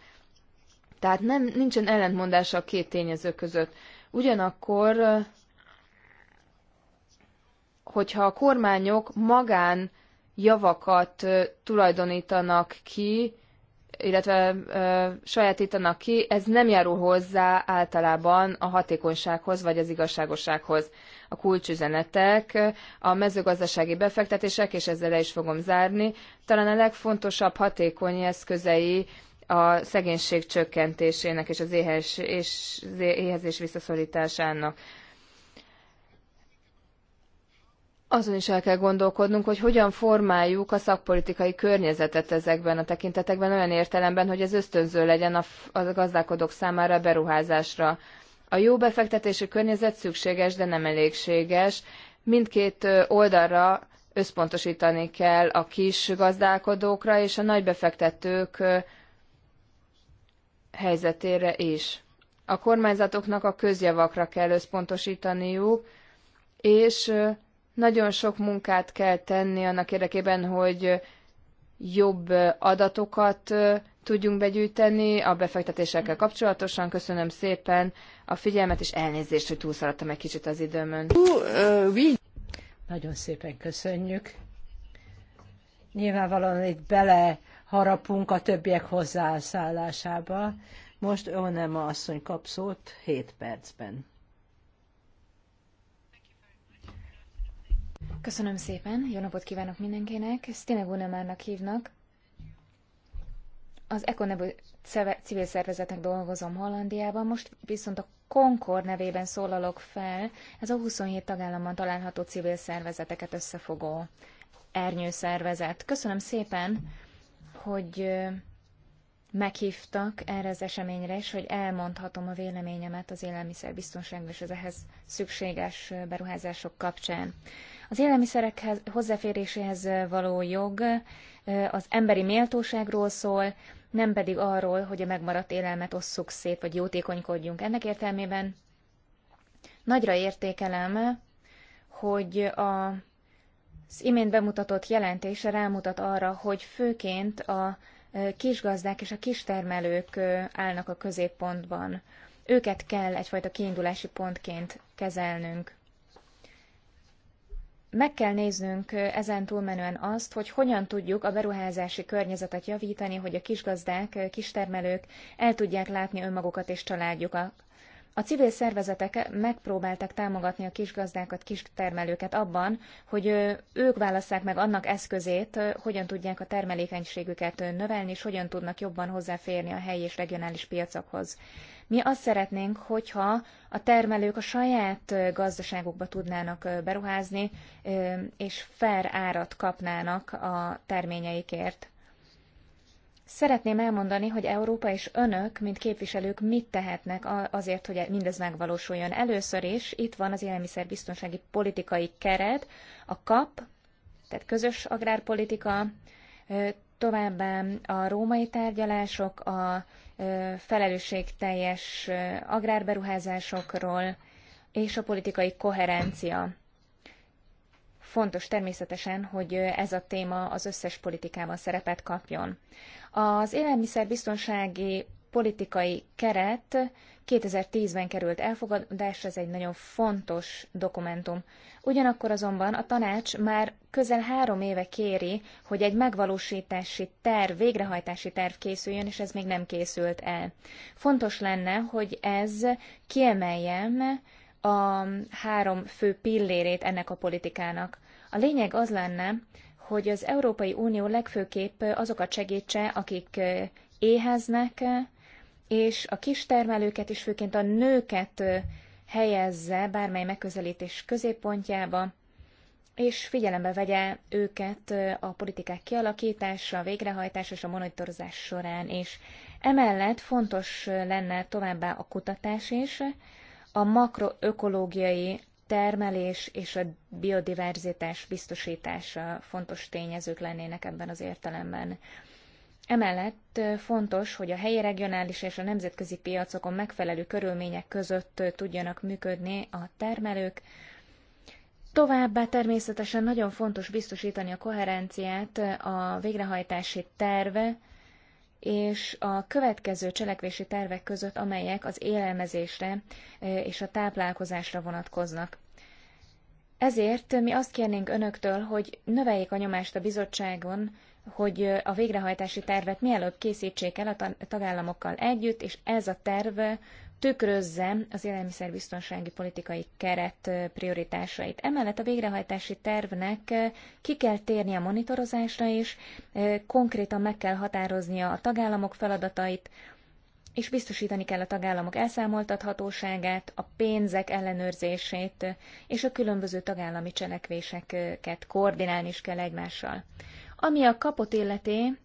Tehát nem, nincsen ellentmondás a két tényező között. Ugyanakkor, hogyha a kormányok magán javakat tulajdonítanak ki, illetve ö, sajátítanak ki, ez nem járul hozzá általában a hatékonysághoz vagy az igazságossághoz. A kulcsüzenetek, a mezőgazdasági befektetések, és ezzel le is fogom zárni, talán a legfontosabb hatékony eszközei a szegénység csökkentésének és az éhezés és éhezés visszaszorításának. azon is el kell gondolkodnunk, hogy hogyan formáljuk a szakpolitikai környezetet ezekben a tekintetekben olyan értelemben, hogy ez ösztönző legyen a, a gazdálkodók számára a beruházásra. A jó befektetési környezet szükséges, de nem elégséges. Mindkét oldalra összpontosítani kell a kis gazdálkodókra és a nagy befektetők helyzetére is. A kormányzatoknak a közjavakra kell összpontosítaniuk, és nagyon sok munkát kell tenni annak érdekében, hogy jobb adatokat tudjunk begyűjteni a befektetésekkel kapcsolatosan. Köszönöm szépen a figyelmet, és elnézést, hogy túlszaladtam egy kicsit az időmön. Nagyon szépen köszönjük. Nyilvánvalóan itt bele harapunk a többiek hozzászállásába. Most nem asszony kap szót 7 percben. Köszönöm szépen, jó napot kívánok mindenkinek. Stine Gunemárnak hívnak. Az Eko nevű civil szervezetnek dolgozom Hollandiában, most viszont a Concord nevében szólalok fel. Ez a 27 tagállamban található civil szervezeteket összefogó ernyőszervezet. Köszönöm szépen, hogy meghívtak erre az eseményre, és hogy elmondhatom a véleményemet az élelmiszerbiztonságban és az ehhez szükséges beruházások kapcsán. Az élelmiszerek hozzáféréséhez való jog az emberi méltóságról szól, nem pedig arról, hogy a megmaradt élelmet osszuk szét, vagy jótékonykodjunk. Ennek értelmében nagyra értékelem, hogy a, az imént bemutatott jelentése rámutat arra, hogy főként a kisgazdák és a kistermelők állnak a középpontban. Őket kell egyfajta kiindulási pontként kezelnünk meg kell néznünk ezen túlmenően azt, hogy hogyan tudjuk a beruházási környezetet javítani, hogy a kisgazdák, kistermelők el tudják látni önmagukat és családjukat. A civil szervezetek megpróbáltak támogatni a kisgazdákat, kistermelőket abban, hogy ők válasszák meg annak eszközét, hogyan tudják a termelékenységüket növelni, és hogyan tudnak jobban hozzáférni a helyi és regionális piacokhoz. Mi azt szeretnénk, hogyha a termelők a saját gazdaságukba tudnának beruházni, és fair árat kapnának a terményeikért. Szeretném elmondani, hogy Európa és önök, mint képviselők mit tehetnek azért, hogy mindez megvalósuljon. Először is itt van az élelmiszerbiztonsági politikai keret, a KAP, tehát közös agrárpolitika, továbbá a római tárgyalások, a felelősségteljes agrárberuházásokról és a politikai koherencia. Fontos természetesen, hogy ez a téma az összes politikában szerepet kapjon. Az élelmiszerbiztonsági politikai keret 2010-ben került elfogadásra, ez egy nagyon fontos dokumentum. Ugyanakkor azonban a tanács már közel három éve kéri, hogy egy megvalósítási terv, végrehajtási terv készüljön, és ez még nem készült el. Fontos lenne, hogy ez kiemeljem a három fő pillérét ennek a politikának. A lényeg az lenne, hogy az Európai Unió legfőképp azokat segítse, akik éheznek, és a kistermelőket is, főként a nőket helyezze bármely megközelítés középpontjába, és figyelembe vegye őket a politikák kialakítása, a végrehajtása és a monitorozás során is. Emellett fontos lenne továbbá a kutatás is, a makroökológiai termelés és a biodiverzitás biztosítása fontos tényezők lennének ebben az értelemben. Emellett fontos, hogy a helyi regionális és a nemzetközi piacokon megfelelő körülmények között tudjanak működni a termelők. Továbbá természetesen nagyon fontos biztosítani a koherenciát a végrehajtási terve és a következő cselekvési tervek között, amelyek az élelmezésre és a táplálkozásra vonatkoznak. Ezért mi azt kérnénk önöktől, hogy növeljék a nyomást a bizottságon, hogy a végrehajtási tervet mielőbb készítsék el a tagállamokkal együtt, és ez a terv tükrözze az élelmiszerbiztonsági politikai keret prioritásait. Emellett a végrehajtási tervnek ki kell térni a monitorozásra is, konkrétan meg kell határoznia a tagállamok feladatait, és biztosítani kell a tagállamok elszámoltathatóságát, a pénzek ellenőrzését, és a különböző tagállami cselekvéseket koordinálni is kell egymással. Ami a kapot illeti,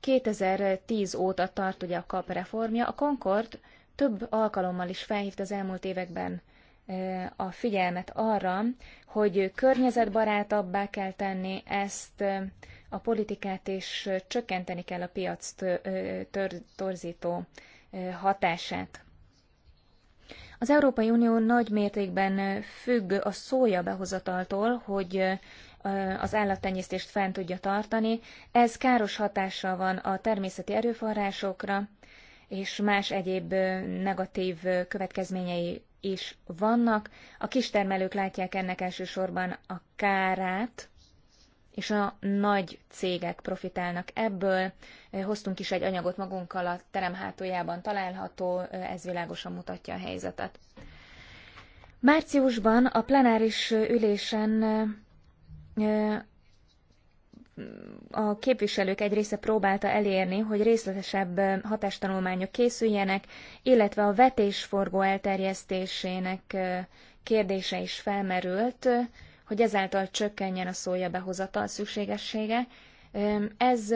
2010 óta tart ugye a kap reformja. A Concord több alkalommal is felhívta az elmúlt években a figyelmet arra, hogy környezetbarátabbá kell tenni ezt, a politikát, és csökkenteni kell a piac torzító hatását. Az Európai Unió nagy mértékben függ a szója behozataltól, hogy az állattenyésztést fent tudja tartani. Ez káros hatással van a természeti erőforrásokra, és más egyéb negatív következményei is vannak. A kistermelők látják ennek elsősorban a kárát, és a nagy cégek profitálnak ebből. Hoztunk is egy anyagot magunkkal, a terem hátuljában található, ez világosan mutatja a helyzetet. Márciusban a plenáris ülésen a képviselők egy része próbálta elérni, hogy részletesebb hatástanulmányok készüljenek, illetve a vetésforgó elterjesztésének kérdése is felmerült, hogy ezáltal csökkenjen a szója behozatal szükségessége. Ez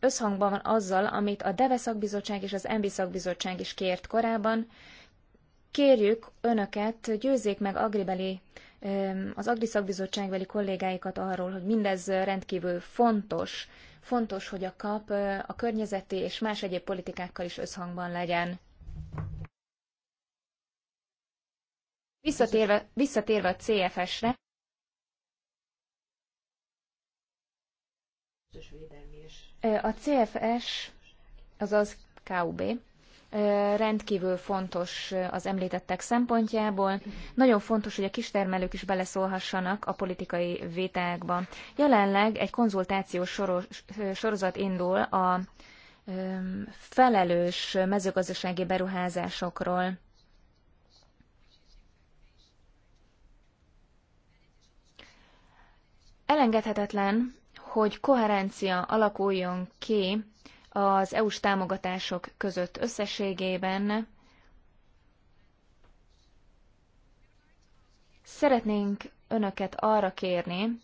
összhangban van azzal, amit a DEVE szakbizottság és az MB szakbizottság is kért korábban. Kérjük önöket, győzzék meg agribeli az Agri Szakbizottságbeli kollégáikat arról, hogy mindez rendkívül fontos, fontos, hogy a kap a környezeti és más egyéb politikákkal is összhangban legyen. Visszatérve, visszatérve a CFS-re, A CFS, azaz KUB, rendkívül fontos az említettek szempontjából. Nagyon fontos, hogy a kistermelők is beleszólhassanak a politikai vitákba. Jelenleg egy konzultációs sorozat indul a felelős mezőgazdasági beruházásokról. Elengedhetetlen, hogy koherencia alakuljon ki az EU-s támogatások között összességében. Szeretnénk önöket arra kérni,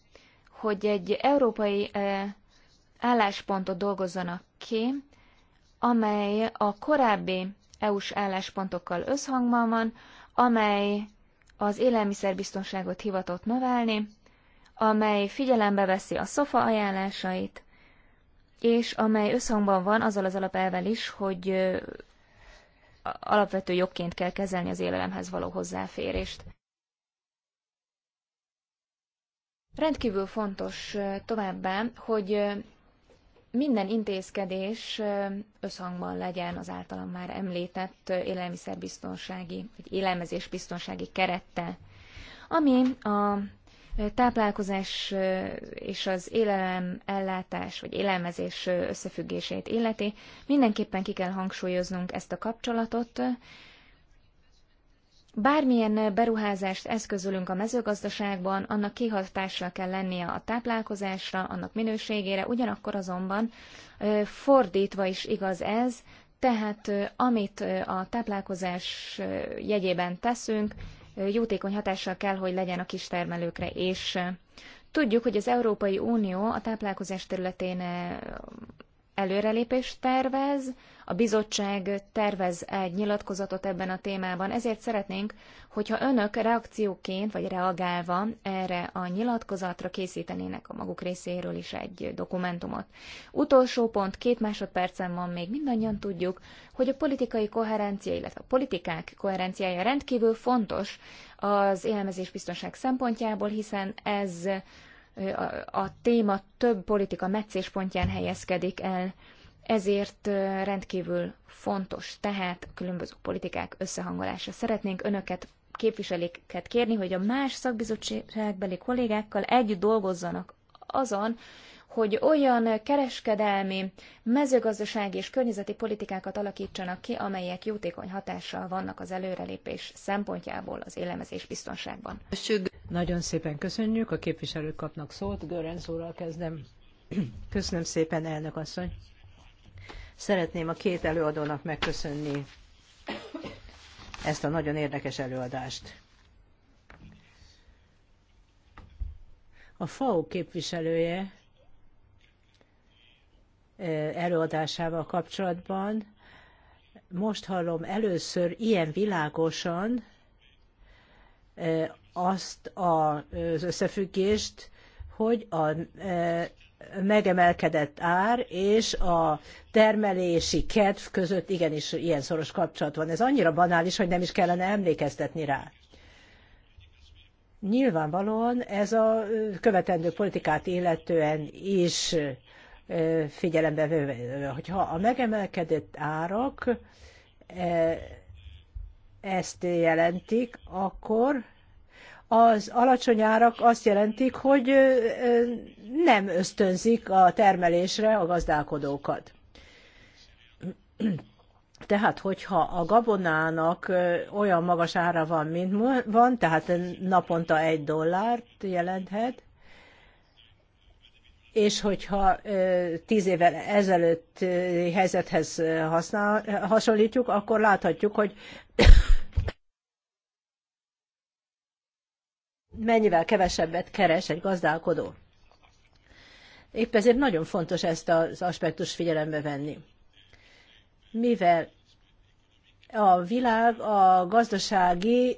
hogy egy európai e, álláspontot dolgozzanak ki, amely a korábbi EU-s álláspontokkal összhangban van, amely az élelmiszerbiztonságot hivatott növelni, amely figyelembe veszi a SZOFA ajánlásait, és amely összhangban van azzal az alapelvel is, hogy alapvető jogként kell kezelni az élelemhez való hozzáférést. Rendkívül fontos továbbá, hogy minden intézkedés összhangban legyen az általam már említett élelmiszerbiztonsági, vagy élelmezésbiztonsági kerettel, ami a táplálkozás és az élelem ellátás vagy élelmezés összefüggését illeti, mindenképpen ki kell hangsúlyoznunk ezt a kapcsolatot. Bármilyen beruházást eszközölünk a mezőgazdaságban, annak kihatással kell lennie a táplálkozásra, annak minőségére, ugyanakkor azonban fordítva is igaz ez, tehát amit a táplálkozás jegyében teszünk, jótékony hatással kell, hogy legyen a kistermelőkre, és tudjuk, hogy az Európai Unió a táplálkozás területén előrelépést tervez, a bizottság tervez egy nyilatkozatot ebben a témában, ezért szeretnénk, hogyha önök reakcióként vagy reagálva erre a nyilatkozatra készítenének a maguk részéről is egy dokumentumot. Utolsó pont, két másodpercen van még, mindannyian tudjuk, hogy a politikai koherencia, illetve a politikák koherenciája rendkívül fontos az élelmezés biztonság szempontjából, hiszen ez a téma több politika meccéspontján helyezkedik el. Ezért rendkívül fontos tehát a különböző politikák összehangolása. Szeretnénk önöket képviselőket kérni, hogy a más szakbizottságbeli kollégákkal együtt dolgozzanak azon, hogy olyan kereskedelmi, mezőgazdasági és környezeti politikákat alakítsanak ki, amelyek jótékony hatással vannak az előrelépés szempontjából az élelmezés biztonságban. Nagyon szépen köszönjük, a képviselők kapnak szót, Görenc úrral kezdem. Köszönöm szépen, elnök asszony. Szeretném a két előadónak megköszönni ezt a nagyon érdekes előadást. A FAO képviselője előadásával kapcsolatban most hallom először ilyen világosan azt az összefüggést, hogy a megemelkedett ár és a termelési kedv között igenis ilyen szoros kapcsolat van. Ez annyira banális, hogy nem is kellene emlékeztetni rá. Nyilvánvalóan ez a követendő politikát illetően is figyelembe véve, hogyha a megemelkedett árak ezt jelentik, akkor az alacsony árak azt jelentik, hogy nem ösztönzik a termelésre a gazdálkodókat. Tehát, hogyha a gabonának olyan magas ára van, mint van, tehát naponta egy dollárt jelenthet, és hogyha tíz évvel ezelőtti helyzethez hasonlítjuk, akkor láthatjuk, hogy mennyivel kevesebbet keres egy gazdálkodó. Épp ezért nagyon fontos ezt az aspektus figyelembe venni. Mivel a világ a gazdasági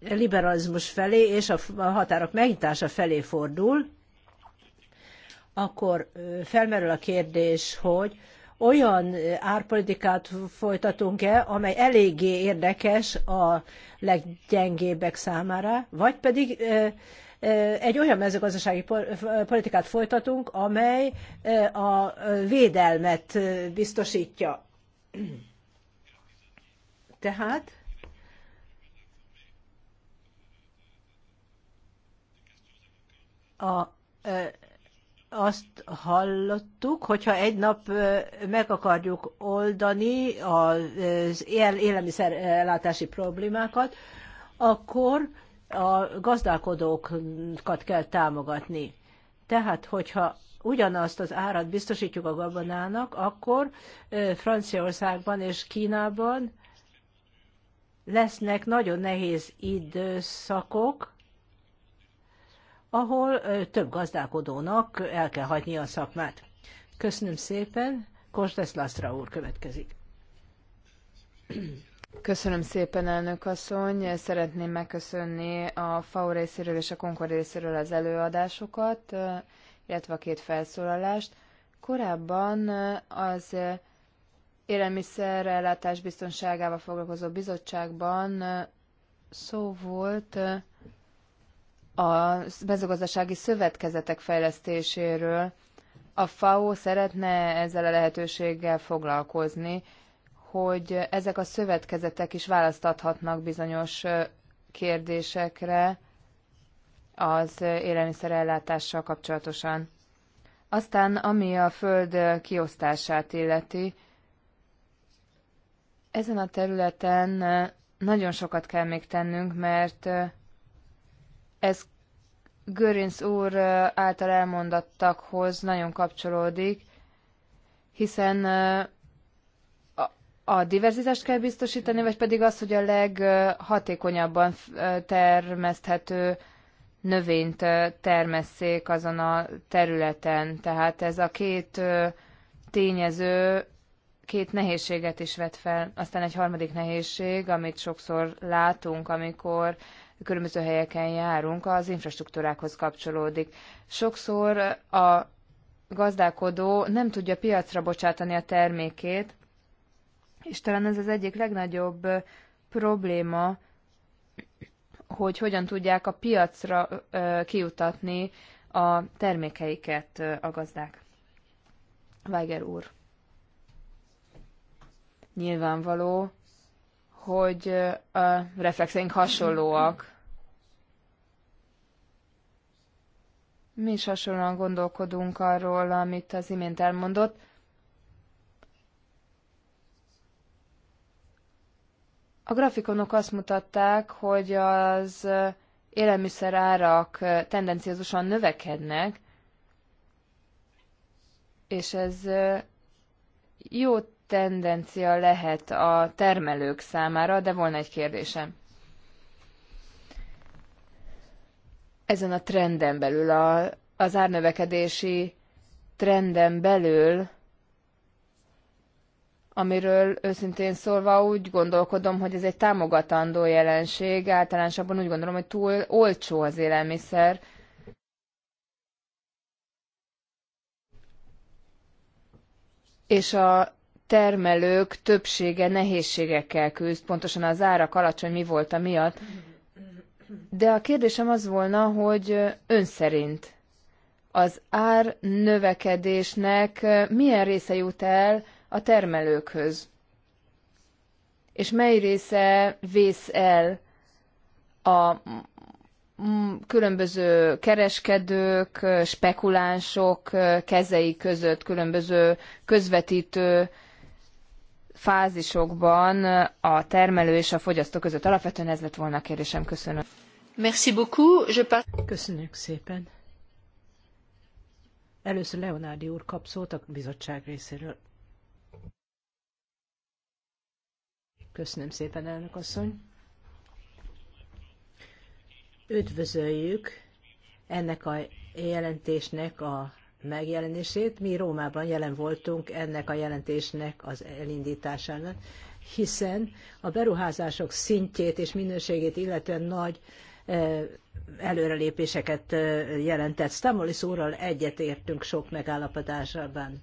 liberalizmus felé és a határok megnyitása felé fordul, akkor felmerül a kérdés, hogy olyan árpolitikát folytatunk-e, amely eléggé érdekes a leggyengébbek számára, vagy pedig egy olyan mezőgazdasági politikát folytatunk, amely a védelmet biztosítja. Tehát a azt hallottuk, hogyha egy nap meg akarjuk oldani az élelmiszerellátási problémákat, akkor a gazdálkodókat kell támogatni. Tehát, hogyha ugyanazt az árat biztosítjuk a gabonának, akkor Franciaországban és Kínában lesznek nagyon nehéz időszakok, ahol több gazdálkodónak el kell hagynia a szakmát. Köszönöm szépen. Kostesz Lasztra úr következik. Köszönöm szépen, elnök asszony. Szeretném megköszönni a FAO részéről és a Concord részéről az előadásokat, illetve a két felszólalást. Korábban az élelmiszerellátás biztonságával foglalkozó bizottságban szó volt a mezőgazdasági szövetkezetek fejlesztéséről. A FAO szeretne ezzel a lehetőséggel foglalkozni, hogy ezek a szövetkezetek is választathatnak bizonyos kérdésekre az élelmiszerellátással kapcsolatosan. Aztán, ami a föld kiosztását illeti, ezen a területen nagyon sokat kell még tennünk, mert ez Görinc úr által elmondattakhoz nagyon kapcsolódik, hiszen a diverzitást kell biztosítani, vagy pedig az, hogy a leghatékonyabban termeszthető növényt termesszék azon a területen. Tehát ez a két tényező két nehézséget is vet fel. Aztán egy harmadik nehézség, amit sokszor látunk, amikor különböző helyeken járunk, az infrastruktúrákhoz kapcsolódik. Sokszor a gazdálkodó nem tudja piacra bocsátani a termékét, és talán ez az egyik legnagyobb probléma, hogy hogyan tudják a piacra kiutatni a termékeiket a gazdák. Weiger úr. Nyilvánvaló, hogy a reflexeink hasonlóak. Mi is hasonlóan gondolkodunk arról, amit az imént elmondott. A grafikonok azt mutatták, hogy az élelmiszer árak tendenciózusan növekednek, és ez jó tendencia lehet a termelők számára, de volna egy kérdésem. ezen a trenden belül, a, az árnövekedési trenden belül, amiről őszintén szólva úgy gondolkodom, hogy ez egy támogatandó jelenség, általánosabban úgy gondolom, hogy túl olcsó az élelmiszer. És a termelők többsége nehézségekkel küzd, pontosan az árak alacsony mi volt a miatt, de a kérdésem az volna, hogy ön szerint az ár növekedésnek milyen része jut el a termelőkhöz? És mely része vész el a különböző kereskedők, spekulánsok kezei között, különböző közvetítő fázisokban a termelő és a fogyasztó között. Alapvetően ez lett volna a kérdésem. Köszönöm. Merci beaucoup. Je pass... Köszönjük szépen. Először Leonardi úr kap szót a bizottság részéről. Köszönöm szépen, elnök asszony. Üdvözöljük ennek a jelentésnek a megjelenését. Mi Rómában jelen voltunk ennek a jelentésnek az elindításának, hiszen a beruházások szintjét és minőségét illetően nagy eh, előrelépéseket eh, jelentett. Stamolis úrral egyetértünk sok megállapodásában.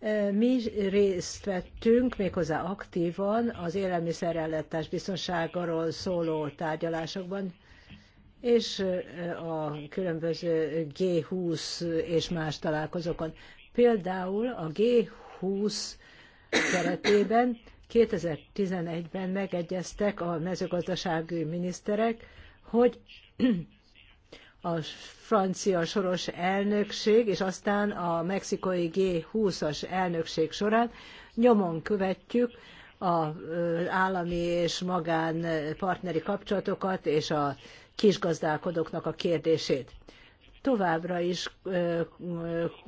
Eh, mi részt vettünk méghozzá aktívan az élelmiszerellátás biztonságáról szóló tárgyalásokban, és a különböző G20 és más találkozókon. Például a G20 keretében 2011-ben megegyeztek a mezőgazdasági miniszterek, hogy a francia soros elnökség, és aztán a mexikai G20-as elnökség során nyomon követjük az állami és magán partneri kapcsolatokat és a kisgazdálkodóknak a kérdését. Továbbra is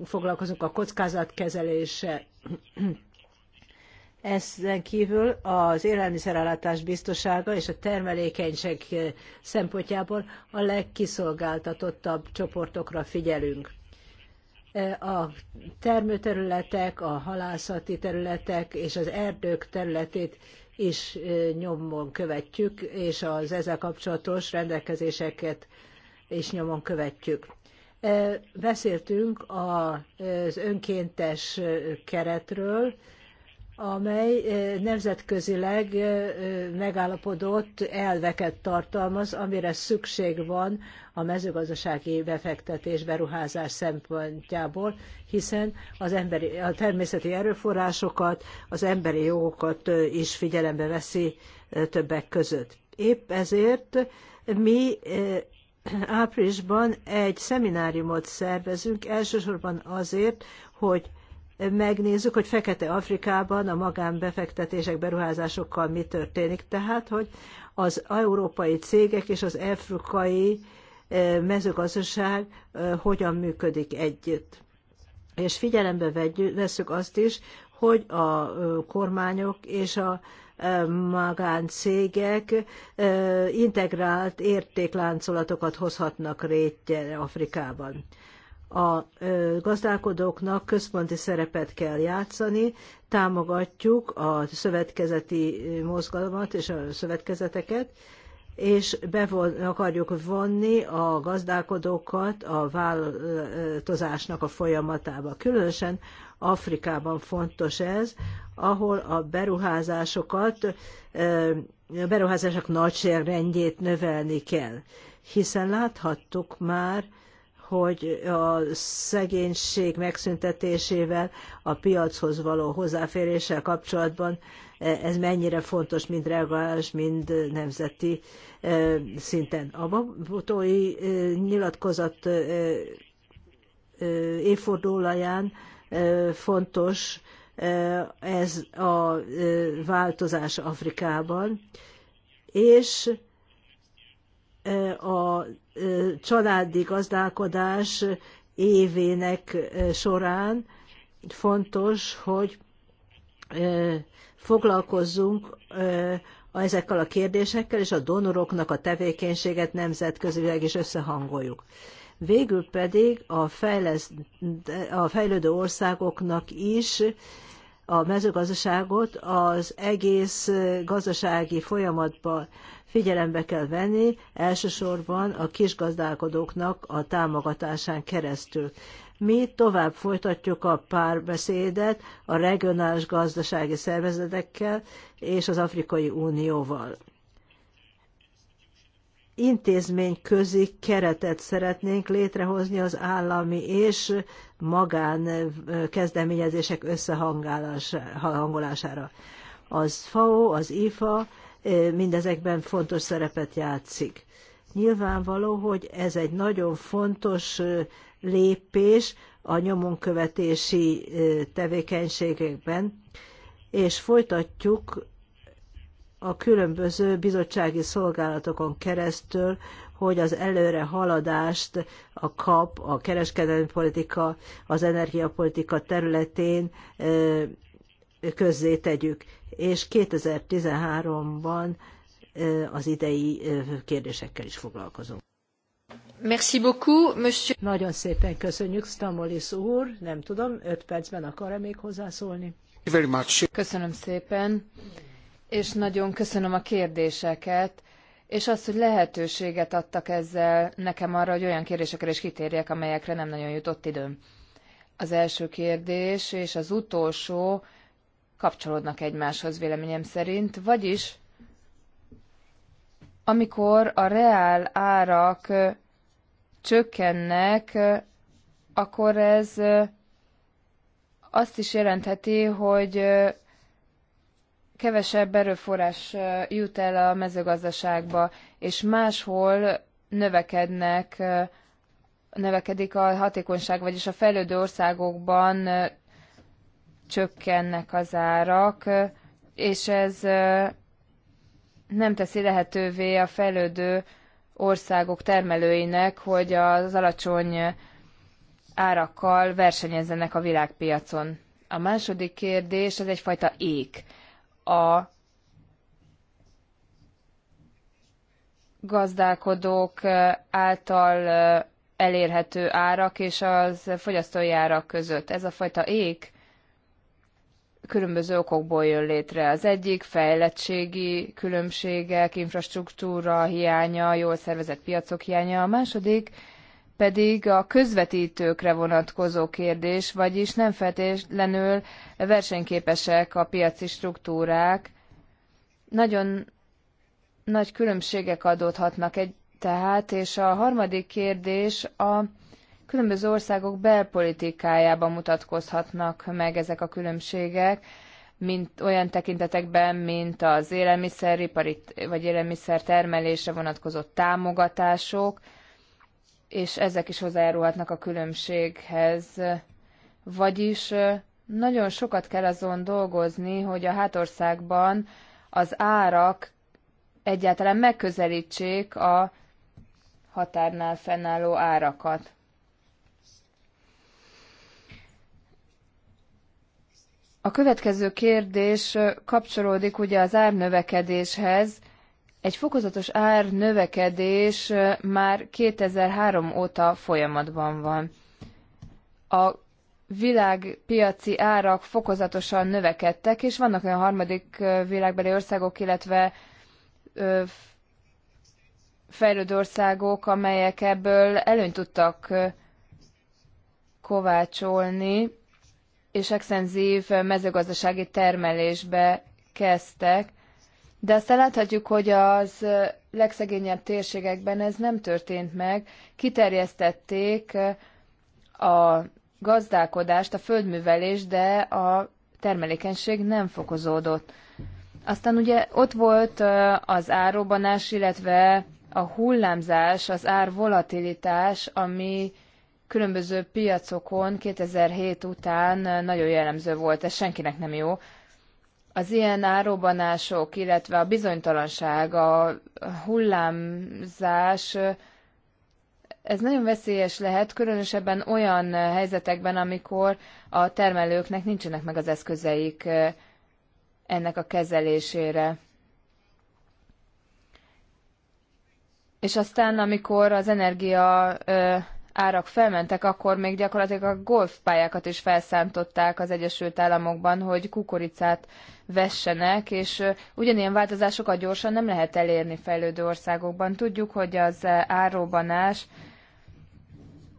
foglalkozunk a kockázatkezeléssel. Ezen kívül az élelmiszerállátás biztosága és a termelékenység szempontjából a legkiszolgáltatottabb csoportokra figyelünk. A termőterületek, a halászati területek és az erdők területét is nyomon követjük, és az ezzel kapcsolatos rendelkezéseket is nyomon követjük. Beszéltünk az önkéntes keretről, amely eh, nemzetközileg eh, eh, megállapodott elveket tartalmaz, amire szükség van a mezőgazdasági befektetés beruházás szempontjából, hiszen az emberi, a természeti erőforrásokat, az emberi jogokat is figyelembe veszi többek között. Épp ezért mi áprilisban egy szemináriumot szervezünk, elsősorban azért, hogy megnézzük, hogy Fekete Afrikában a magánbefektetések, beruházásokkal mi történik. Tehát, hogy az európai cégek és az afrikai eh, mezőgazdaság eh, hogyan működik együtt. És figyelembe veszük azt is, hogy a eh, kormányok és a magáncégek integrált értékláncolatokat hozhatnak rétje Afrikában a gazdálkodóknak központi szerepet kell játszani, támogatjuk a szövetkezeti mozgalmat és a szövetkezeteket, és bevon, akarjuk vonni a gazdálkodókat a változásnak a folyamatába. Különösen Afrikában fontos ez, ahol a beruházásokat, a beruházások nagyságrendjét növelni kell. Hiszen láthattuk már, hogy a szegénység megszüntetésével, a piachoz való hozzáféréssel kapcsolatban e, ez mennyire fontos, mind regionális, mind nemzeti e, szinten. A Maputói e, nyilatkozat évfordulóján fontos ez a változás Afrikában, és a családi gazdálkodás évének során fontos, hogy foglalkozzunk ezekkel a kérdésekkel, és a donoroknak a tevékenységet nemzetközileg is összehangoljuk. Végül pedig a, fejlesz, a fejlődő országoknak is a mezőgazdaságot az egész gazdasági folyamatban figyelembe kell venni elsősorban a kisgazdálkodóknak a támogatásán keresztül. Mi tovább folytatjuk a párbeszédet a regionális gazdasági szervezetekkel és az Afrikai Unióval intézményközi keretet szeretnénk létrehozni az állami és magán kezdeményezések összehangolására. Az FAO, az IFA mindezekben fontos szerepet játszik. Nyilvánvaló, hogy ez egy nagyon fontos lépés a nyomonkövetési tevékenységekben, és folytatjuk a különböző bizottsági szolgálatokon keresztül, hogy az előre haladást a kap, a kereskedelmi politika, az energiapolitika területén közzé tegyük, és 2013-ban az idei kérdésekkel is foglalkozunk. Merci beaucoup, monsieur. Nagyon szépen köszönjük, Stamolis úr. Nem tudom, 5 percben akar-e még hozzászólni? Very much. Köszönöm szépen, és nagyon köszönöm a kérdéseket, és azt, hogy lehetőséget adtak ezzel nekem arra, hogy olyan kérdésekre is kitérjek, amelyekre nem nagyon jutott időm. Az első kérdés, és az utolsó, kapcsolódnak egymáshoz véleményem szerint, vagyis amikor a reál árak csökkennek, akkor ez azt is jelentheti, hogy kevesebb erőforrás jut el a mezőgazdaságba, és máshol növekednek, növekedik a hatékonyság, vagyis a fejlődő országokban csökkennek az árak, és ez nem teszi lehetővé a fejlődő országok termelőinek, hogy az alacsony árakkal versenyezzenek a világpiacon. A második kérdés az egyfajta ék. A gazdálkodók által elérhető árak és az fogyasztói árak között. Ez a fajta ék különböző okokból jön létre. Az egyik fejlettségi különbségek, infrastruktúra hiánya, jól szervezett piacok hiánya, a második pedig a közvetítőkre vonatkozó kérdés, vagyis nem feltétlenül versenyképesek a piaci struktúrák. Nagyon nagy különbségek adódhatnak egy tehát, és a harmadik kérdés a különböző országok belpolitikájában mutatkozhatnak meg ezek a különbségek, mint olyan tekintetekben, mint az élelmiszeripari vagy élelmiszer termelésre vonatkozó támogatások, és ezek is hozzájárulhatnak a különbséghez. Vagyis nagyon sokat kell azon dolgozni, hogy a hátországban az árak egyáltalán megközelítsék a határnál fennálló árakat. A következő kérdés kapcsolódik ugye az árnövekedéshez. Egy fokozatos árnövekedés már 2003 óta folyamatban van. A világpiaci árak fokozatosan növekedtek, és vannak olyan harmadik világbeli országok, illetve fejlődő országok, amelyek ebből előnyt tudtak kovácsolni és extenzív mezőgazdasági termelésbe kezdtek, de aztán láthatjuk, hogy az legszegényebb térségekben ez nem történt meg. Kiterjesztették a gazdálkodást, a földművelést, de a termelékenység nem fokozódott. Aztán ugye ott volt az árrobanás, illetve a hullámzás, az árvolatilitás, ami különböző piacokon 2007 után nagyon jellemző volt, ez senkinek nem jó. Az ilyen árobanások, illetve a bizonytalanság, a hullámzás, ez nagyon veszélyes lehet, különösebben olyan helyzetekben, amikor a termelőknek nincsenek meg az eszközeik ennek a kezelésére. És aztán, amikor az energia árak felmentek, akkor még gyakorlatilag a golfpályákat is felszámtották az Egyesült Államokban, hogy kukoricát vessenek, és ugyanilyen változásokat gyorsan nem lehet elérni fejlődő országokban. Tudjuk, hogy az áróbanás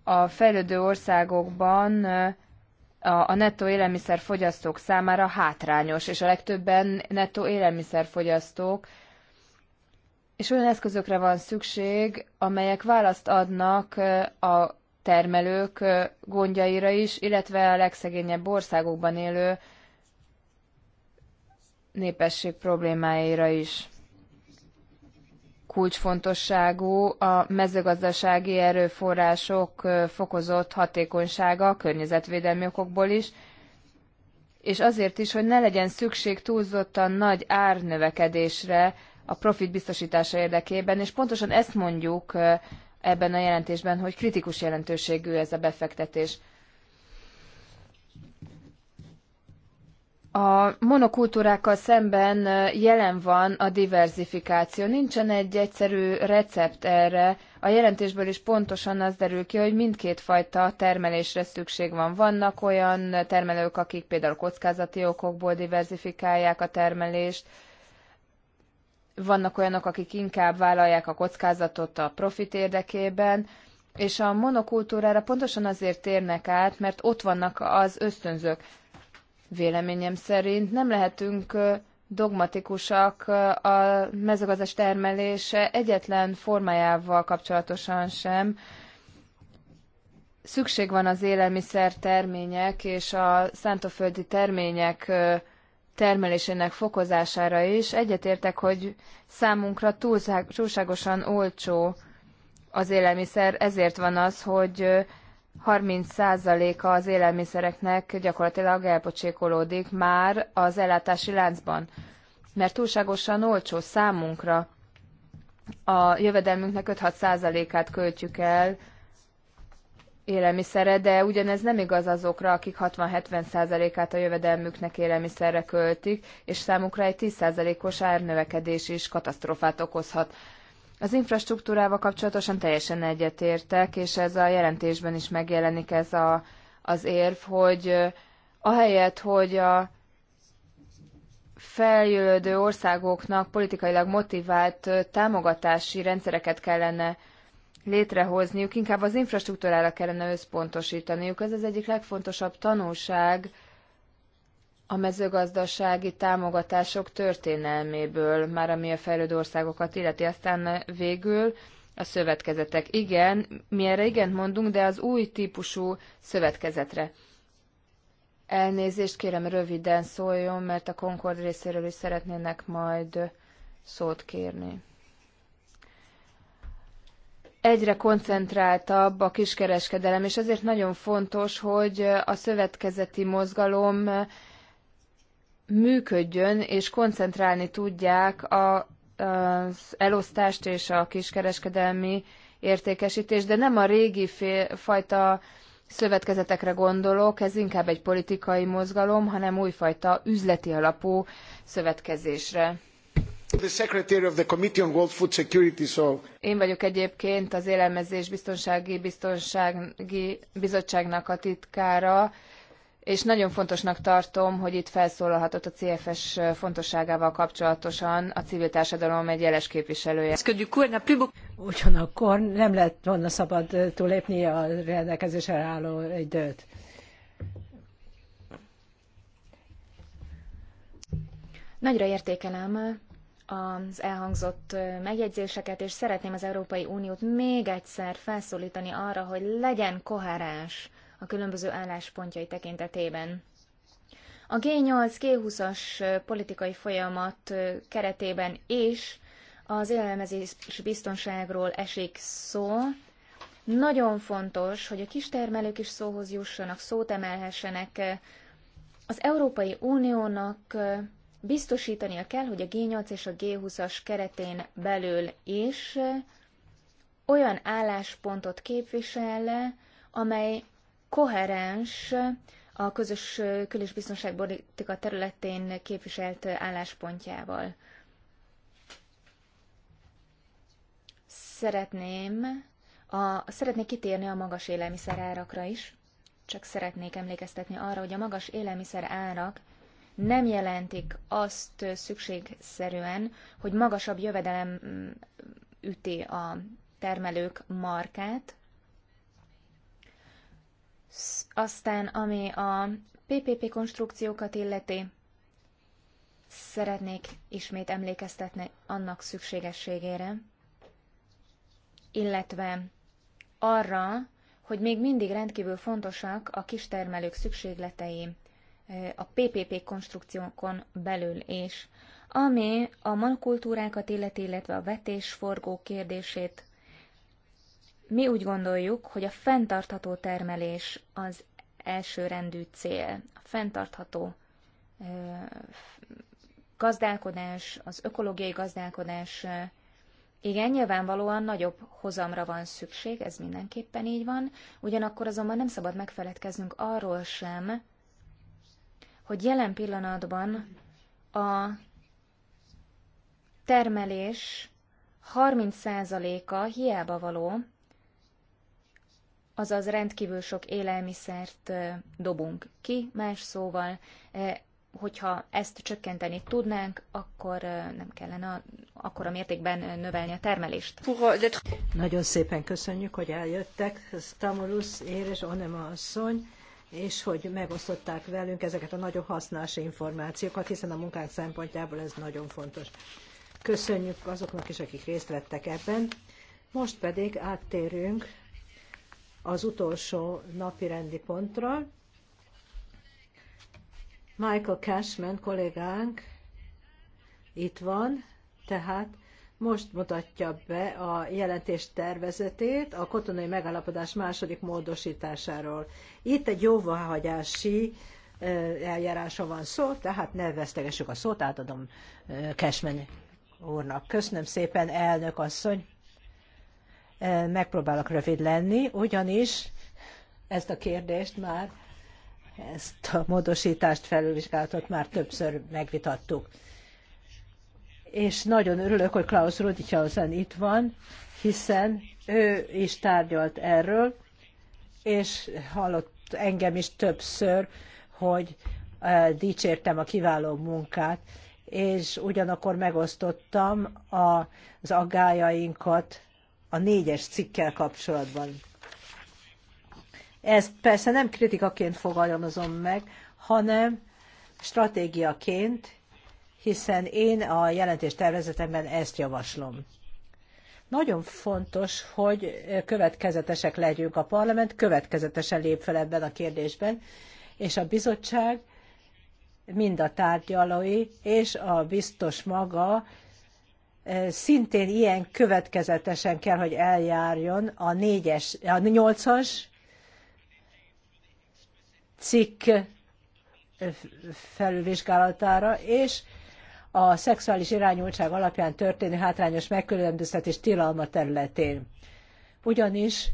a fejlődő országokban a nettó élelmiszerfogyasztók számára hátrányos, és a legtöbben nettó élelmiszerfogyasztók, és olyan eszközökre van szükség, amelyek választ adnak a termelők gondjaira is, illetve a legszegényebb országokban élő népesség problémáira is. Kulcsfontosságú a mezőgazdasági erőforrások fokozott hatékonysága a környezetvédelmi okokból is, és azért is, hogy ne legyen szükség túlzottan nagy árnövekedésre a profit biztosítása érdekében, és pontosan ezt mondjuk ebben a jelentésben, hogy kritikus jelentőségű ez a befektetés. A monokultúrákkal szemben jelen van a diversifikáció. Nincsen egy egyszerű recept erre. A jelentésből is pontosan az derül ki, hogy mindkét fajta termelésre szükség van. Vannak olyan termelők, akik például kockázati okokból diversifikálják a termelést, vannak olyanok, akik inkább vállalják a kockázatot a profit érdekében, és a monokultúrára pontosan azért térnek át, mert ott vannak az ösztönzők. Véleményem szerint nem lehetünk dogmatikusak a mezőgazdas termelése egyetlen formájával kapcsolatosan sem. Szükség van az élelmiszer termények és a szántóföldi termények termelésének fokozására is. Egyetértek, hogy számunkra túlságosan olcsó az élelmiszer, ezért van az, hogy 30%-a az élelmiszereknek gyakorlatilag elpocsékolódik már az ellátási láncban, mert túlságosan olcsó számunkra. A jövedelmünknek 5-6%-át költjük el élelmiszerre, de ugyanez nem igaz azokra, akik 60-70%-át a jövedelmüknek élelmiszerre költik, és számukra egy 10%-os árnövekedés is katasztrófát okozhat. Az infrastruktúrával kapcsolatosan teljesen egyetértek, és ez a jelentésben is megjelenik ez a, az érv, hogy ahelyett, hogy a feljövődő országoknak politikailag motivált támogatási rendszereket kellene létrehozniuk, inkább az infrastruktúrára kellene összpontosítaniuk. Ez az egyik legfontosabb tanulság a mezőgazdasági támogatások történelméből, már ami a fejlődő országokat illeti. Aztán végül a szövetkezetek. Igen, mi erre igent mondunk, de az új típusú szövetkezetre. Elnézést kérem, röviden szóljon, mert a Concord részéről is szeretnének majd szót kérni egyre koncentráltabb a kiskereskedelem, és ezért nagyon fontos, hogy a szövetkezeti mozgalom működjön, és koncentrálni tudják a, az elosztást és a kiskereskedelmi értékesítést, de nem a régi fél, fajta szövetkezetekre gondolok, ez inkább egy politikai mozgalom, hanem újfajta üzleti alapú szövetkezésre. Én vagyok egyébként az Élelmezés Biztonsági, Biztonsági Bizottságnak a titkára, és nagyon fontosnak tartom, hogy itt felszólalhatott a CFS fontosságával kapcsolatosan a civil társadalom egy jeles képviselője. Ugyanakkor nem lett volna szabad túlépni a rendelkezésre álló időt. Nagyra értékelem az elhangzott megjegyzéseket, és szeretném az Európai Uniót még egyszer felszólítani arra, hogy legyen koherens a különböző álláspontjai tekintetében. A G8-G20-as politikai folyamat keretében is az élelmezés biztonságról esik szó. Nagyon fontos, hogy a kistermelők is szóhoz jussanak, szót emelhessenek. Az Európai Uniónak biztosítania kell, hogy a G8 és a G20-as keretén belül is olyan álláspontot képvisel, amely koherens a közös kül- és biztonságpolitika területén képviselt álláspontjával. Szeretném, a, szeretnék kitérni a magas élelmiszer árakra is, csak szeretnék emlékeztetni arra, hogy a magas élelmiszer árak nem jelentik azt szükségszerűen, hogy magasabb jövedelem mm, üti a termelők markát. Aztán, ami a PPP konstrukciókat illeti, szeretnék ismét emlékeztetni annak szükségességére, illetve arra, hogy még mindig rendkívül fontosak a kistermelők szükségletei a PPP konstrukciókon belül is, ami a monokultúrákat illeti, illetve a vetésforgó kérdését. Mi úgy gondoljuk, hogy a fenntartható termelés az elsőrendű cél. A fenntartható ö, gazdálkodás, az ökológiai gazdálkodás, igen, nyilvánvalóan nagyobb hozamra van szükség, ez mindenképpen így van, ugyanakkor azonban nem szabad megfeledkeznünk arról sem, hogy jelen pillanatban a termelés 30%-a hiába való, azaz rendkívül sok élelmiszert dobunk ki, más szóval, hogyha ezt csökkenteni tudnánk, akkor nem kellene akkora mértékben növelni a termelést. Euh, Nagyon szépen köszönjük, hogy eljöttek, Stamulus, Éres, Onema asszony és hogy megosztották velünk ezeket a nagyon hasznos információkat, hiszen a munkánk szempontjából ez nagyon fontos. Köszönjük azoknak is, akik részt vettek ebben. Most pedig áttérünk az utolsó napi rendi pontra. Michael Cashman kollégánk itt van, tehát most mutatja be a jelentés tervezetét a kotonai megállapodás második módosításáról. Itt egy jóváhagyási eljárása van szó, tehát ne vesztegessük a szót, átadom Kesmeny úrnak. Köszönöm szépen, elnök asszony. Megpróbálok rövid lenni, ugyanis ezt a kérdést már, ezt a módosítást felülvizsgálatot már többször megvitattuk és nagyon örülök, hogy Klaus Rudicshausen itt van, hiszen ő is tárgyalt erről, és hallott engem is többször, hogy e, dicsértem a kiváló munkát, és ugyanakkor megosztottam az aggájainkat a négyes cikkel kapcsolatban. Ezt persze nem kritikaként fogalmazom meg, hanem stratégiaként, hiszen én a jelentés tervezetemben ezt javaslom. Nagyon fontos, hogy következetesek legyünk. A parlament következetesen lép fel ebben a kérdésben, és a bizottság mind a tárgyalói és a biztos maga eh, szintén ilyen következetesen kell, hogy eljárjon a négyes, a nyolcas cikk eh, felülvizsgálatára, és a szexuális irányultság alapján történő hátrányos megkülönböztetés tilalma területén. Ugyanis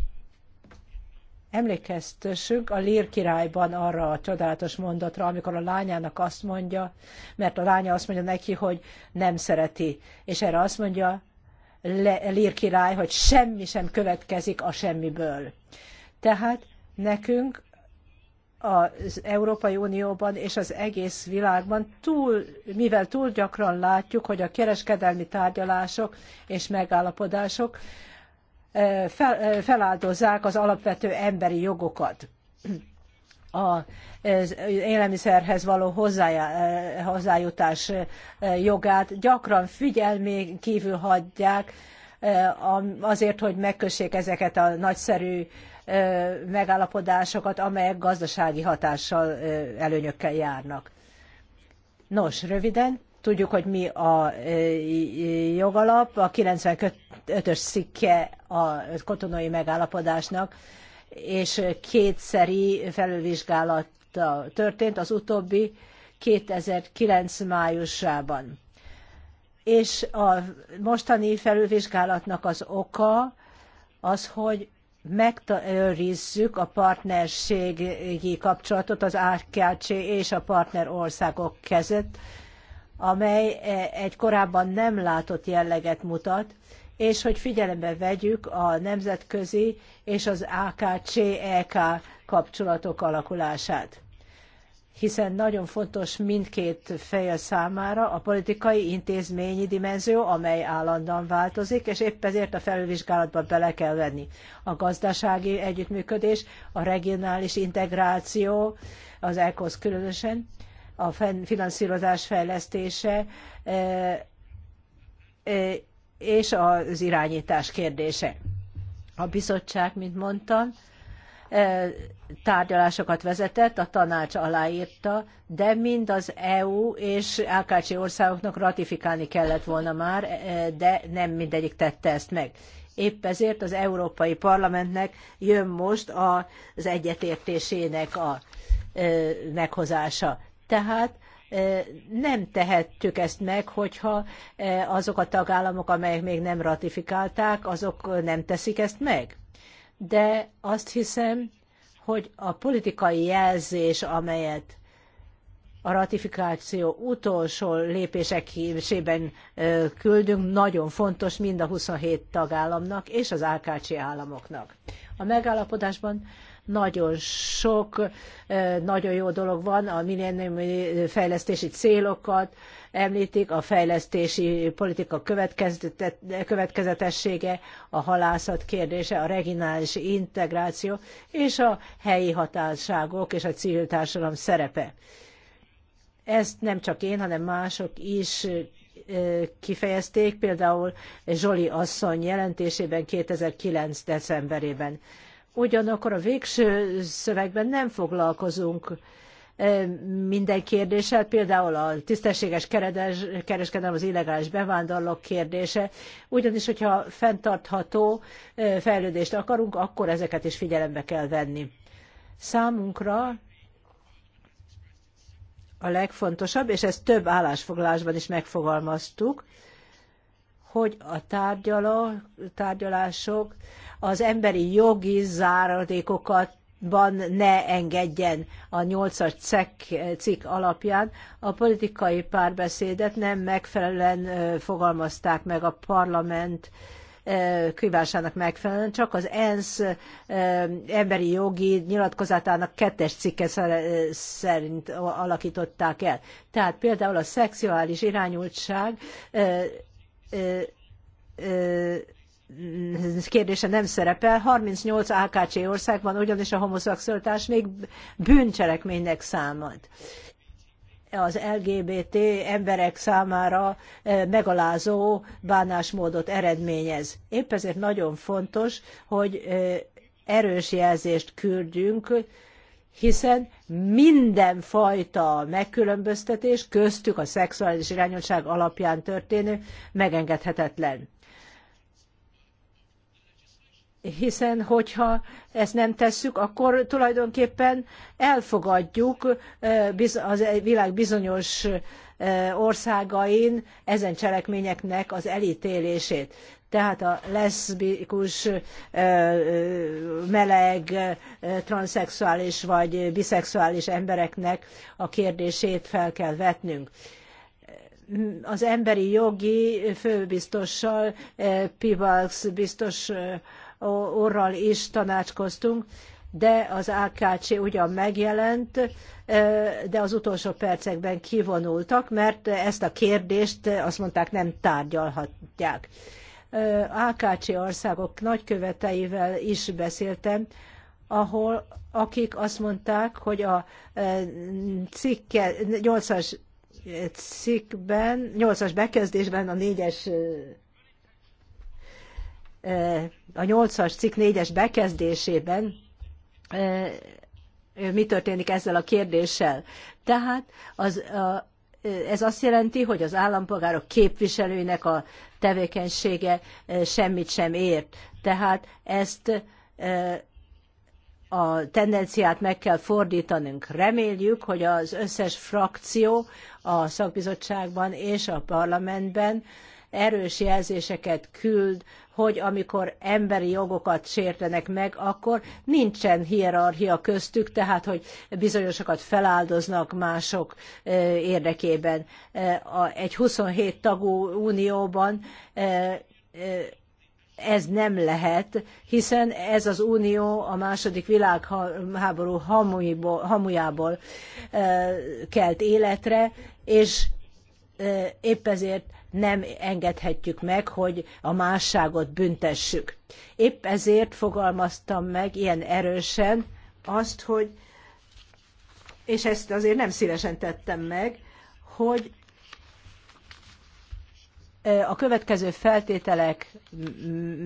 emlékeztessünk a Lír királyban arra a csodálatos mondatra, amikor a lányának azt mondja, mert a lánya azt mondja neki, hogy nem szereti, és erre azt mondja Lír király, hogy semmi sem következik a semmiből. Tehát nekünk az Európai Unióban és az egész világban, túl, mivel túl gyakran látjuk, hogy a kereskedelmi tárgyalások és megállapodások eh, fel, eh, feláldozzák az alapvető emberi jogokat az élelmiszerhez való eh, hozzájutás jogát gyakran figyelmén kívül hagyják azért, hogy megkössék ezeket a nagyszerű megállapodásokat, amelyek gazdasági hatással, előnyökkel járnak. Nos, röviden, tudjuk, hogy mi a jogalap, a 95-ös szikke a kotonai megállapodásnak, és kétszeri felülvizsgálat történt, az utóbbi 2009 májusában. És a mostani felülvizsgálatnak az oka az, hogy megőrizzük a partnerségi kapcsolatot az AKC és a partner országok között, amely e, egy korábban nem látott jelleget mutat, és hogy figyelembe vegyük a nemzetközi és az AKC-EK e kapcsolatok alakulását hiszen nagyon fontos mindkét fél számára a politikai intézményi dimenzió, amely állandóan változik, és épp ezért a felülvizsgálatba bele kell venni. A gazdasági együttműködés, a regionális integráció, az ECOS különösen, a finanszírozás fejlesztése, e, e, és az irányítás kérdése. A bizottság, mint mondtam, tárgyalásokat vezetett, a tanács aláírta, de mind az EU és AKC országoknak ratifikálni kellett volna már, de nem mindegyik tette ezt meg. Épp ezért az Európai Parlamentnek jön most az egyetértésének a meghozása. Tehát nem tehettük ezt meg, hogyha azok a tagállamok, amelyek még nem ratifikálták, azok nem teszik ezt meg de azt hiszem, hogy a politikai jelzés, amelyet a ratifikáció utolsó lépésekében küldünk, nagyon fontos mind a 27 tagállamnak és az AKC államoknak. A megállapodásban nagyon sok nagyon jó dolog van, a millenniumi fejlesztési célokat, említik, a fejlesztési politika következetessége, a halászat kérdése, a regionális integráció és a helyi hatásságok és a civil társadalom szerepe. Ezt nem csak én, hanem mások is kifejezték, például Zsoli asszony jelentésében 2009. decemberében. Ugyanakkor a végső szövegben nem foglalkozunk minden kérdéssel, például a tisztességes kereskedelem, az illegális bevándorlók kérdése, ugyanis, hogyha fenntartható fejlődést akarunk, akkor ezeket is figyelembe kell venni. Számunkra a legfontosabb, és ezt több állásfoglalásban is megfogalmaztuk, hogy a tárgyalások az emberi jogi záradékokat ban ne engedjen a nyolcas cikk alapján. A politikai párbeszédet nem megfelelően fogalmazták meg a parlament kívásának megfelelően, csak az ENSZ emberi jogi nyilatkozatának kettes cikke szerint alakították el. Tehát például a szexuális irányultság kérdése nem szerepel. 38 AKC országban ugyanis a homoszexualitás még bűncselekménynek számad az LGBT emberek számára eh, megalázó bánásmódot eredményez. Épp ezért nagyon fontos, hogy eh, erős jelzést küldjünk, hiszen mindenfajta megkülönböztetés köztük a szexuális irányultság alapján történő megengedhetetlen hiszen hogyha ezt nem tesszük, akkor tulajdonképpen elfogadjuk a e- világ bizonyos országain ezen cselekményeknek az elítélését. Tehát a leszbikus, meleg, transzexuális vagy biszexuális embereknek a kérdését fel kell vetnünk az emberi jogi főbiztossal, Pivax biztos orral is tanácskoztunk, de az AKC ugyan megjelent, e, de az utolsó percekben kivonultak, mert ezt a kérdést azt mondták nem tárgyalhatják. E, AKC országok nagyköveteivel is beszéltem, ahol akik azt mondták, hogy a e, cikke, 8-as cikkben, 8-as bekezdésben, a négyes es Eh, a 8-as cikk 4-es bekezdésében eh, mi történik ezzel a kérdéssel. Tehát az, a, ez azt jelenti, hogy az állampolgárok képviselőinek a tevékenysége eh, semmit sem ért. Tehát ezt a tendenciát meg kell fordítanunk. Reméljük, hogy az összes frakció a szakbizottságban és a parlamentben erős jelzéseket küld hogy amikor emberi jogokat sértenek meg, akkor nincsen hierarchia köztük, tehát hogy bizonyosokat feláldoznak mások érdekében. Egy 27 tagú unióban ez nem lehet, hiszen ez az unió a második világháború hamujából, hamujából kelt életre, és épp ezért nem engedhetjük meg, hogy a másságot büntessük. Épp ezért fogalmaztam meg ilyen erősen azt, hogy, és ezt azért nem szívesen tettem meg, hogy a következő feltételek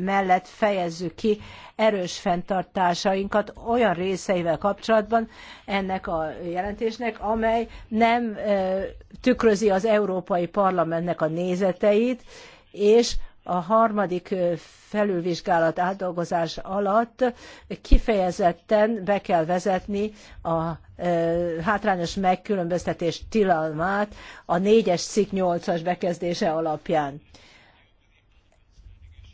mellett fejezzük ki erős fenntartásainkat olyan részeivel kapcsolatban ennek a jelentésnek, amely nem tükrözi az Európai Parlamentnek a nézeteit, és a harmadik felülvizsgálat átdolgozás alatt kifejezetten be kell vezetni a hátrányos megkülönböztetés tilalmát a négyes cikk nyolcas bekezdése alapján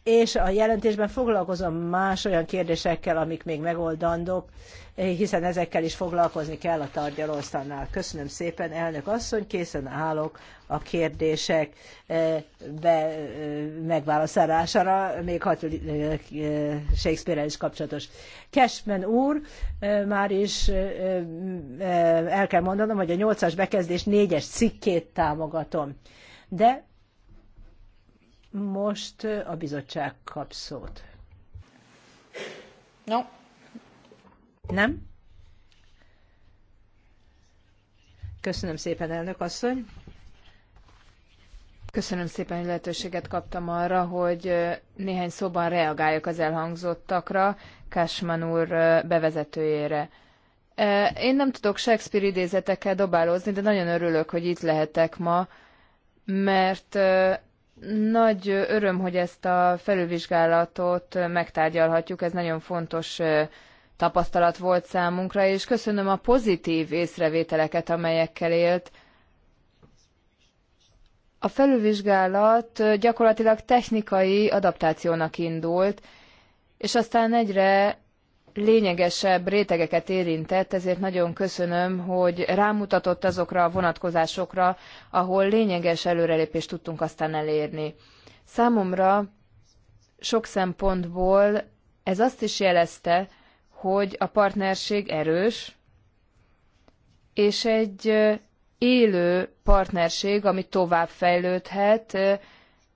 és a jelentésben foglalkozom más olyan kérdésekkel, amik még megoldandók, hiszen ezekkel is foglalkozni kell a tárgyalóasztalnál. Köszönöm szépen, elnök asszony, készen állok a kérdések eh, be, eh, megválaszolására, még ha eh, Shakespeare-el is kapcsolatos. Cashman úr, már is el kell mondanom, hogy a 8-as bekezdés 4-es cikkét támogatom. De most a bizottság kap szót. No. Nem? Köszönöm szépen, elnök asszony. Köszönöm szépen, hogy lehetőséget kaptam arra, hogy néhány szóban reagáljak az elhangzottakra, Kásman úr bevezetőjére. Én nem tudok Shakespeare idézetekkel dobálózni, de nagyon örülök, hogy itt lehetek ma, mert nagy öröm, hogy ezt a felülvizsgálatot megtárgyalhatjuk, ez nagyon fontos tapasztalat volt számunkra, és köszönöm a pozitív észrevételeket, amelyekkel élt. A felülvizsgálat gyakorlatilag technikai adaptációnak indult, és aztán egyre lényegesebb rétegeket érintett, ezért nagyon köszönöm, hogy rámutatott azokra a vonatkozásokra, ahol lényeges előrelépést tudtunk aztán elérni. Számomra sok szempontból ez azt is jelezte, hogy a partnerség erős, és egy élő partnerség, ami továbbfejlődhet,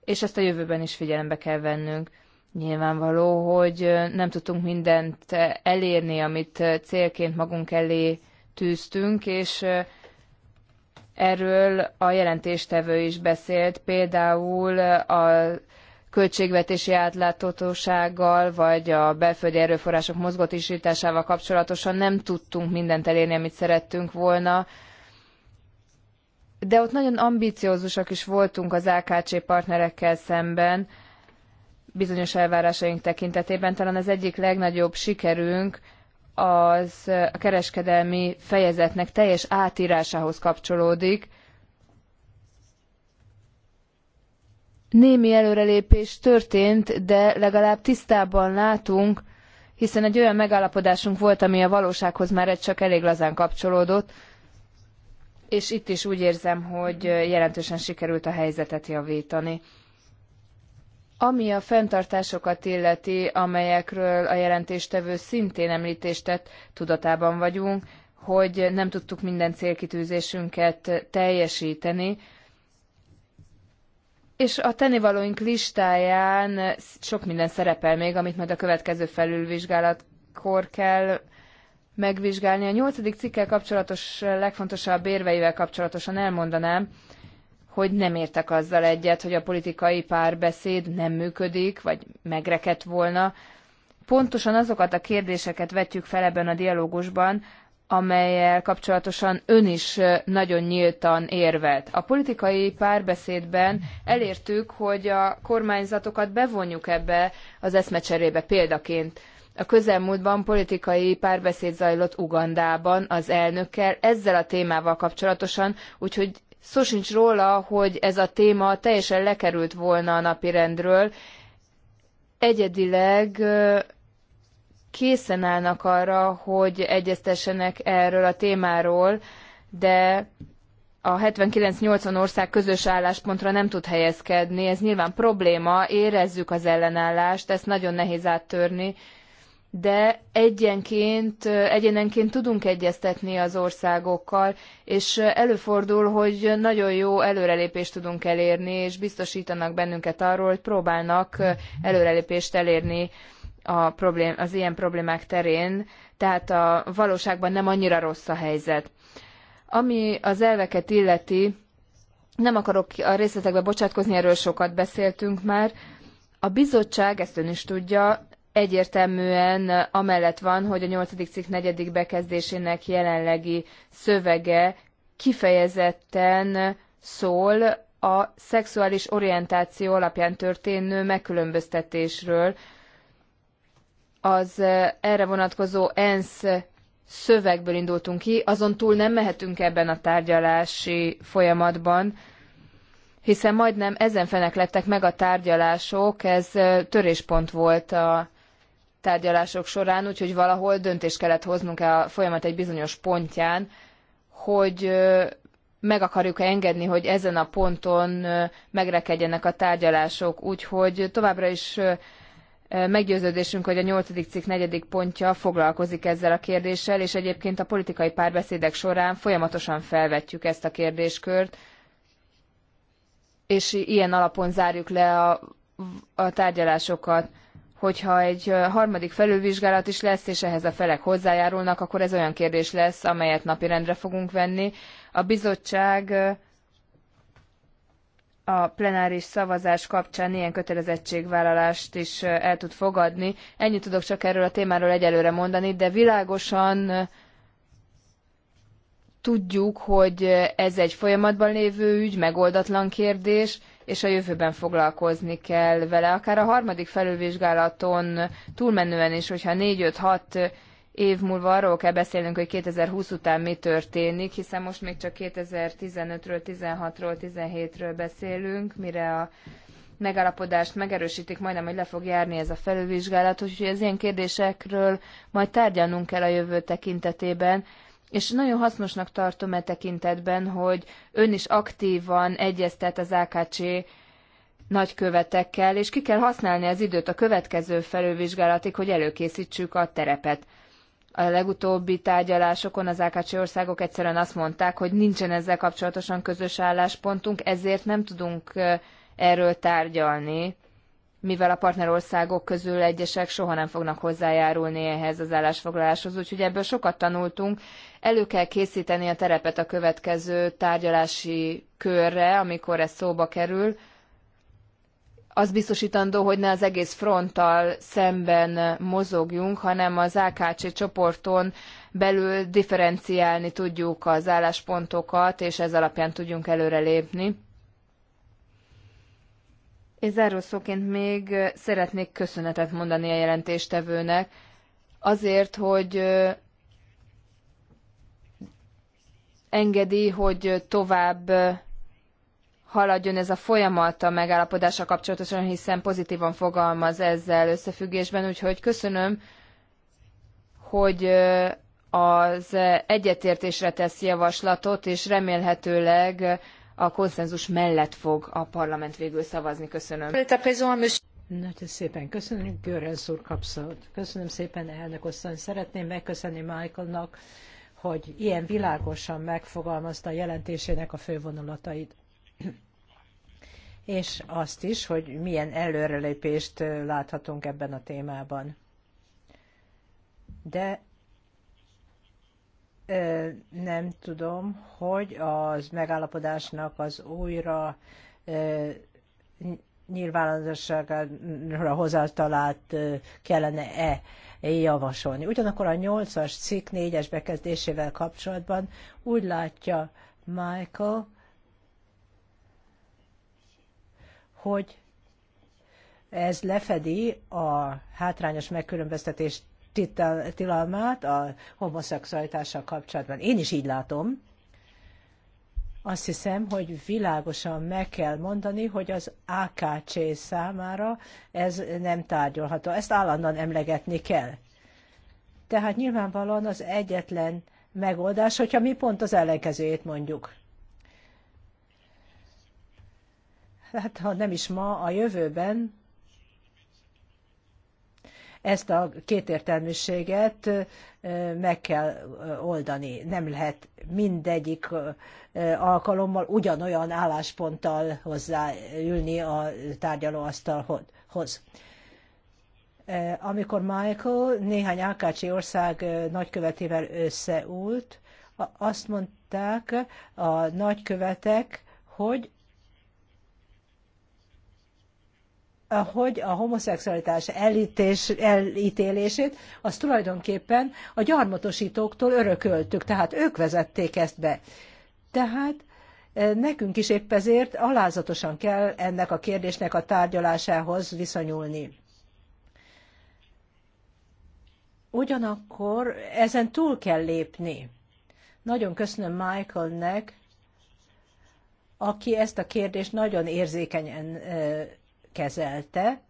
és ezt a jövőben is figyelembe kell vennünk. Nyilvánvaló, hogy nem tudtunk mindent elérni, amit célként magunk elé tűztünk, és erről a jelentéstevő is beszélt, például a költségvetési átláthatósággal, vagy a belföldi erőforrások mozgatisításával kapcsolatosan nem tudtunk mindent elérni, amit szerettünk volna. De ott nagyon ambiciózusak is voltunk az AKC partnerekkel szemben, bizonyos elvárásaink tekintetében. Talán az egyik legnagyobb sikerünk az a kereskedelmi fejezetnek teljes átírásához kapcsolódik. Némi előrelépés történt, de legalább tisztában látunk, hiszen egy olyan megállapodásunk volt, ami a valósághoz már egy csak elég lazán kapcsolódott, és itt is úgy érzem, hogy jelentősen sikerült a helyzetet javítani. Ami a fenntartásokat illeti, amelyekről a jelentéstevő szintén említést tett, tudatában vagyunk, hogy nem tudtuk minden célkitűzésünket teljesíteni, és a tennivalóink listáján sok minden szerepel még, amit majd a következő felülvizsgálatkor kell megvizsgálni. A nyolcadik cikkel kapcsolatos legfontosabb érveivel kapcsolatosan elmondanám, hogy nem értek azzal egyet, hogy a politikai párbeszéd nem működik, vagy megreket volna. Pontosan azokat a kérdéseket vetjük fel ebben a dialógusban, amelyel kapcsolatosan ön is nagyon nyíltan érvelt. A politikai párbeszédben elértük, hogy a kormányzatokat bevonjuk ebbe az eszmecserébe példaként. A közelmúltban politikai párbeszéd zajlott Ugandában az elnökkel ezzel a témával kapcsolatosan, úgyhogy Szó sincs róla, hogy ez a téma teljesen lekerült volna a napirendről. Egyedileg készen állnak arra, hogy egyeztessenek erről a témáról, de a 79-80 ország közös álláspontra nem tud helyezkedni. Ez nyilván probléma, érezzük az ellenállást, ezt nagyon nehéz áttörni, de egyenként, egyénenként tudunk egyeztetni az országokkal, és előfordul, hogy nagyon jó előrelépést tudunk elérni, és biztosítanak bennünket arról, hogy próbálnak előrelépést elérni a problém, az ilyen problémák terén, tehát a valóságban nem annyira rossz a helyzet. Ami az elveket illeti, nem akarok a részletekbe bocsátkozni, erről sokat beszéltünk már. A bizottság, ezt ön is tudja, egyértelműen amellett van, hogy a 8. cikk 4. bekezdésének jelenlegi szövege kifejezetten szól a szexuális orientáció alapján történő megkülönböztetésről. Az eh, erre vonatkozó ENSZ szövegből indultunk ki, azon túl nem mehetünk ebben a tárgyalási folyamatban, hiszen majdnem ezen fenek lettek meg a tárgyalások, ez eh, töréspont volt a tárgyalások során, úgyhogy valahol döntést kellett hoznunk e a folyamat egy bizonyos pontján, hogy meg akarjuk-e engedni, hogy ezen a ponton megrekedjenek a tárgyalások, úgyhogy továbbra is meggyőződésünk, hogy a nyolcadik cikk negyedik pontja foglalkozik ezzel a kérdéssel, és egyébként a politikai párbeszédek során folyamatosan felvetjük ezt a kérdéskört, és ilyen alapon zárjuk le a, a tárgyalásokat hogyha egy harmadik felülvizsgálat is lesz, és ehhez a felek hozzájárulnak, akkor ez olyan kérdés lesz, amelyet napirendre fogunk venni. A bizottság a plenáris szavazás kapcsán ilyen kötelezettségvállalást is el tud fogadni. Ennyit tudok csak erről a témáról egyelőre mondani, de világosan tudjuk, hogy ez egy folyamatban lévő ügy, megoldatlan kérdés, és a jövőben foglalkozni kell vele, akár a harmadik felülvizsgálaton túlmenően is, hogyha 4-5-6 év múlva arról kell beszélnünk, hogy 2020 után mi történik, hiszen most még csak 2015-ről, 16-ról, 17-ről beszélünk, mire a megállapodást megerősítik, majdnem, hogy le fog járni ez a felülvizsgálat, úgyhogy az ilyen kérdésekről majd tárgyalnunk kell a jövő tekintetében, és nagyon hasznosnak tartom e tekintetben, hogy ön is aktívan egyeztet az AKC nagykövetekkel, és ki kell használni az időt a következő felővizsgálatig, hogy előkészítsük a terepet. A legutóbbi tárgyalásokon az AKC országok egyszerűen azt mondták, hogy nincsen ezzel kapcsolatosan közös álláspontunk, ezért nem tudunk e, erről tárgyalni mivel a partnerországok közül egyesek soha nem fognak hozzájárulni ehhez az állásfoglaláshoz, úgyhogy ebből sokat tanultunk. Elő kell készíteni a terepet a következő tárgyalási körre, amikor ez szóba kerül. Az biztosítandó, hogy ne az egész fronttal szemben mozogjunk, hanem az AKC csoporton belül differenciálni tudjuk az álláspontokat, és ez alapján tudjunk előrelépni és zárószóként még szeretnék köszönetet mondani a jelentéstevőnek azért, hogy engedi, hogy tovább haladjon ez a folyamat a megállapodása kapcsolatosan, hiszen pozitívan fogalmaz ezzel összefüggésben, úgyhogy köszönöm, hogy az egyetértésre tesz javaslatot, és remélhetőleg a konszenzus mellett fog a parlament végül szavazni. Köszönöm. Nagyon szépen köszönjük, Görens úr kapszót. Köszönöm szépen, elnök asszony. Szeretném megköszönni Michaelnak, hogy ilyen világosan megfogalmazta a jelentésének a fővonulatait. És azt is, hogy milyen előrelépést láthatunk ebben a témában. De nem tudom, hogy az megállapodásnak az újra nyilvánosságra hozzátalált kellene-e javasolni. Ugyanakkor a 8-as cikk 4-es bekezdésével kapcsolatban úgy látja Michael, hogy ez lefedi a hátrányos megkülönböztetés tilalmát a homoszexualitással kapcsolatban. Én is így látom. Azt hiszem, hogy világosan meg kell mondani, hogy az AKC számára ez nem tárgyalható. Ezt állandóan emlegetni kell. Tehát nyilvánvalóan az egyetlen megoldás, hogyha mi pont az ellenkezőjét mondjuk. Hát ha nem is ma, a jövőben ezt a kétértelműséget meg kell oldani. Nem lehet mindegyik alkalommal ugyanolyan állásponttal hozzáülni a tárgyalóasztalhoz amikor Michael néhány Ákácsi ország nagykövetével összeült, azt mondták a nagykövetek, hogy hogy a homoszexualitás elítés, elítélését, az tulajdonképpen a gyarmatosítóktól örököltük, tehát ők vezették ezt be. Tehát e, nekünk is épp ezért alázatosan kell ennek a kérdésnek a tárgyalásához viszonyulni. Ugyanakkor ezen túl kell lépni. Nagyon köszönöm Michaelnek, aki ezt a kérdést nagyon érzékenyen e, kezelte,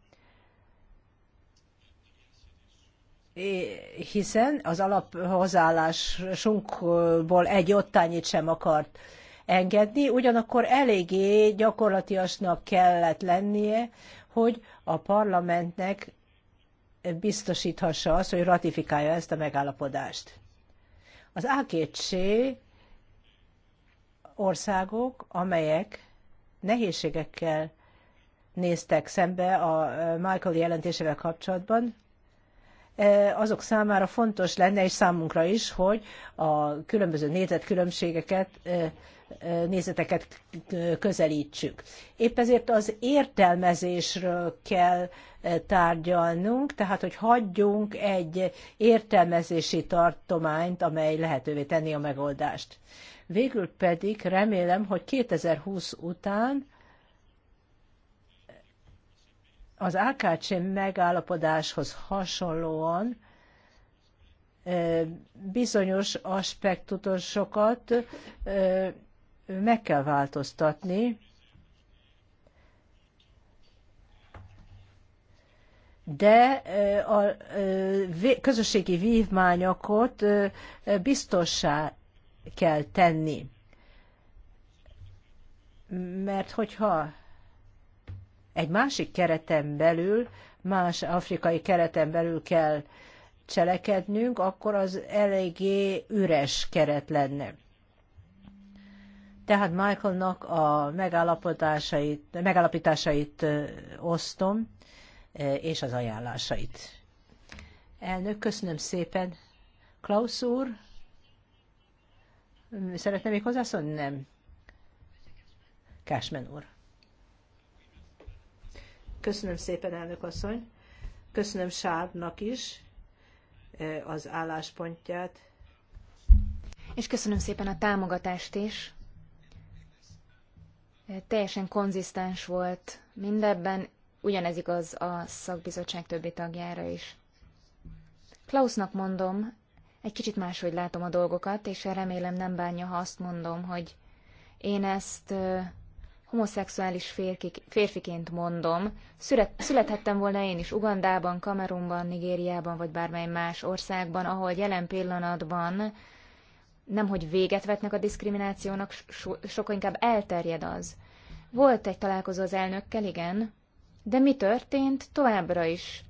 hiszen az alaphozállásunkból egy ottányit sem akart engedni, ugyanakkor eléggé gyakorlatiasnak kellett lennie, hogy a parlamentnek biztosíthassa azt, hogy ratifikálja ezt a megállapodást. Az a országok, amelyek nehézségekkel néztek szembe a Michael jelentésével kapcsolatban, azok számára fontos lenne, és számunkra is, hogy a különböző nézetkülönbségeket, nézeteket közelítsük. Épp ezért az értelmezésről kell tárgyalnunk, tehát hogy hagyjunk egy értelmezési tartományt, amely lehetővé tenni a megoldást. Végül pedig remélem, hogy 2020 után az AKC megállapodáshoz hasonlóan bizonyos aspektusokat meg kell változtatni, de a közösségi vívmányokat biztossá kell tenni. Mert hogyha egy másik kereten belül, más afrikai kereten belül kell cselekednünk, akkor az eléggé üres keret lenne. Tehát Michaelnak a megállapításait, megállapításait osztom, és az ajánlásait. Elnök, köszönöm szépen. Klaus úr, szeretne még hozzászólni? Nem. Cashman úr. Köszönöm szépen, elnök asszony. Köszönöm Sárnak is eh, az álláspontját. És köszönöm szépen a támogatást is. Eh, teljesen konzisztens volt mindebben, ugyanez igaz a szakbizottság többi tagjára is. Klausnak mondom, egy kicsit máshogy látom a dolgokat, és remélem nem bánja, ha azt mondom, hogy én ezt eh, homoszexuális férkik, férfiként mondom, szület, születhettem volna én is Ugandában, Kamerunban, Nigériában, vagy bármely más országban, ahol jelen pillanatban nemhogy véget vetnek a diszkriminációnak, so, sokkal inkább elterjed az. Volt egy találkozó az elnökkel, igen, de mi történt? Továbbra is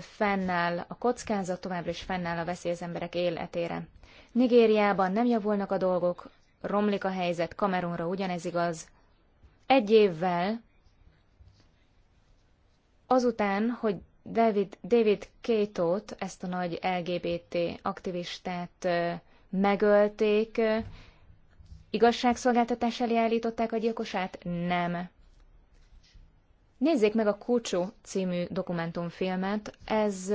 fennáll a kockázat, továbbra is fennáll a veszély az emberek életére. Nigériában nem javulnak a dolgok, romlik a helyzet, Kamerunra ugyanez igaz, egy évvel azután, hogy David, David Kétót, ezt a nagy LGBT aktivistát megölték, igazságszolgáltatás elé állították a gyilkosát? Nem. Nézzék meg a Kúcsú című dokumentumfilmet. Ez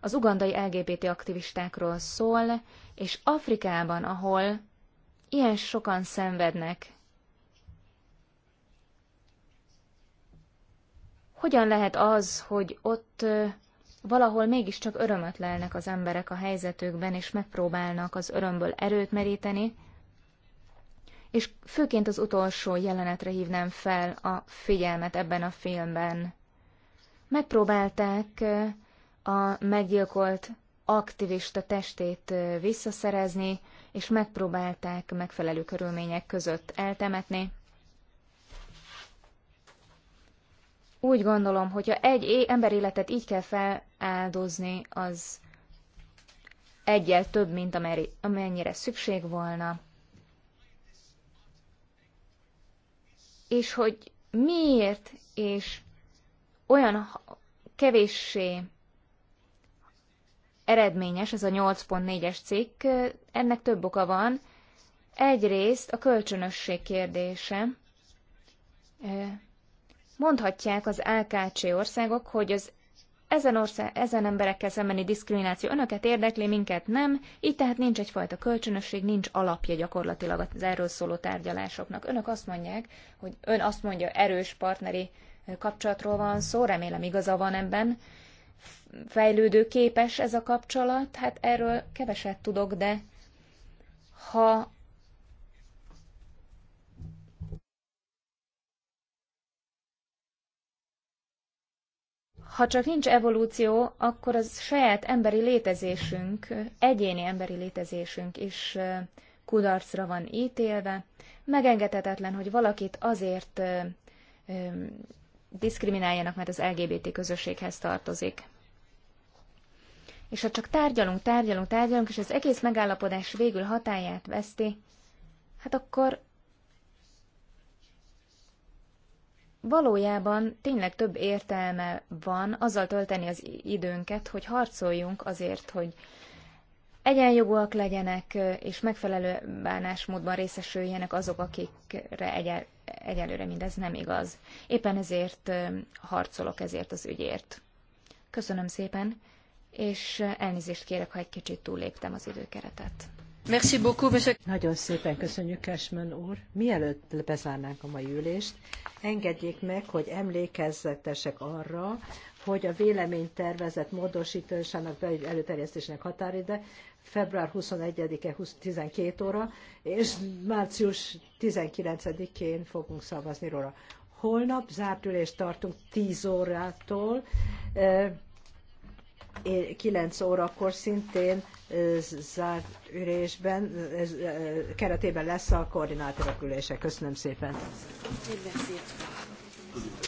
az ugandai LGBT aktivistákról szól, és Afrikában, ahol ilyen sokan szenvednek Hogyan lehet az, hogy ott valahol mégiscsak örömöt lelnek az emberek a helyzetükben, és megpróbálnak az örömből erőt meríteni, és főként az utolsó jelenetre hívnám fel a figyelmet ebben a filmben. Megpróbálták a meggyilkolt aktivista testét visszaszerezni, és megpróbálták megfelelő körülmények között eltemetni. úgy gondolom, hogyha egy emberéletet így kell feláldozni, az egyel több, mint amennyire szükség volna. És hogy miért és olyan kevéssé eredményes ez a 8.4-es cikk, ennek több oka van. Egyrészt a kölcsönösség kérdése Mondhatják az AKC országok, hogy az ezen, ország, ezen emberekkel szembeni diszkrimináció önöket érdekli, minket nem, így tehát nincs egyfajta kölcsönösség, nincs alapja gyakorlatilag az erről szóló tárgyalásoknak. Önök azt mondják, hogy ön azt mondja, erős partneri kapcsolatról van szó, remélem igaza van ebben, fejlődő képes ez a kapcsolat, hát erről keveset tudok, de ha ha csak nincs evolúció, akkor az saját emberi létezésünk, egyéni emberi létezésünk is kudarcra van ítélve. Megengedhetetlen, hogy valakit azért ö, ö, diszkrimináljanak, mert az LGBT közösséghez tartozik. És ha csak tárgyalunk, tárgyalunk, tárgyalunk, és az egész megállapodás végül hatáját veszti, hát akkor valójában tényleg több értelme van azzal tölteni az időnket, hogy harcoljunk azért, hogy egyenjogúak legyenek, és megfelelő bánásmódban részesüljenek azok, akikre egyen, egyelőre mindez nem igaz. Éppen ezért harcolok ezért az ügyért. Köszönöm szépen, és elnézést kérek, ha egy kicsit túlléptem az időkeretet. Merci beaucoup, monsieur. Nagyon szépen köszönjük, Cashman úr. Mielőtt bezárnánk a mai ülést, engedjék meg, hogy emlékezzetesek arra, hogy a véleménytervezet módosításának előterjesztésének határide február 21-e 12 óra, és március 19-én fogunk szavazni róla. Holnap zárt ülést tartunk 10 órától. 9 órakor szintén zárt ülésben, keretében lesz a koordinátorok ülése. Köszönöm szépen. Köszönöm szépen.